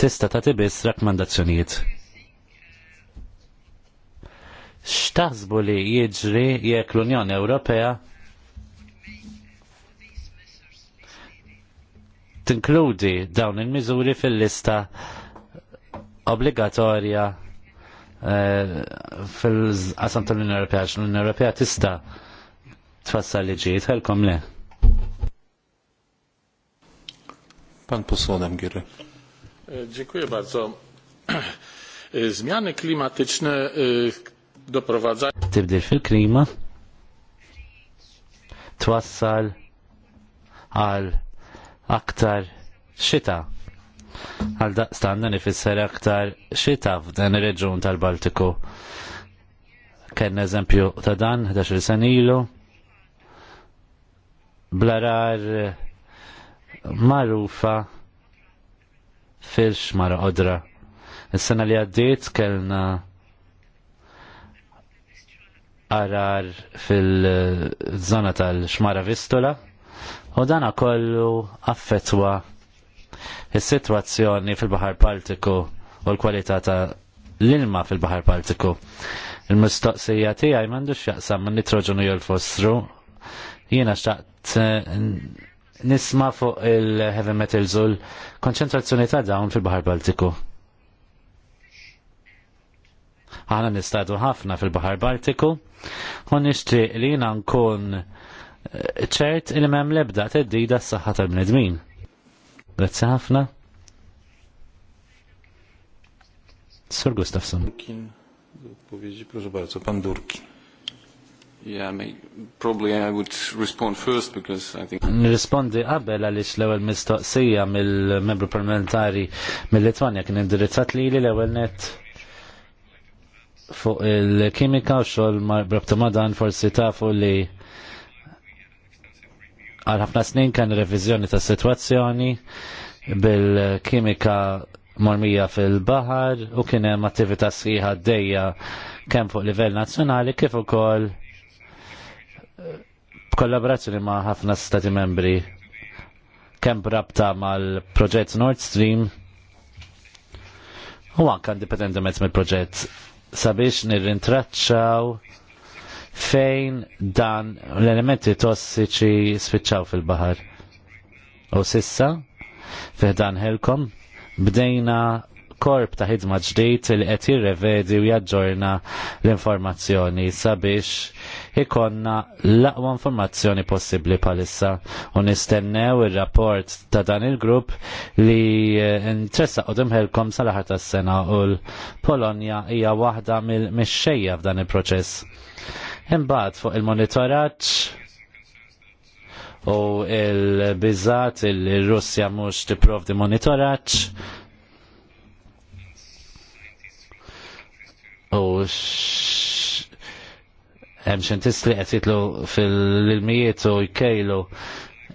tista ta' tibis rakkomandazzjonijiet. X'taħsbu li jiġri jekk l-Unjoni Ewropea tinkludi dawn il-miżuri fil-lista obbligatorja eh, fil-qasam tal-Unjoni Ewropea, l-Unjoni Ewropea tista' tfassal liġijiet, ħelkom le. Pan poseł Namgiry. E, dziękuję bardzo. E, zmiany klimatyczne e, doprowadzają... Tibdil fil-klima twassal għal aktar xita. Għal standa nifisser aktar xita f'dan ir-reġun tal-Baltiku. Kenna eżempju ta' dan, 11 senilu, blarar marufa filx mara odra. Is-sena li għaddiet kellna arar fil-żona tal-xmara vistola u dana kollu affetwa is-sitwazzjoni fil-Bahar Baltiku u l-kwalità ta' l-ilma fil-Bahar Baltiku. Il-mistoqsija tiegħi m'għandux jaqsam man nitroġenu jew l-fostru. Jiena xtaqt eh, nisma fuq il-heavy metal zul konċentrazzjoni ta' dawn fil-Bahar Baltiku. Għana nistadu ħafna fil-Bahar Baltiku, u nishtri li jina nkun eh, ċert il mem lebda teddida s saxħa tal-bnedmin. Grazzi ħafna. Sur Gustafsson. Proszę bardzo, pan Durkin. Yeah, mean probably I would respond first because I think... Nirrispondi qabel għaliex l-ewwel mistoqsija mill-membru parlamentari mill-Litwanja kien indirizzat lili l-ewwel net fuq il-kimika u xogħol brabta madan forsi tafu li għal ħafna snin kien reviżjoni ta' sitwazzjoni bil-kimika mormija fil-baħar u kien hemm attività sħiħa d kemm fuq livell nazzjonali kif ukoll Kollaborazzjoni ma' ħafna stati membri kemm rabta mal-proġett Nord Stream u anke indipendentement mill-proġett sabiex nirrintraċċaw fejn dan l-elementi tossiċi spiċċaw fil-baħar. U sissa, fiħdan helkom, bdejna korp ta' ħidma ġdid li qed jirrevedi u jaġġorna l-informazzjoni sabiex ikonna l-aqwa informazzjoni possibbli palissa u nistennew ir-rapport ta' dan il-grupp li eh, ntressa u dimħelkom sal aħħar tas-sena u l-Polonja hija waħda mill-mixxejja f'dan il-proċess. Imbagħad fuq il-monitoraġġ u il biżat il-Russja mux tiprovdi monitoraċ u hemm xjentisti qed jitlu fil-ilmijiet u jkejlu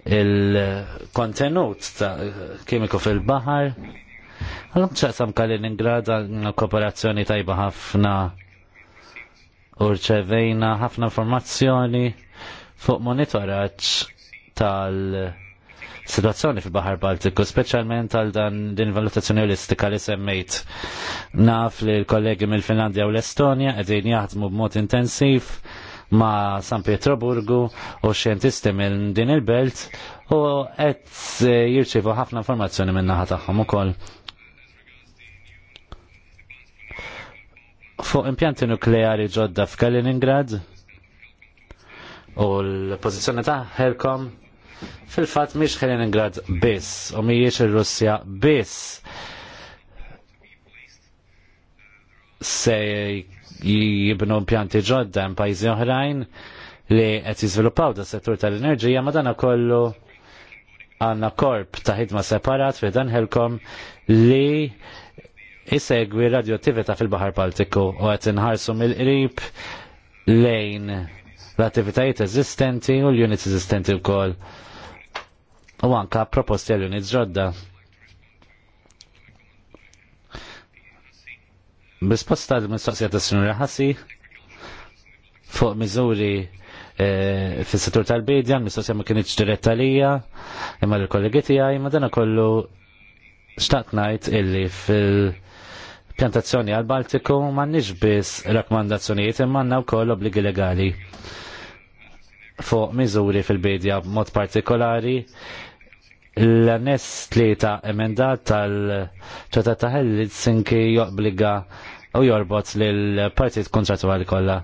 il-kontenut ta' kimiku fil-baħar. Għallum ċaqsam Kaliningrad għanna kooperazzjoni tajba ħafna u rċevejna ħafna informazzjoni fuq monitoraċ tal- situazzjoni fil baħar Baltiku, speċjalment għal dan din valutazzjoni holistika li semmejt. Naf li l-kollegi mill-Finlandja u l-Estonja qegħdin jaħdmu b'mod intensiv ma' San Pietroburgu u xjentisti minn din il-belt u qed jirċevu ħafna informazzjoni minn naħa tagħhom ukoll. Fuq impjanti nukleari ġodda f'Kaliningrad u l-pożizzjoni ta' Helcom fil-fat miex Kaliningrad biss u miex il-Russja biss se jibnu impjanti ġodda hemm pajjiżi oħrajn li qed jiżviluppaw da settur tal-enerġija ma dan kollu għandna korp ta' ħidma separat fi dan helkom li isegwi radioattività fil-Bahar Baltiku u qed inħarsu mill-qrib lejn l-attivitajiet eżistenti u l-units eżistenti wkoll u anka proposti għal unit ġodda. Bisposta l-mistoqsija ta' Sinura Ħassi fuq miżuri eh, fil-settur tal-bidja, mistoqsija ma kienieċ diretta lija, imma l-kollegi tiegħi, ma dana kollu xtaqt ngħid illi fil-pjantazzjoni għal-Baltiku m'għandniex biss rakkomandazzjonijiet imma u wkoll obbligi legali fuq miżuri fil-bidja b'mod partikolari l-nes tlieta emendat tal-ċetat ta'ħelli li sinki jobbliga u jorbot l-partit kontratwali kollha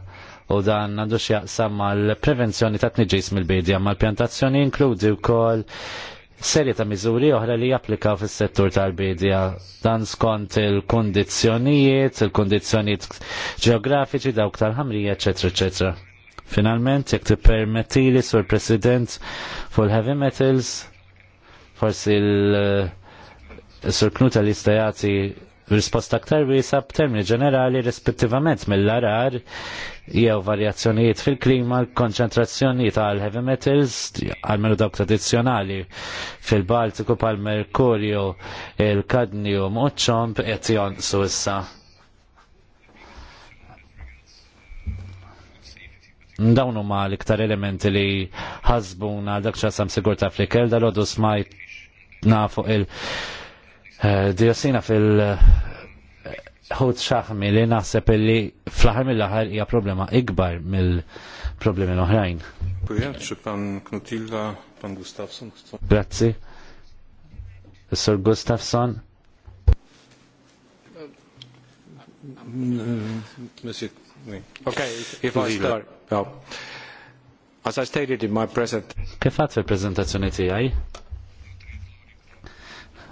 u dan għandu xjaqsam mal-prevenzjoni ta' tniġis mill-bidja mal-pjantazzjoni inkludi wkoll serje ta' miżuri oħra li japplikaw fis-settur tal-bidja dan skont il-kondizzjonijiet, il-kondizzjonijiet ġeografiċi dawk tal-ħamrija, eċetera, eċetera. Finalment, jekk tippermettili sur President fuq heavy metals, Forsi l-Sur eh, li jagħti risposta aktar wiesa b'termini ġenerali rispettivament mill-arar jew varjazzjonijiet fil-klima, konċentrazzjoni tal-heavy metals, għalmenu dawk tradizzjonali fil-Baltiku pal-Merkurju, il-Kadnium u ċomp qed jonqsu issa. Dawn huma l-iktar elementi li ħasbuna dak ċasam sigurta fl-ikel dal-għodu smajt nafu il-diossina eh, fil- ħut xaħmi li naħseb li fl-ħar mill-ħar hija problema ikbar mill-problemi l-oħrajn. Grazzi. Sir Gustafsson. Mm, monsieur, okay, if I start. As I stated in my present. Kif għad fil-prezentazzjoni tiegħi?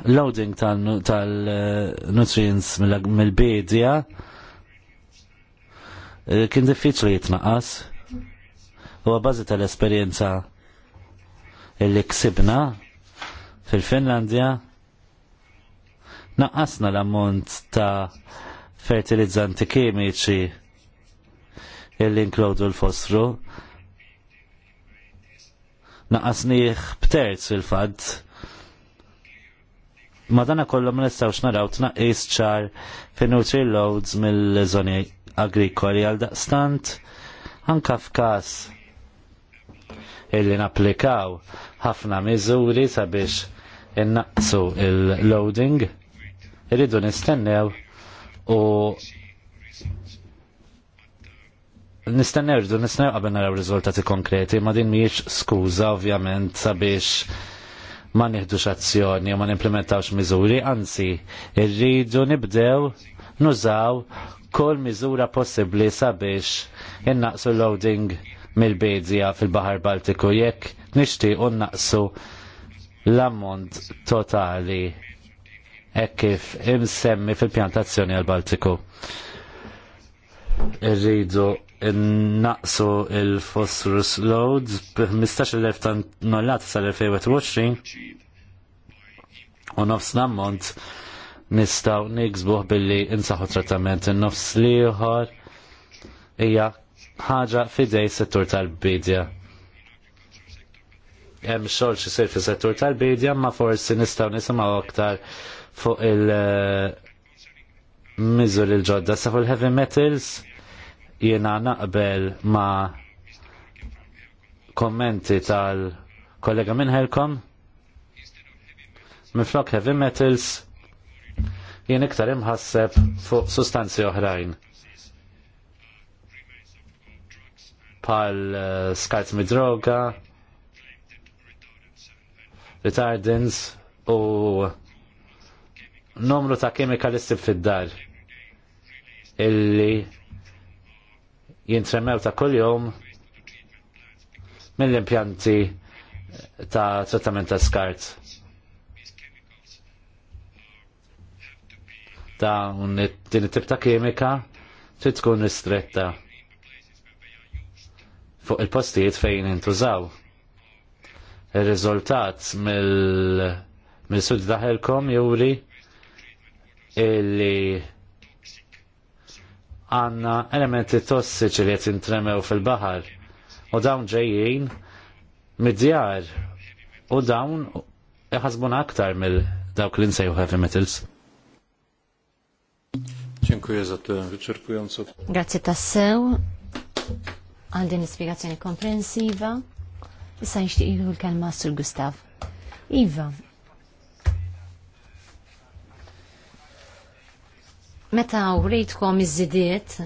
loading tal-nutrients eh, mill-bedja eh, kien diffiċli jitnaqas u għabazi tal-esperienza illi ksibna fil-Finlandja naqasna l-ammont ta' fertilizzanti kimiċi illi inkludu l fosru naqqasniħ b'terz fil fad Madana kollu ma nistawx naraw tnaqqis ċar fin nutri loads mill-żoni agrikoli għal daqstant anka f'każ illi napplikaw ħafna miżuri sabiex innaqsu il-loading irridu nistennew u nistennew irridu nistennew qabel naraw riżultati konkreti ma din mhijiex skuża ovvjament sabiex ma nieħdux azzjoni u ma nimplementawx miżuri, anzi, irridu nibdew nużaw kull miżura possibbli sabiex innaqsu loading mill bedzija fil-Bahar Baltiku jekk nixtiequ naqsu l-ammont totali hekk kif imsemmi fil-pjantazzjoni għal-Baltiku. Irridu naqsu il-phosphorus loads b-15.000 tan nollat sal-2020 u nofs nammont nistaw niksbuħ billi insaħu trattament nofs liħor hija ħaġa fidej settur tal-bidja. Hemm xogħol xi sir fis-settur tal-bidja, ma forsi nistgħu nisimgħu aktar fuq il- eh, miżur il-ġodda sa fuq il-heavy metals jena naqbel ma kommenti tal-kollega minnħelkom miflok heavy metals jien iktar imħasseb fuq sustanzi oħrajn pal eh, skart midroga retardants u numru ta' kemikalisti fid-dar illi jintsemmew ta' kuljum mill-impjanti ta' trattament ta' skart. Ta' din it-tip ta' kimika trid tkun ristretta fuq il-postijiet fejn intużaw. Il-riżultat mill-sud mil daħelkom juri illi għanna elementi tossiċi li qed jintremew fil bahar u dawn ġejjien mid-djar u dawn jħasbuna aktar mill dawk li nsejħu heavy metals. Dziękuję za tę wyczerpującą. Grazie tasseu. għal din spiegazzjoni komprensiva. Issa nixtieq l-kelma Sur Gustav. Iva, meta urejtkom iż-żidiet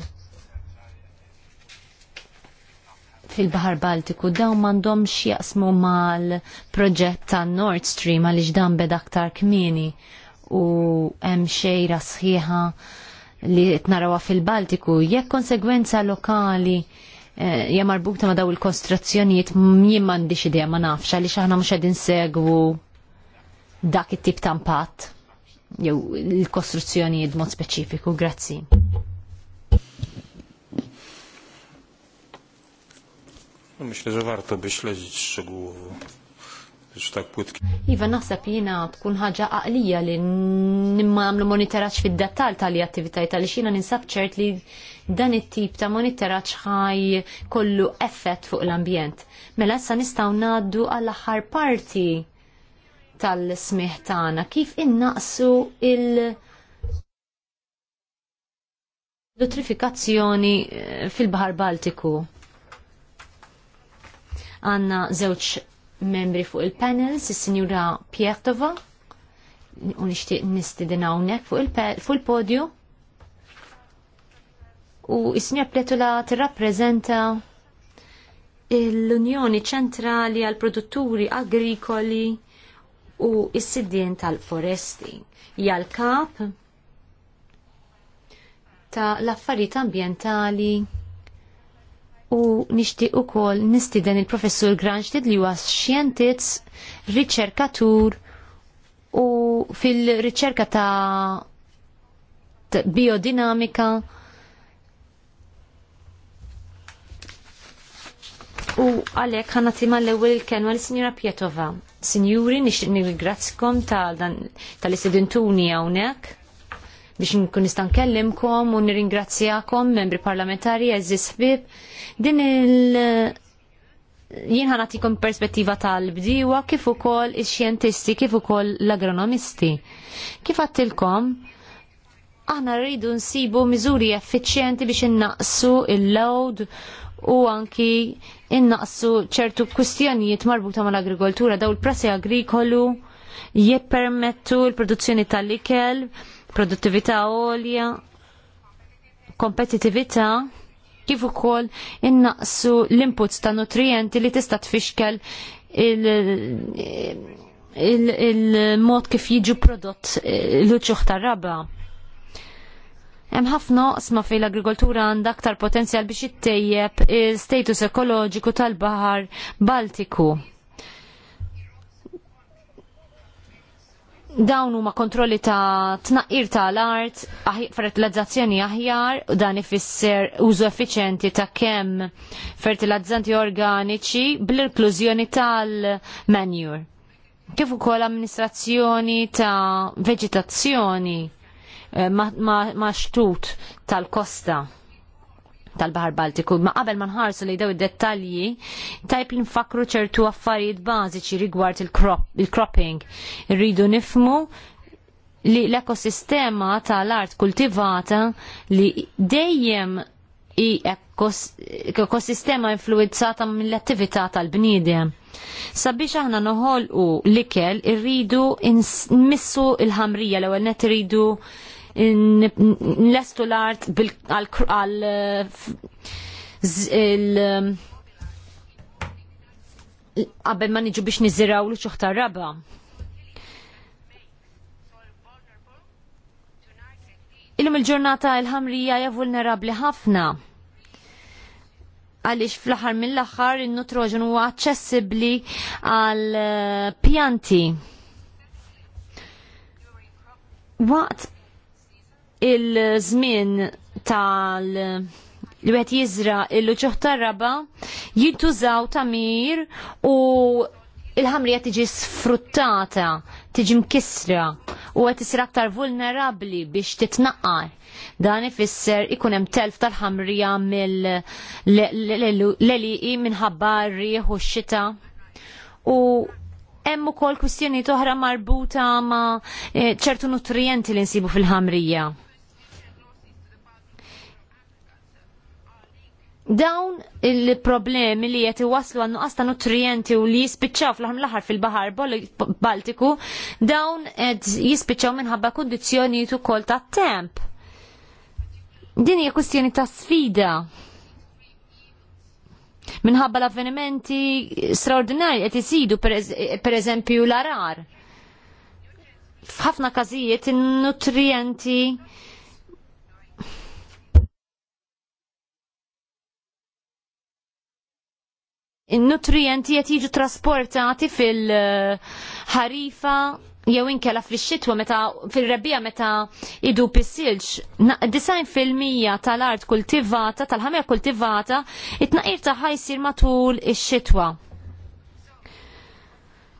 fil-Bahar Baltiku dawn m'għandhomx jaqsmu mal-proġett ta' Nord Stream għaliex dan beda aktar kmieni u hemm xejra sħiħa li tnarawha fil-Baltiku jekk konsegwenza lokali eh, ja marbuta ma' daw il-kostrazzjonijiet jien m'għandix idea ma nafx għaliex aħna mhux qegħdin segwu dak it-tip ta' impatt jew il-kostruzzjonijiet mod speċifiku. Grazzi. Myślę, że warto by śledzić szczegółowo. Iva naħseb jina tkun ħaġa għaqlija li nimma nagħmlu monitoraċ fid dettal tal attivitajt tal xina ninsab ċert li dan it-tip ta' monitoraċ ħaj kollu effett fuq l-ambjent. Mela issa nistgħu ngħaddu għall aħħar parti tal-smih tagħna kif innaqsu il- l-utrifikazzjoni eh, fil-Bahar Baltiku. Għanna żewġ membri fuq il-panels, s-signura Pjertova, u nixtieq nistidin hawnhekk fuq il-podju. U is-Sinjura Pletula tirrappreżenta l-Unjoni Ċentrali għal Produtturi Agrikoli u s-sidien tal-foresti. Hija l-kap ta' l-affarijiet ambjentali u nixtieq ukoll nistieden il-professur Granstedt li huwa xjentiz, riċerkatur u fil-riċerka ta' biodinamika U għalek ħanna tima l-ewel il-kenwa l-Sinjura Pietova. Sinjuri, nixtiq nil tal-istudentuni għawnek biex nkun nista' nkellimkom u nirringrazzjakom membri parlamentari eżis ħbib din il- jien ħanatikom perspettiva tal bdiwa kif ukoll ix-xjentisti kif ukoll l-agronomisti. Kif għattilkom, aħna rridu nsibu miżuri effiċjenti biex innaqsu il-load u anki innaqsu ċertu kwistjonijiet marbuta mal-agrikoltura daw il-prassi agrikolu jippermettu l-produzzjoni tal-ikel, produttività olja, kompetitività, kif ukoll innaqsu l-inputs ta' nutrienti li tista' tfixkel il- il-mod kif jiġu prodott l-uċuħ tar-raba. Hemm ħafna sma fejn l-agrikoltura għandha aktar potenzjal biex ittejjeb il-status ekoloġiku tal-Baħar Baltiku. Dawn huma kontrolli ta' tnaqqir tal-art, fertilizzazzjoni aħjar, u dan ifisser użu effiċenti ta' kemm fertilizzanti organiċi bl-inklużjoni tal-manure. Kif ukoll amministrazzjoni ta' veġitazzjoni Eh, maċtut tal-kosta tal-Bahar Baltiku. Ma qabel ma nħarsu li daw id-dettalji, tajb li nfakru ċertu affarijiet bażiċi rigward il-cropping. Irridu nifmu li l-ekosistema tal-art kultivata li dejjem i ekosistema influenzata mill-attività tal-bniedem. Sabiex aħna noħolqu l-ikel irridu nmissu il-ħamrija l ewwel net irridu nlestu l-art għal eh, um, qabel ma niġu biex niżiraw l ċuħta raba. Illum il-ġurnata il-ħamrija hija vulnerabli ħafna għalix fl-ħar mill-ħar il-nutroġen huwa aċċessibbli għal eh, pjanti. Waqt il-żmien tal li għet jizra il-luċuħ tarraba jintużaw tamir u il-ħamrija tiġi sfruttata, tiġi mkisra u għet isir aktar vulnerabli biex titnaqar. Dan ifisser ikun hemm telf tal-ħamrija mill-leliqi minħabba rieħ u x-xita. U hemm ukoll kwistjoni toħra marbuta ma' eh, ċertu nutrijenti li nsibu fil-ħamrija dawn il-problemi li jeti waslu għannu għasta nutrienti u li jispiċċaw fl l-ħar fil-bahar Baltiku, dawn ed jispiċċaw minħabba kondizjoni tu kol ta' temp. Din hija kwestjoni ta' sfida. Minħabba l-avvenimenti straordinari qed isidu per eżempju l-arar. F'ħafna każijiet in-nutrienti in-nutrienti qed jiġu trasportati fil-ħarifa jew inkela fix-xitwa meta fil-rebbija meta idu piss-silġ Design fil-mija tal-art kultivata, tal-ħamja kultivata, itnaqir tnaqir tagħha jsir matul ix-xitwa.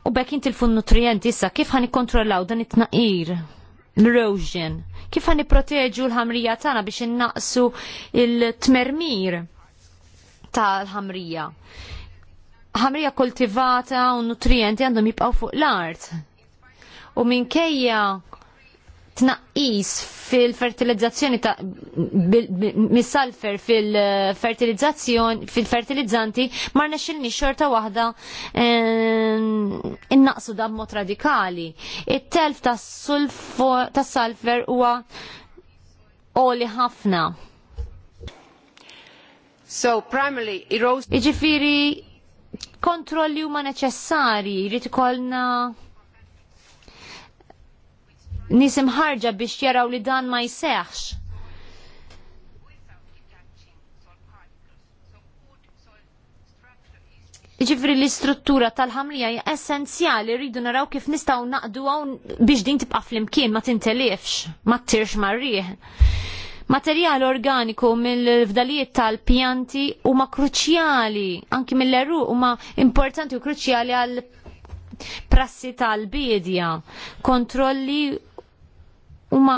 U bekk l n-nutrienti issa kif ħan kontrollaw dan it-tnaqir? L-erosion. Kif ħan proteġu l-ħamrija tagħna biex innaqsu il-tmermir tal-ħamrija? ħamrija kultivata u nutrienti għandhom jibqaw fuq l-art. U minkejja tnaqqis fil-fertilizzazzjoni ta' mis-salfer fil-fertilizzazzjoni fil-fertilizzanti ma nexxilni xorta waħda ehm, innaqsu da' mod radikali. It-telf tas-salfer huwa oli ħafna. So primarily erosion. Iġifiri kontrolli huma neċessari, jrid ikollna nies imħarġa biex jaraw li dan ma jseħħx. Ġifri l-istruttura tal ħamlija hija essenzjali rridu naraw kif nistgħu naqdu hawn biex din tibqa' flimkien ma tintelifx, ma ttirx rrieħ. Materjal organiku mill-fdalijiet tal-pjanti huma kruċjali, anki mill-eru huma importanti u kruċjali għal prassi tal-bidja. Kontrolli huma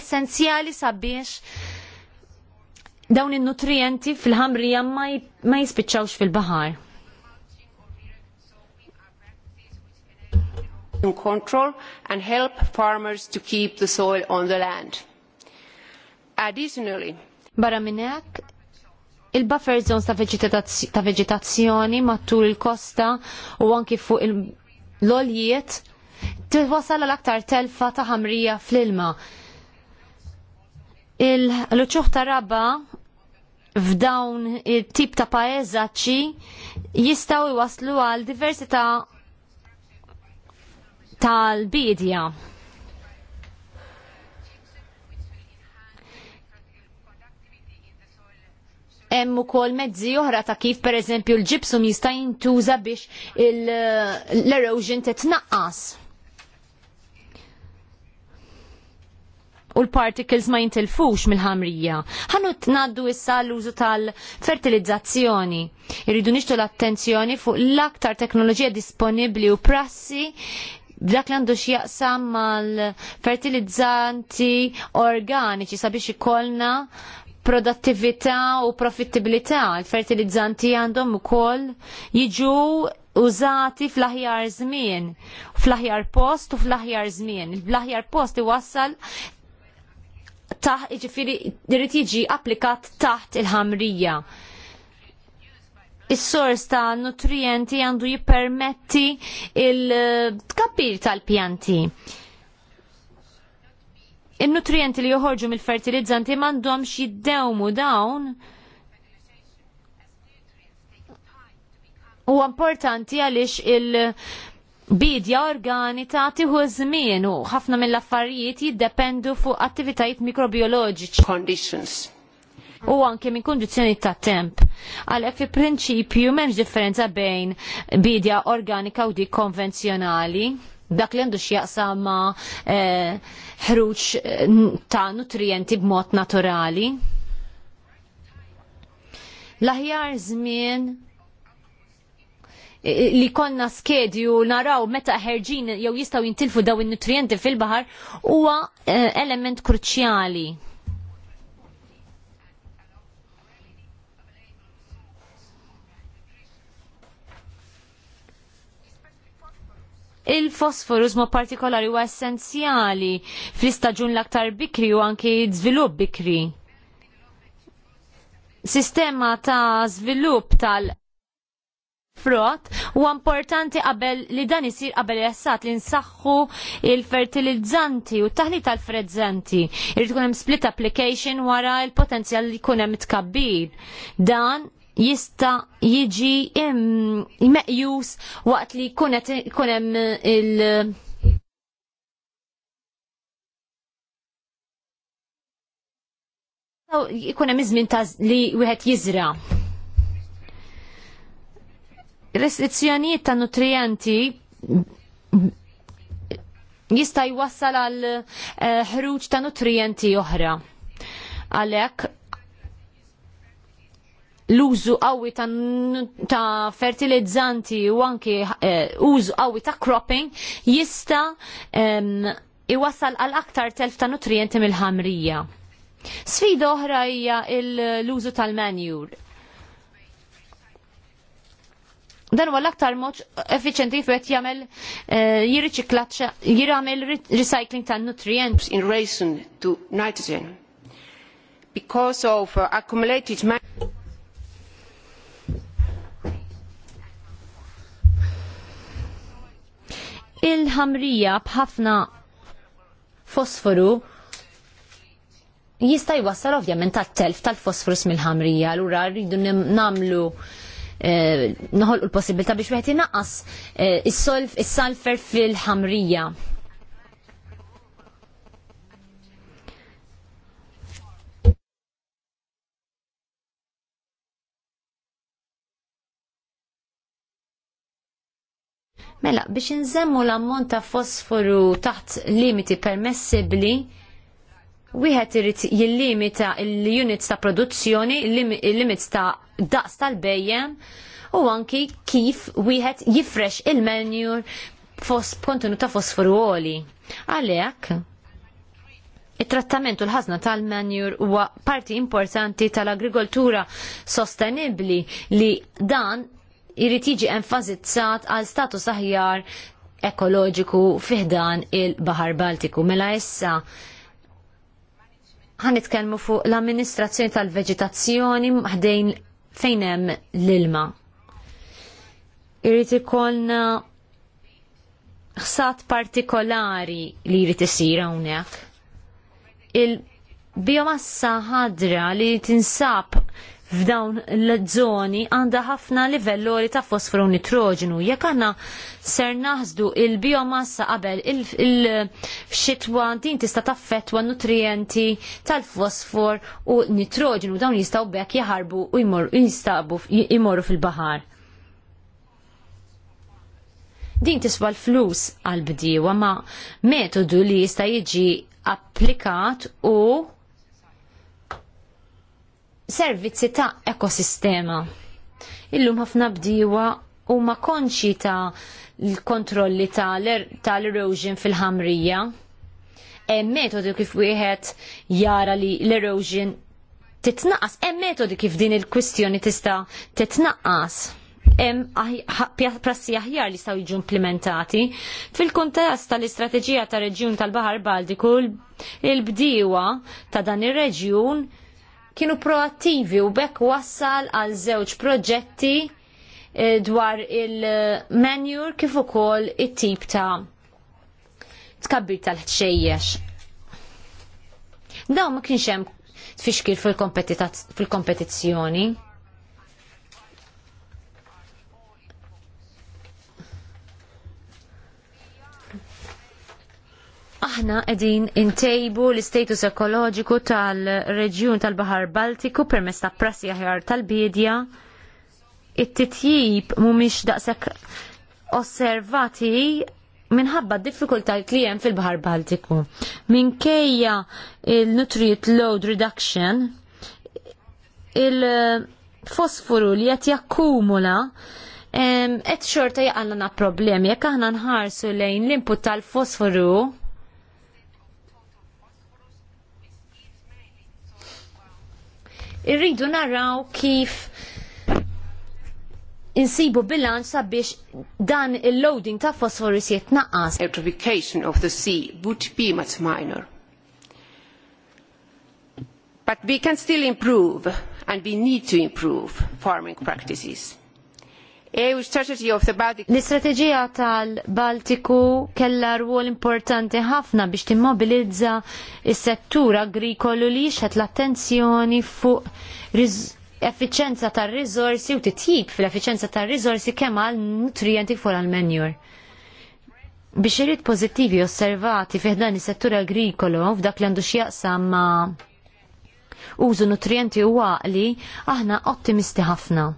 essenzjali sabiex dawn in-nutrienti fil-ħamrija ma jispiċċawx fil-baħar. pollution control and help farmers to keep the soil on the land. Additionally, Barra minnek, il-buffer zones ta' veġitazzjoni matul il-kosta u anki fuq l-oljiet tiwasal l-aktar telfa ta' ħamrija fl-ilma. Il-luċuħ ta' raba f'dawn il-tip ta' paeżaċċi jistaw iwaslu għal diversità tal-bidja. hemm ukoll mezzi oħra ta' kif pereżempju l-ġipsum jista' jintuża biex l-erosion titnaqqas. U l-particles ma jintilfux mill-ħamrija. t tnaddu issa l-użu tal-fertilizzazzjoni. Irridu nixtu l-attenzjoni fuq l-aktar teknoloġija disponibbli u prassi dak li għandu x'jaqsam mal-fertilizzanti organiċi sabiex ikollna produttività u profittibilità. Il-fertilizzanti għandhom ukoll jiġu użati fl-aħjar żmien, fl-aħjar post u fl-aħjar żmien. Fl-aħjar post iwassal taħ iġifiri irrid jiġi applikat taħt il-ħamrija is-sors ta' nutrienti għandu jippermetti il-tkabbir tal-pjanti. Il-nutrienti li joħorġu mill-fertilizzanti m'għandhomx jiddewmu dawn u importanti għaliex il- Bidja organita tiħu żmien u ħafna mill-affarijiet jiddependu fuq attivitajiet mikrobioloġiċi. Conditions u anke minn kondizjoni ta' temp. Għalhekk fi prinċipju m'hemmx differenza bejn bidja organika u dik konvenzjonali dak li għandu xjaqsa ma eh, ħruċ eh, ta' nutrienti b'mod naturali. L-aħjar żmien eh, eh, li konna skedju naraw meta ħerġin jew jistgħu jintilfu daw in-nutrienti fil-baħar huwa element kruċjali Il-fosforus ma partikolari u essenzjali fl-istaġun l-aktar bikri u anki żvilupp bikri. Sistema ta' żvilupp tal- frott u importanti qabel li dan isir qabel jessat li nsaħħu il-fertilizzanti u taħli tal-frezzanti. Irrid tkun hemm split application wara l-potenzjal li jkun hemm tkabbir. Dan jista jiġi meqjus waqt li kunem il- Kuna mizmin ta' li wieħed jizra. Restrizzjonijiet ta' nutrienti jista' jwassal għal eh, ħruġ ta' nutrienti oħra. Għalhekk l-użu qawwi ta' ta' fertilizzanti u anki eh, użu qawwi ta' cropping jista' iwassal għal aktar telf ta' nutrienti mill-ħamrija. Sfida oħra hija l-użu tal-manjur. Dan huwa l-aktar mod effiċjenti qed jagħmel eh, jirriċiklat jagħmel recycling tan nutrient In relation to nitrogen because of uh, accumulated il-ħamrija bħafna fosforu jista' jwassal ovvjament għat-telf tal-fosforus mill-ħamrija, allura rridu namlu eh, noħolqu l-possibilità biex wieħed inaqqas is eh, is-salfer fil-ħamrija. Mela, biex nżemmu l-ammont ta' fosforu taħt limiti permessibli, wieħed irid jillimita l-units ta' produzzjoni, il-limits ta' daqs tal-bejjem u anki kif wieħed jifresh il-menjur kontenut ta' fosforu oli. Għalhekk, it-trattament u l-ħazna tal manjur huwa parti importanti tal-agrikoltura sostenibli li dan irrid jiġi enfasizzat għal status aħjar ekoloġiku fiħdan il-Bahar Baltiku. Mela issa ħanitkellmu fuq l-amministrazzjoni tal-veġitazzjoni ħdejn fejn hemm l-ilma. Irrid ikollna ħsat partikolari li jrid isir hawnhekk. Il-biomassa ħadra li tinsab f'dawn l-żoni għandha ħafna livellori ta' fosforu nitroġenu. Jekk għandna ser naħsdu il-biomassa qabel il-xitwa il din tista' taffettwa nutrienti tal-fosfor u nitroġenu dawn jistgħu bekk jaħarbu u jistabu jmorru fil-baħar. Din tiswa l-flus għal-bdiewa ma' metodu li jista' jiġi applikat u servizzi ta' ekosistema. Illum ħafna bdiewa huma konċi ta' l-kontrolli tal-erosion fil-ħamrija. Hemm metodi kif wieħed jara li l-erosion titnaqqas, hemm metodi kif din il-kwistjoni tista' titnaqqas. Hemm prassi aħjar li staw jiġu implementati. Fil-kuntest tal-istrateġija ta' reġjun tal-Baħar Baltiku, il-bdiewa ta' dan ir-reġjun il kienu proattivi u bekk wassal għal żewġ proġetti eh, dwar il-manjur kif ukoll it-tip ta' tkabbir tal-ħċejjex. Dawn ma kienx hemm fil-kompetizzjoni. Aħna qegħdin intejbu l-istatus ekoloġiku tal-reġjun tal-Baħar Baltiku permezz ta' prassi aħjar tal-bidja. It-titjib mhumiex daqsek osservati minħabba diffikultajt li hemm fil-Baħar Baltiku. Minkejja il-nutrient load reduction, il-fosforu li qed jakkumula qed xorta jaqalna problemi jekk aħna nħarsu lejn l-input tal-fosforu irridu naraw kif insibu bilanċ sabiex dan il-loading ta' fosforis jitnaqqas. Electrification of the sea would be much minor. But we can still improve and we need to improve farming practices EU eh, strategy of the Baltic. L-istrateġija tal-Baltiku kellha rwol importanti ħafna biex timmobilizza is-settur agrikolu li jixħet l-attenzjoni fuq efficienza tar-riżorsi u titjib fil-effiċenza tar-riżorsi kemm għal nutrienti fuq għal-menjur. Biex irid pożittivi osservati fih dan is-settur agrikolu f'dak li għandu x'jaqsam ma' użu nutrienti u għaqli, aħna ottimisti ħafna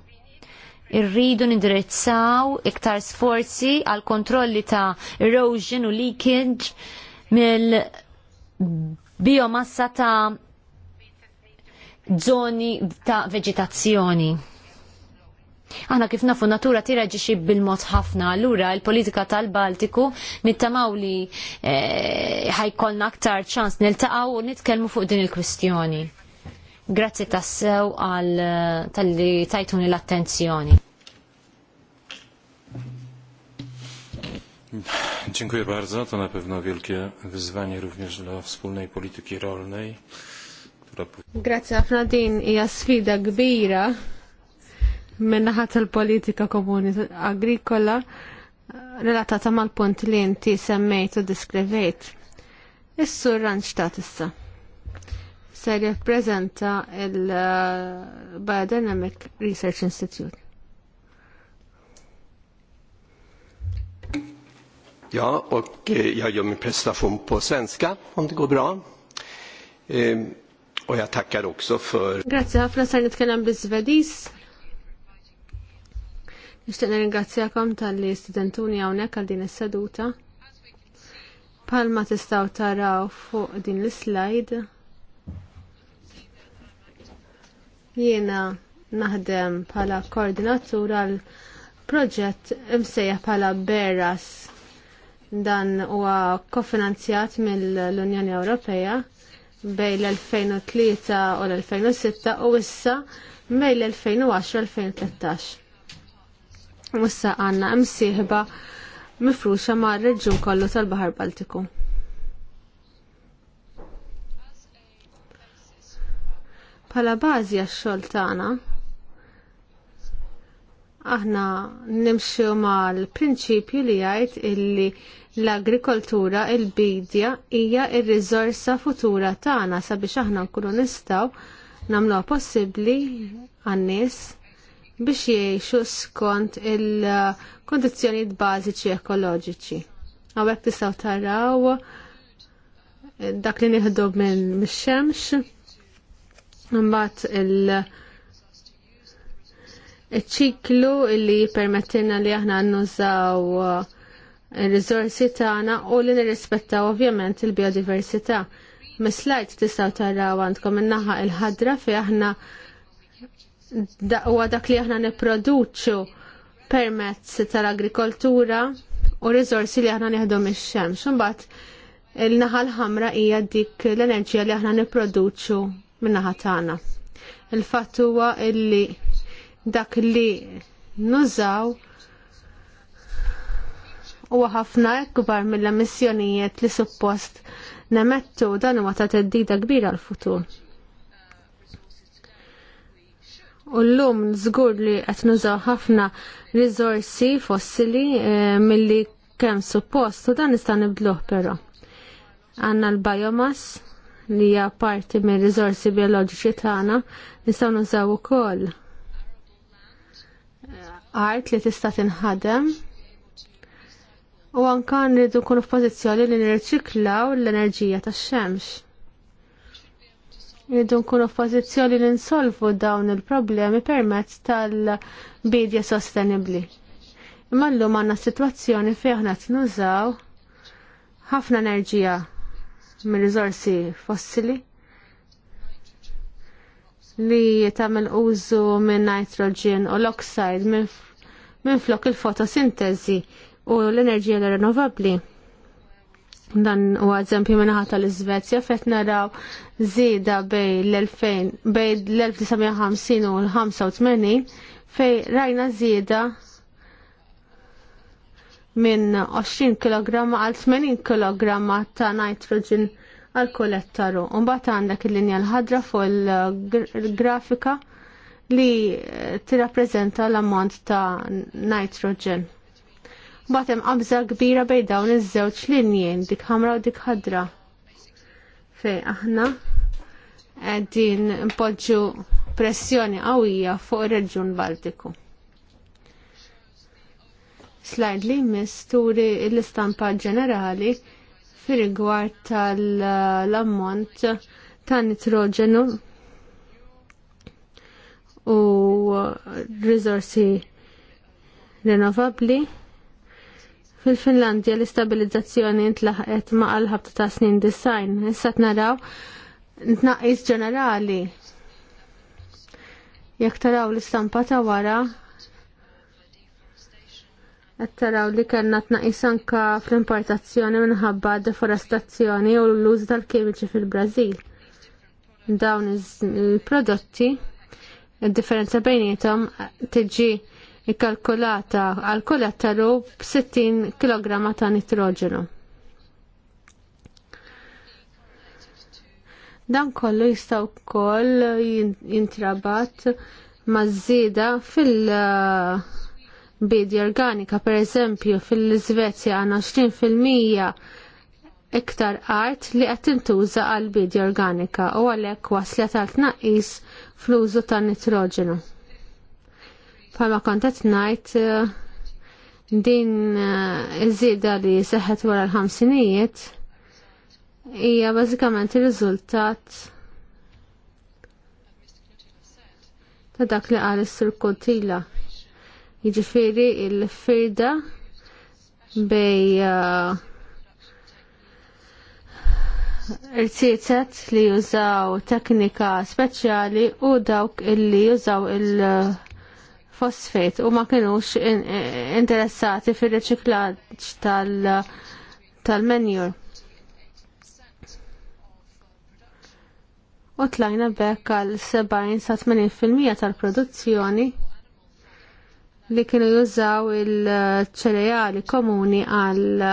irridu nindirizzaw iktar sforzi għal kontrolli ta' erosion u leakage mill biomassa ta' zoni ta' veġitazzjoni. Aħna kif nafu natura tira ġiexi bil-mod ħafna, allura il-politika tal-Baltiku nittamaw li eh, ħajkollna e, aktar ċans niltaqaw u nitkelmu fuq din il-kwistjoni. Grazzi tassew għal eh, tal-li tajtuni l-attenzjoni. Dziękuję bardzo. To na pewno wielkie wyzwanie również dla wspólnej polityki rolnej. Która... Grazie, a Fnadin i a sfida gbira minnaħa tal-politika komuni agrikola relatata mal-punt li inti semmejt u diskrivejt. Is-sur ranċ ta' tissa se jirrappreżenta il-Biodynamic uh, Research Institute. Ja, och eh, jag gör min presentation på svenska om det går bra. Ehm, och jag tackar också för... Grazie, ħafna sar nitkellem bl-Svedis. Nixtieq nirringrazzjakom tal-li studentuni hawnhekk għal din is-seduta. Palma tistgħu taraw fuq din l-slide. Jiena naħdem bħala koordinatur għal proġett imsejja bħala Beras dan huwa kofinanzjat mill-Unjoni Ewropea bejn l-2003 u l-2006 u issa bej l-2010 u l-2013. Mussa għanna msieħba mifruxa ma' reġun kollu tal-Bahar Baltiku. bħala bażi għax-xogħol tagħna. Aħna nimxu mal-prinċipju li jgħid illi l-agrikoltura il-bidja hija r-riżorsa futura tagħna sabiex aħna nkunu nistgħu nagħmluha possibbli għan-nies biex jgħixu skont il-kondizzjonijiet bażiċi ekoloġiċi. Għawek tistgħu taraw dak li nieħdu minn mix-xemx Mbagħad il- ċiklu li permettina li aħna nużaw uh, il-rizorsi tagħna u li nirrispettaw ovvjament il-biodiversità. Mislajt tistgħu taraw għandkom in-naħa il-ħadra fi aħna huwa dak li aħna nipproduċu permezz tal-agrikoltura u rizorsi li aħna nieħdu mix-xemx. Imbagħad il-naħa l-ħamra hija dik l-enerġija li aħna nipproduċu minna tagħna. Il-fatt huwa illi dak li nużaw huwa ħafna ikbar mill-emissjonijiet li suppost nemettu dan huwa ta' teddida kbira l-futur. U l-lum żgur li qed nużaw ħafna riżorsi fossili eh, milli kemm suppost u dan nista' nibdluh però. Għandna l-biomass li hija parti minn riżorsi bioloġiċi tagħna nistgħu nużaw ukoll eh, art li tista' tinħadem u anka nridu nkunu f'pożizzjoni li nirċiklaw l-enerġija tax-xemx. Rridu nkunu f'pożizzjoni li nsolvu dawn il-problemi permezz tal-bidja sostenibbli. Imma llum għandna sitwazzjoni fejn aħna nużaw ħafna enerġija minn rizorsi fossili li tagħmel użu minn nitrogen u l-oxide minn flok il-fotosintesi u l-enerġija l renovabli Dan u għazempju ħata tal svezja fet naraw zida bej l-1950 u l-85 fej rajna zida minn 20 kg għal 80 kg ta' nitrogen għal kolettaru. ettaru. Mbagħad għandek il-linja l-ħadra fuq il-grafika li eh, tirrappreżenta l-ammont ta' nitrogen. Mbagħad hemm qabża kbira bejn dawn iż-żewġ linji, dik ħamra u dik ħadra. Fej aħna qegħdin impoġġu pressjoni qawwija fuq ir-Reġjun Baltiku. Slajd li misturi l-istampa ġenerali fir-rigward tal-ammont ta' nitrogenu u rizorsi rinnovabli. Fil-Finlandja l-istabilizzazzjoni intlaħqet ma' għal-ħabta ta' snin design. Issa naraw tnaqqis ġenerali. Jekk taraw l-istampa ta' wara, Qed li kellna tnaqis anka fl-importazzjoni minħabba deforestazzjoni u l-uż tal-kimiċi fil-Brażil. Dawn il-prodotti id-differenza bejnietom tiġi ikkalkulata għal kull ettaru b-60 kg ta' nitrogenu. Dan kollu jistaw koll jintrabat maż-żieda fil- uh, bidi organika per eżempju fil-Svezja għanna 20% iktar art li qed tintuża għal bidi organika u għalhekk waslet għal tnaqqis fl-użu tan nitroġenu. Palma kontet najt eh, din eh, iżida li seħet wara l-ħamsinijiet hija bażikament ir-riżultat ta' dak li qal is-sur Kotila. Jiġifieri il-firda bej uh, irtietet li jużaw teknika speċjali u dawk illi jużaw il-fosfet u ma kienux interessati fil-reċiklaġġ tal-menjur. u tlajna bekk għal 70 sa 80% tal-produzzjoni li kienu jużaw il-ċereali komuni għal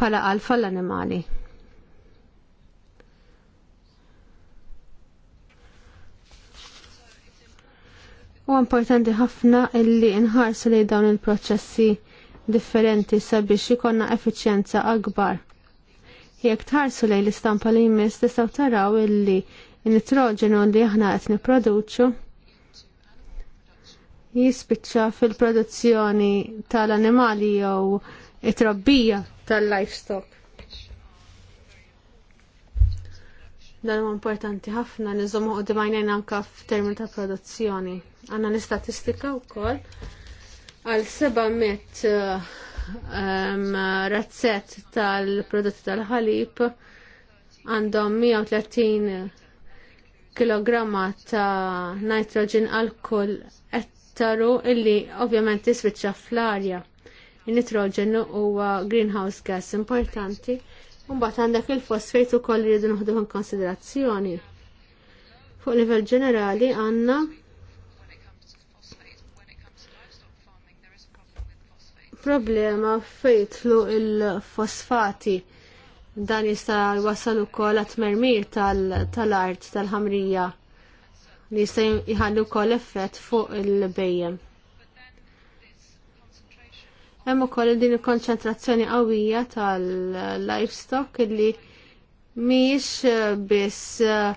pala alfa l-animali. U importanti ħafna illi nħarsu li dawn il-proċessi differenti sabiex ikonna effiċjenza akbar. Jekk tħarsu lejn l-istampa li jmiss tistaw taraw illi n nitroġenu li aħna qed nipproduċu jispiċċa fil-produzzjoni tal-animali jew it-trabbija tal-livestock. dan huwa importanti ħafna li nżommu u dimajnejn anka f'termin ta' produzzjoni. Għandna l-istatistika wkoll għal 700 ehm, razzett tal-prodotti tal-ħalib għandhom 130 kg ta' nitrogen alkohol qed taru illi ovvjament tiswiċċa fl-arja. Il-nitrogenu huwa greenhouse gas importanti. Mbagħad għandek il-fosfejt ukoll li jridu noħduh konsiderazzjoni. Fuq livell ġenerali għandna problema fejtlu il-fosfati dan jista' wasal ukoll għat-tmermir tal-art tal-ħamrija. Tal li se jħallu wkoll effett fuq il-bejjem. Hemm ukoll din il-konċentrazzjoni qawwija tal-livestock li mhijiex eh, biss eh,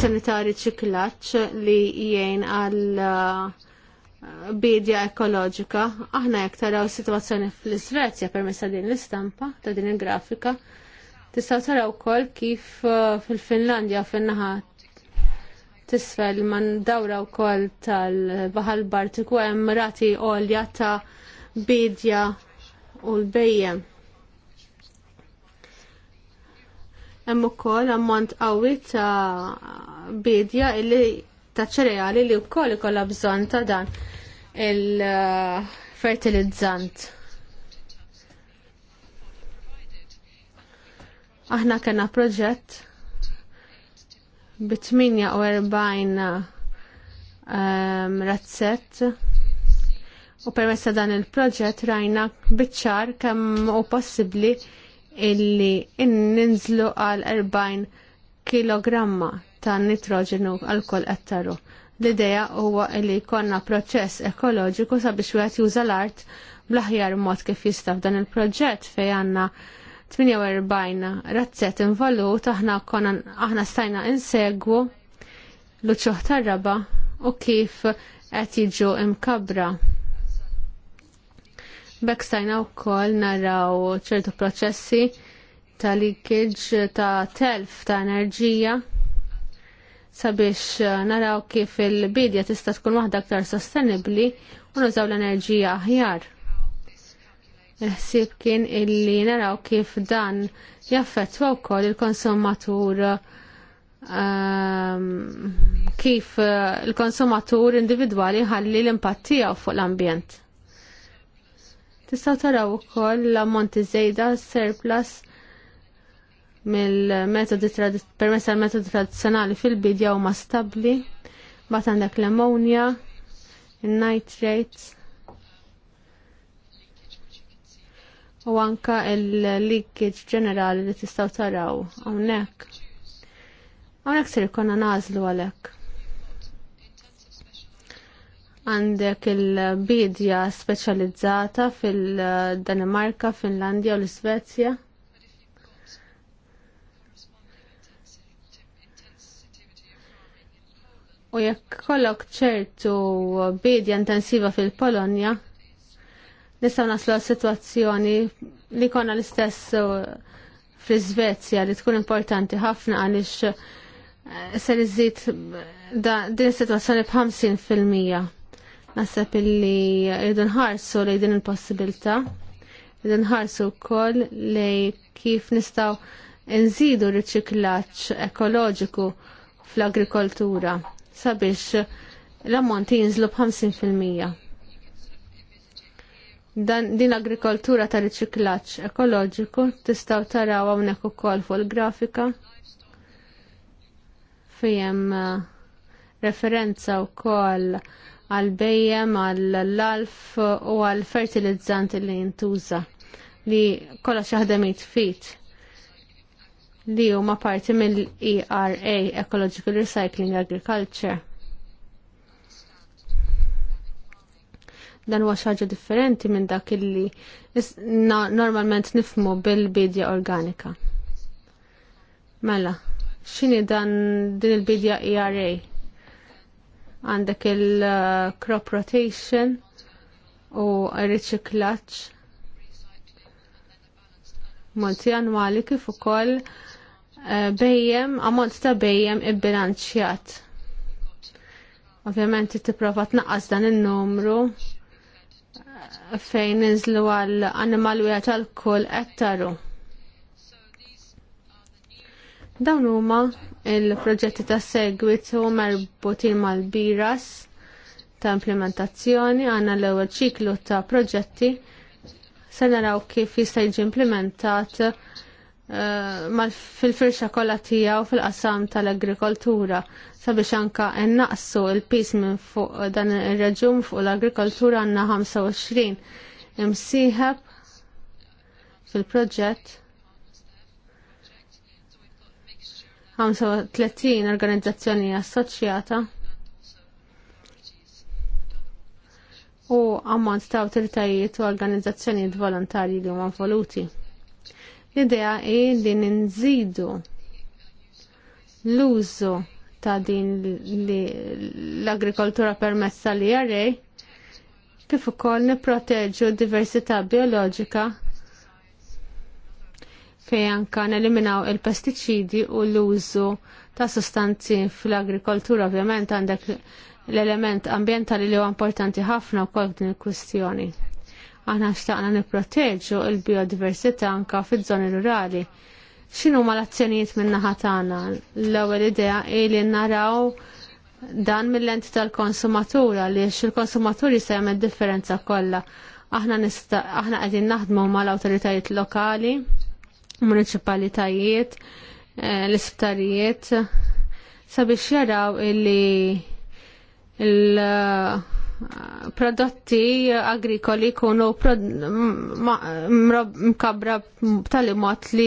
sanitari ċiklaċ li jgħin għal eh, bidja ekoloġika. Aħna jekk taraw situazzjoni fl-Svezja permessa din l-istampa ta' din il-grafika, Tistaw taraw kol kif fil-Finlandja fin naħat tisfel man dawra u kol tal-Bahal bartiku hemm rati olja ta' bidja u l-bejjem. Hemm ukoll ammont qawwi ta' bidja illi ta' ċereali li wkoll ikollha bżonn ta' dan il-fertilizzant. Aħna kena proġett bi 48 um, razzet u ehm, permessa dan il-proġett rajna bitċar kemm u possibli illi ninżlu għal 40 kg ta' nitrogenu għal kol ettaru. L-ideja huwa li jkollna proċess ekoloġiku sabiex wieħed juża l-art bl-aħjar mod kif jista' f'dan il-proġett fejn għandna 48 razzet involut aħna konna aħna stajna insegwu l uċuħ tar-raba u kif qed jiġu imkabra. Bek stajna wkoll naraw ċertu proċessi ta' leakage ta' telf ta' enerġija sabiex eh, naraw kif il-bidja tista' tkun waħda aktar sostenibbli u nużaw l-enerġija aħjar il-ħsieb kien illi naraw kif dan jaffettwa wkoll il-konsumatur um, kif il-konsumatur individwali ħalli l impattija fuq l-ambjent. Tistgħu taraw ukoll l-ammonti żejda surplus mill-metodi permess tal-metodi tradizzjonali fil-bidja huma stabbli, mbagħad għandek l-ammonia, il-nitrates, u anka il-leakage ġenerali li tistaw taraw hawnhekk. Għonek sir konna nazlu għalek. Għandek il-bidja speċjalizzata fil-Danimarka, Finlandja u l-Svezja. U jekk kollok ċertu bidja intensiva fil-Polonja, nistaw naslu situazzjoni li konna l-istess uh, fl iżvezja li tkun importanti ħafna għaliex uh, se iżid uh, din is-sitwazzjoni b'50 fil-mija. Nasab illi rridu nħarsu li din il-possibilità, rridu nħarsu wkoll li kif nistaw nżidu riċiklaġġ ekoloġiku fl-agrikoltura sabiex l-ammont jinżlu b'50 fil-mija dan din agrikoltura ta' riċiklaġġ ekoloġiku tistgħu taraw hawnhekk ukoll fuq il-grafika fijem eh, referenza wkoll għal bejjem għall alf u għal fertilizzanti li jintuża li kollox jaħdem ħadem fit li huma parti mill-ERA Ecological Recycling Agriculture. dan huwa xaġa differenti minn dak illi normalment nifmu bil-bidja organika. Mela, xini dan din il-bidja ERA? Għandek il-crop uh, rotation u riċiklaċ multi annwali kif ukoll uh, bejjem ammont ta' bejjem ibbilanċjat. Ovvjament tipprova tnaqqas dan in-numru fejn ninżlu għal animal wieħed għal kull ettaru. Dawn huma il-proġetti ta' segwitu marbutin mal-biras ta' implementazzjoni għandna l-ewwel ċiklu ta' proġetti se naraw kif jista' jiġi implementat Eh, fil-firxa kollha tiegħu fil-qasam tal-agrikoltura sabiex anka innaqsu il-pis minn fuq dan ir-reġum fuq l-agrikoltura għandna 25 imsieħeb fil-proġett 35 organizzazzjoni assoċjata u ammont ta' awtoritajiet u organizzazzjoni volontarji li huma voluti. L-idea hi li ninżidu l-użu ta' din l-agrikoltura permessa li jarrej kif ukoll nipproteġu d-diversità bioloġika fejn anka neliminaw il-pestiċidi u l-użu ta' sostanzi fl-agrikoltura ovvjament għandek l-element ambientali li huwa importanti ħafna wkoll din il-kwistjoni. Aħna xtaqna nipproteġu l biodiversità anke fiż-żoni rurali. Xinu ma l-azzjonijiet min naħa tagħna? L-ewwel idea li naraw dan mill lenti tal-konsumatura li il-konsumaturi se jagħmel differenza kollha. Aħna nista aħna qegħdin naħdmu mal-awtoritajiet lokali, municipalitajiet, eh, l-isptarijiet sabiex jaraw illi il- prodotti agrikoli jkunu mkabra tal mod li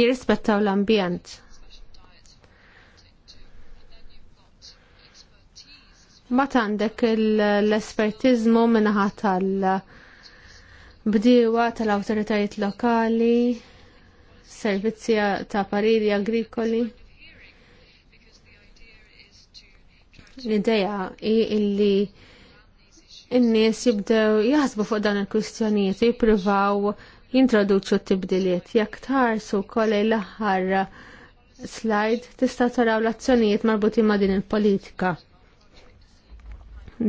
jirrispettaw l-ambjent. Ma għandek l-espertizmu minnaħa tal-bdiewa tal-autoritajiet lokali, servizzja ta' pariri agrikoli. L-ideja illi n-nies jibdew jaħsbu fuq dan il-kwistjonijiet jippruvaw jintroduċu t-tibdiliet. Jekk tħarsu kollej l-aħħar slide tista' taraw l-azzjonijiet marbuti ma' din il-politika.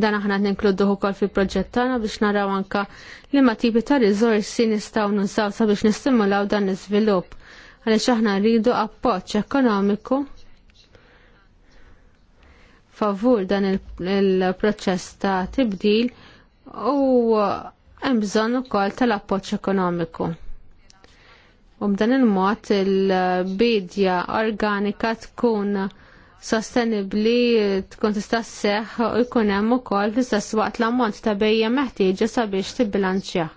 Dan aħna ninkludu kol fi proġett tagħna biex naraw anka li ma tipi ta' rizorsi nistgħu nużaw sabiex nistimulaw dan l-iżvilupp għaliex aħna rridu appoġġ ekonomiku favur dan il-proċess il ta' tibdil u hemm bżonn ukoll tal-appoġġ ekonomiku. U b'dan il-mod il-bidja organika tkun sostenibbli tkun tista' sseħħ u jkun hemm ukoll fl-istess waqt l-ammont ta' bejja meħtieġa sabiex tibbilanċjah.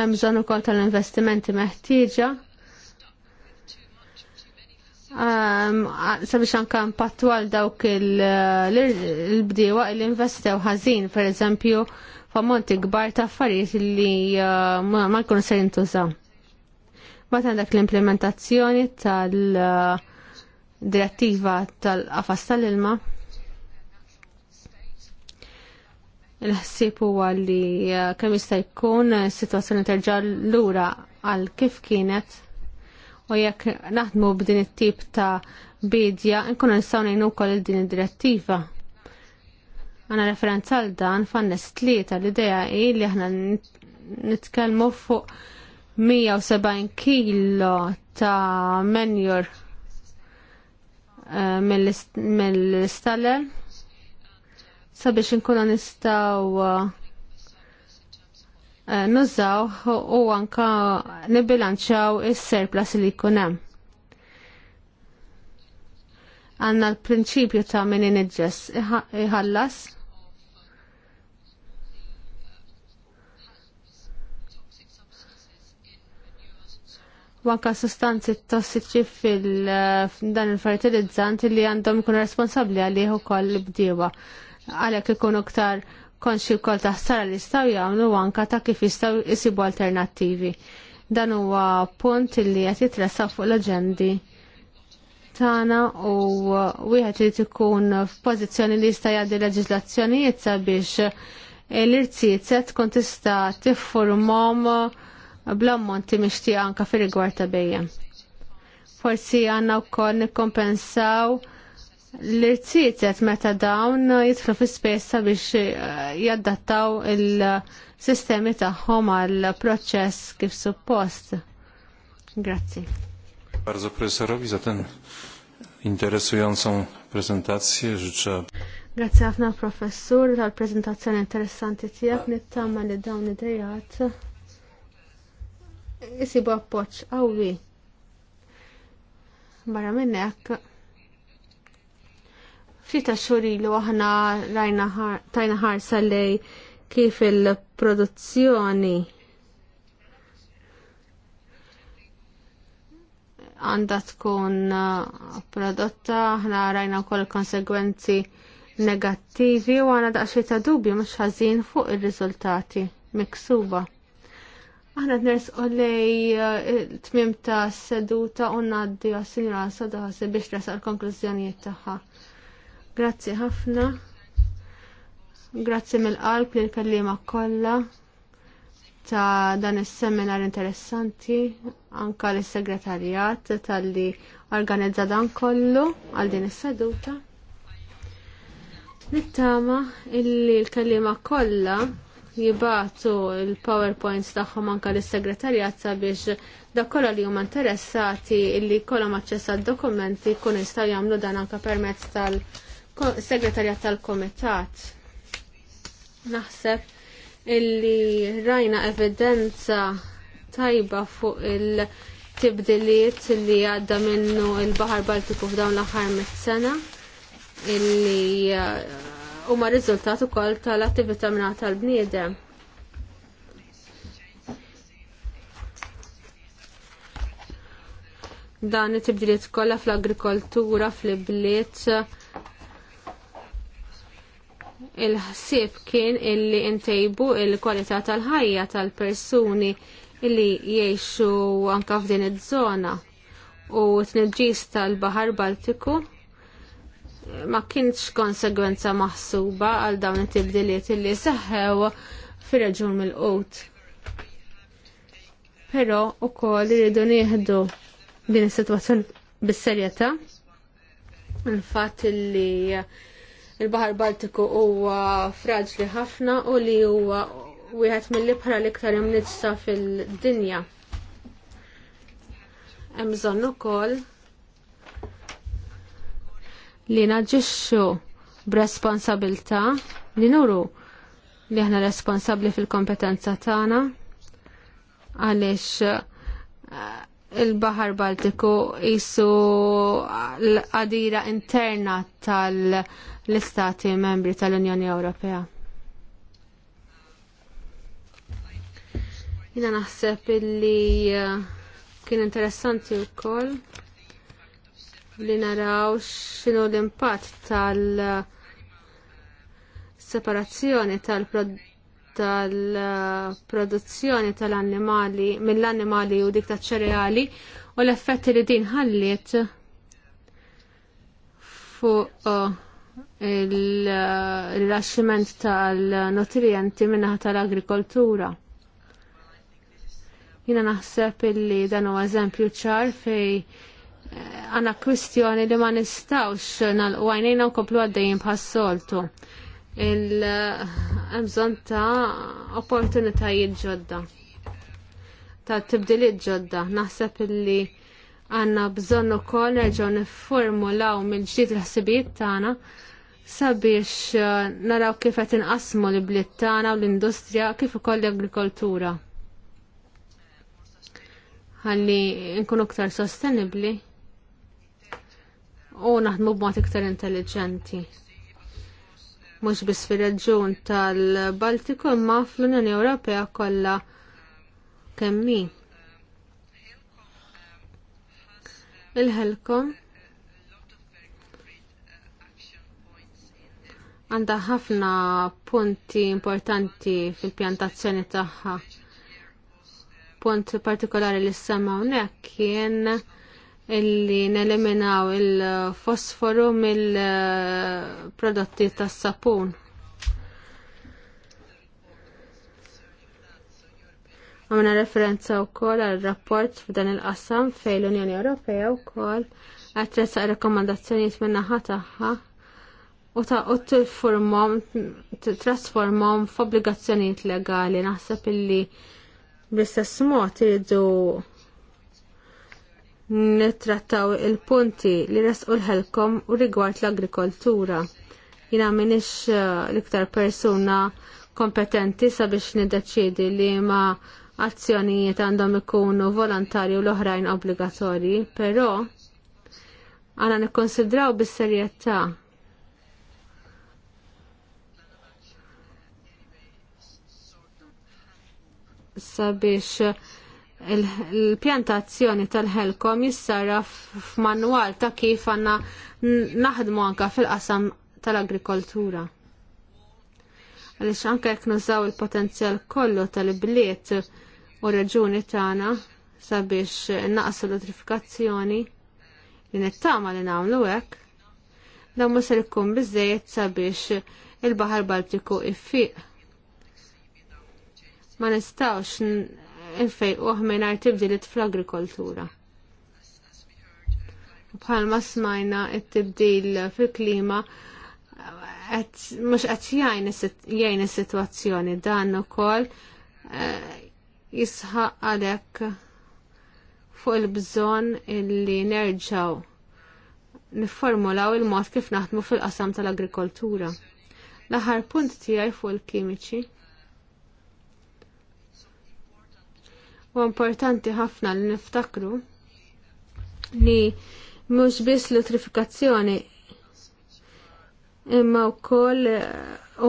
Hemm bżonn ukoll tal-investimenti meħtieġa Ehm, sabiex anka impattu għal dawk il-bdiewa li investew ħażin, per eżempju, f'ammonti kbar ta' affarijiet li eh, ma jkunu se jintużaw. Mbagħad għandek l-implementazzjoni tal-direttiva eh, tal-qafas tal-ilma. Il-ħsieb huwa li eh, kemm jista' jkun is-sitwazzjoni terġa' lura għal kif kienet u jekk naħdmu b'din it-tip ta' bidja nkunu nistgħu ngħinu wkoll din id-direttiva. Għana referenza għal dan fannes tlieta l-idea hi li aħna nitkellmu fuq 170 kilo ta' menjur eh, mill istallel sabiex nkunu nistgħu uh, Eh, nużaw u anka nibilanċaw is-surplus li jkun hemm. Għanna l-prinċipju ta' min inġess iħallas. Wanka sostanzi tossiċi fil-dan il-fertilizzant li għandhom ikun responsabli għalih ukoll li bdiewa għalhekk ikunu ktar konx wkoll ta' ħsara li jistgħu jagħmlu anke ta' kif jistgħu jisibu alternattivi. Dan huwa punt li qed jitressa fuq l-aġendi tagħna u wieħed irid ikun f'pożizzjoni li jista' jgħaddi leġiżlazzjonijiet sabiex l-irzijiet se tkun tista' tiffurmhom bl-ammonti mixtieq anke fir-rigward ta' bejjem. Forsi għandna wkoll nikkompensaw li tsietet meta dawn jidħlu fi spessa biex eh, jaddattaw il-sistemi tagħhom għal proċess kif suppost. Grazzi. Bardzo profesorowi za ten interesującą prezentację życzę. Grazzi ħafna professur tal-prezentazzjoni interessanti tiegħek nittama li dawn id-dajat. isibu appoġġ għawi. Barra minnek. Fita xurilu aħna rajna tajna ħarsa lej kif il-produzzjoni għanda tkun uh, prodotta, aħna rajna wkoll konsegwenzi negattivi u għana daqsxejn ta' dubju mhux ħażin fuq ir-riżultati miksuba. Aħna t-ners lej uh, tmim ta' seduta u naddi għas-sinjora sadaħse biex l konklużjonijiet tagħha. Grazzi ħafna. Grazzi mill-qalb li l-kallima kollha ta' dan is-seminar interessanti anka l segretarjat tal-li organizza dan kollu għal din is-seduta. Nittama illi l-kallima kollha jibatu il-PowerPoints tagħhom anka l-segretarjat sabiex dak li huma interessati illi kolla maċċessa d dokumenti kun jistgħu jagħmlu dan anka permezz tal- segretarjat tal-komitat. Naħseb illi rajna evidenza tajba fuq il-tibdiliet li għadda minnu il-Bahar Baltiku f'dawn l-aħħar mit-sena illi uh, huma riżultat ukoll tal-attività minn tal-bniedem. Dan it-tibdiliet kollha fl-agrikoltura, fl-ibliet, il-ħsieb kien illi ntejbu il-kwalità tal-ħajja tal-persuni illi jgħixu anka f'din iż-żona u t-nġis tal-Bahar Baltiku ma kienx konsegwenza maħsuba għal dawn it-tibdiliet illi seħħew fir-reġun mill-qut. Però ukoll iridu nieħdu din is-sitwazzjoni bis-serjetà il-fatt illi il-Bahar Baltiku huwa fraġli ħafna u li huwa wieħed mill-ibħra l-iktar imnitsa fil-dinja. Hemm bżonn ukoll li naġixxu b'responsabilità li nuru li aħna responsabbli fil-kompetenza tagħna għaliex il-Bahar Baltiku jisu l-qadira interna tal-istati membri tal-Unjoni Ewropea. Jina naħseb illi uh, kien interessanti u koll li naraw xinu l-impatt tal-separazzjoni uh, tal-prodotti tal-produzzjoni tal-annimali mill-annimali u dik taċ-ċereali u l-effetti li din ħalliet fuq uh, il-rilasciment tal-nutrienti minnaħ tal-agrikoltura. Jina naħseb illi dan huwa eżempju ċar fej eh, għanna kwistjoni li ma nistawx nal-għajnejna u koplu għaddejjim bħas-soltu il-bżon eh, ta' opportunitajiet ġodda. Ta' tibdiliet ġodda. Naħseb li għanna bżon u kol nerġaw law mill-ġdid l-ħsibijiet tagħna sabiex eh, naraw kif qed inqasmu l-bliet tagħna u l-industrija kif ukoll l-agrikoltura. Ħalli nkunu aktar sostenibbli u naħdmu b'mod iktar intelligenti mhux biss fir-reġjun tal-Baltiku imma fl-Unjoni Ewropea kollha kemm hi. Il-Helcom għandha ħafna punti importanti fil-pjantazzjoni tagħha. Punt partikolari li semma hawnhekk kien illi neliminaw il-fosforu mill-prodotti tas-sapun. Għamna referenza u koll għal-rapport f'dan il-qassam fej l-Unjoni Ewropea u koll għatresa rekomandazzjoni jitmenna ħataħħa u ta' u t t-trasformom f'obbligazzjoniet legali naħseb illi bl-istess mod iridu nittrattaw il-punti li resqu l-ħelkom u rigward l-agrikoltura. Jina minix uh, l-iktar persuna kompetenti sabiex nideċidi li ma azzjonijiet għandhom ikunu volontarji u l-oħrajn obbligatorji, però għana nikkonsidraw bis-serjetà sabiex il-pjantazzjoni tal-ħelkom jissara f'manwal ta' kif għanna naħdmu anka fil-qasam tal-agrikoltura. Għalix anka jek nużaw il-potenzjal kollu tal-bliet u reġuni tagħna sabiex naqsu l-utrifikazzjoni li nittama li nagħmlu hekk, dan mhux se jkun biżejjed sabiex il-Baħar Baltiku iffiq. Ma nistgħux infejquh mingħajr tibdilit fl-agrikoltura. Bħalma smajna it-tibdil fil-klima mhux qed jgħin is-sitwazzjoni dan ukoll eh, jisħaq għalek fuq il-bżonn illi nerġaw nifformulaw il-mod kif naħdmu fil-qasam tal-agrikoltura. L-aħħar punt tiegħi fuq il-kimiċi U importanti ħafna li niftakru li mhux biss l-utrifikazzjoni imma wkoll eh,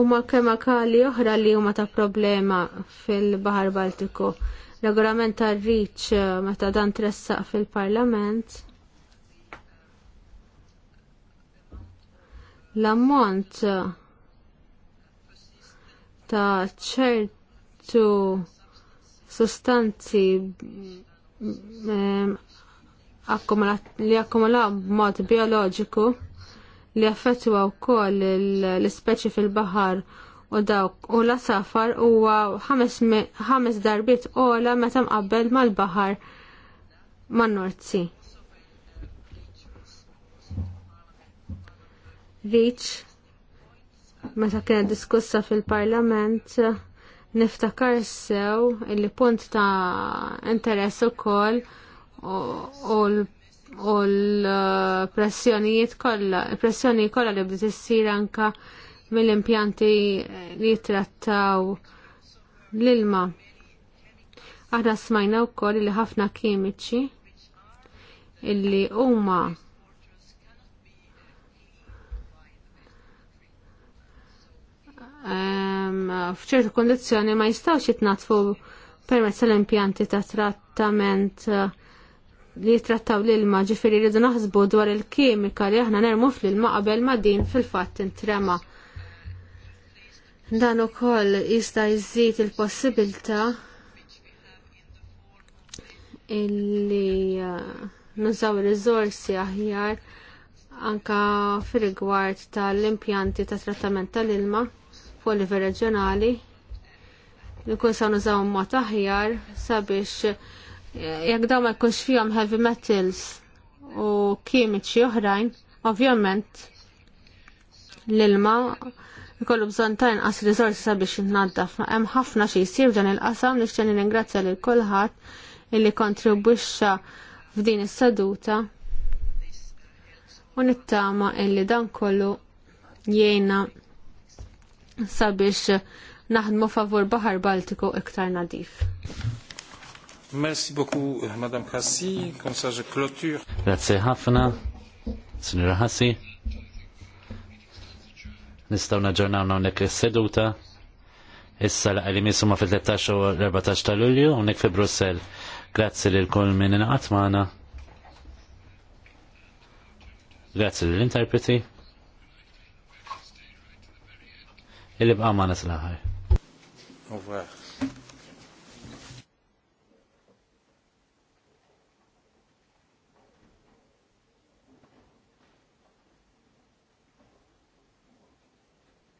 huma kemikali oħra li huma ta' problema fil-Baħar Baltiku. Regolament tar-riċ eh, meta dan tressaq fil-Parlament. L-ammont eh, ta' ċertu sostanzi ehm, li akkumulaw b'mod bioloġiku li affettwa wkoll l-ispeċi fil-baħar u dawk u l-asafar huwa ħames darbiet ola meta mqabbel mal-baħar man-Norzi. Reach meta kienet diskussa fil-Parlament niftakar sew il-punt ta' interess ukoll u l-pressjonijiet kollha, il-pressjoni kollha li bdiet issir anka mill-impjanti li trattaw l-ilma. Aħna smajna wkoll li ħafna kimiċi illi huma f'ċertu kondizzjoni ma jistawx jitnatfu permezz tal-impjanti ta' trattament eh, li jitrattaw l-ilma ġifiri rridu naħsbu dwar il-kimika li aħna nermu fl-ilma qabel ma din fil-fatt intrema. Dan ukoll jista' jżid il-possibilità illi eh, nużaw ir-riżorsi aħjar anka fir rigward tal-impjanti ta' trattament tal-ilma fuq livell reġjonali nkun sa nużaw ma taħjar sabiex eh, jekk dawn ma jkunx fihom heavy metals u kimiċi oħrajn, ovvjament l-ilma jkollu bżonn ta' inqas rizorsi sabiex jitnaddaf. Hemm ħafna xi jsir dan il-qasam nixtieq ningrazzja lil kulħadd illi kontribwixxa f'din is-seduta u nittama illi dan kollu jgħinna sabiex naħdmu favur Baħar Baltiku iktar nadif. Merci beaucoup, Madame Hassi, Komisarze Cloture. Grazie ħafna, Signora Hassi. Nistaw naġġornaw hawnhekk is-seduta. Issa la li misuma fil-13 u 14 tal-Ulju, unnek fi Brussel. Grazie li l kull minn inqatt Grazie li l interpreti il-bqa ma nasl aħar.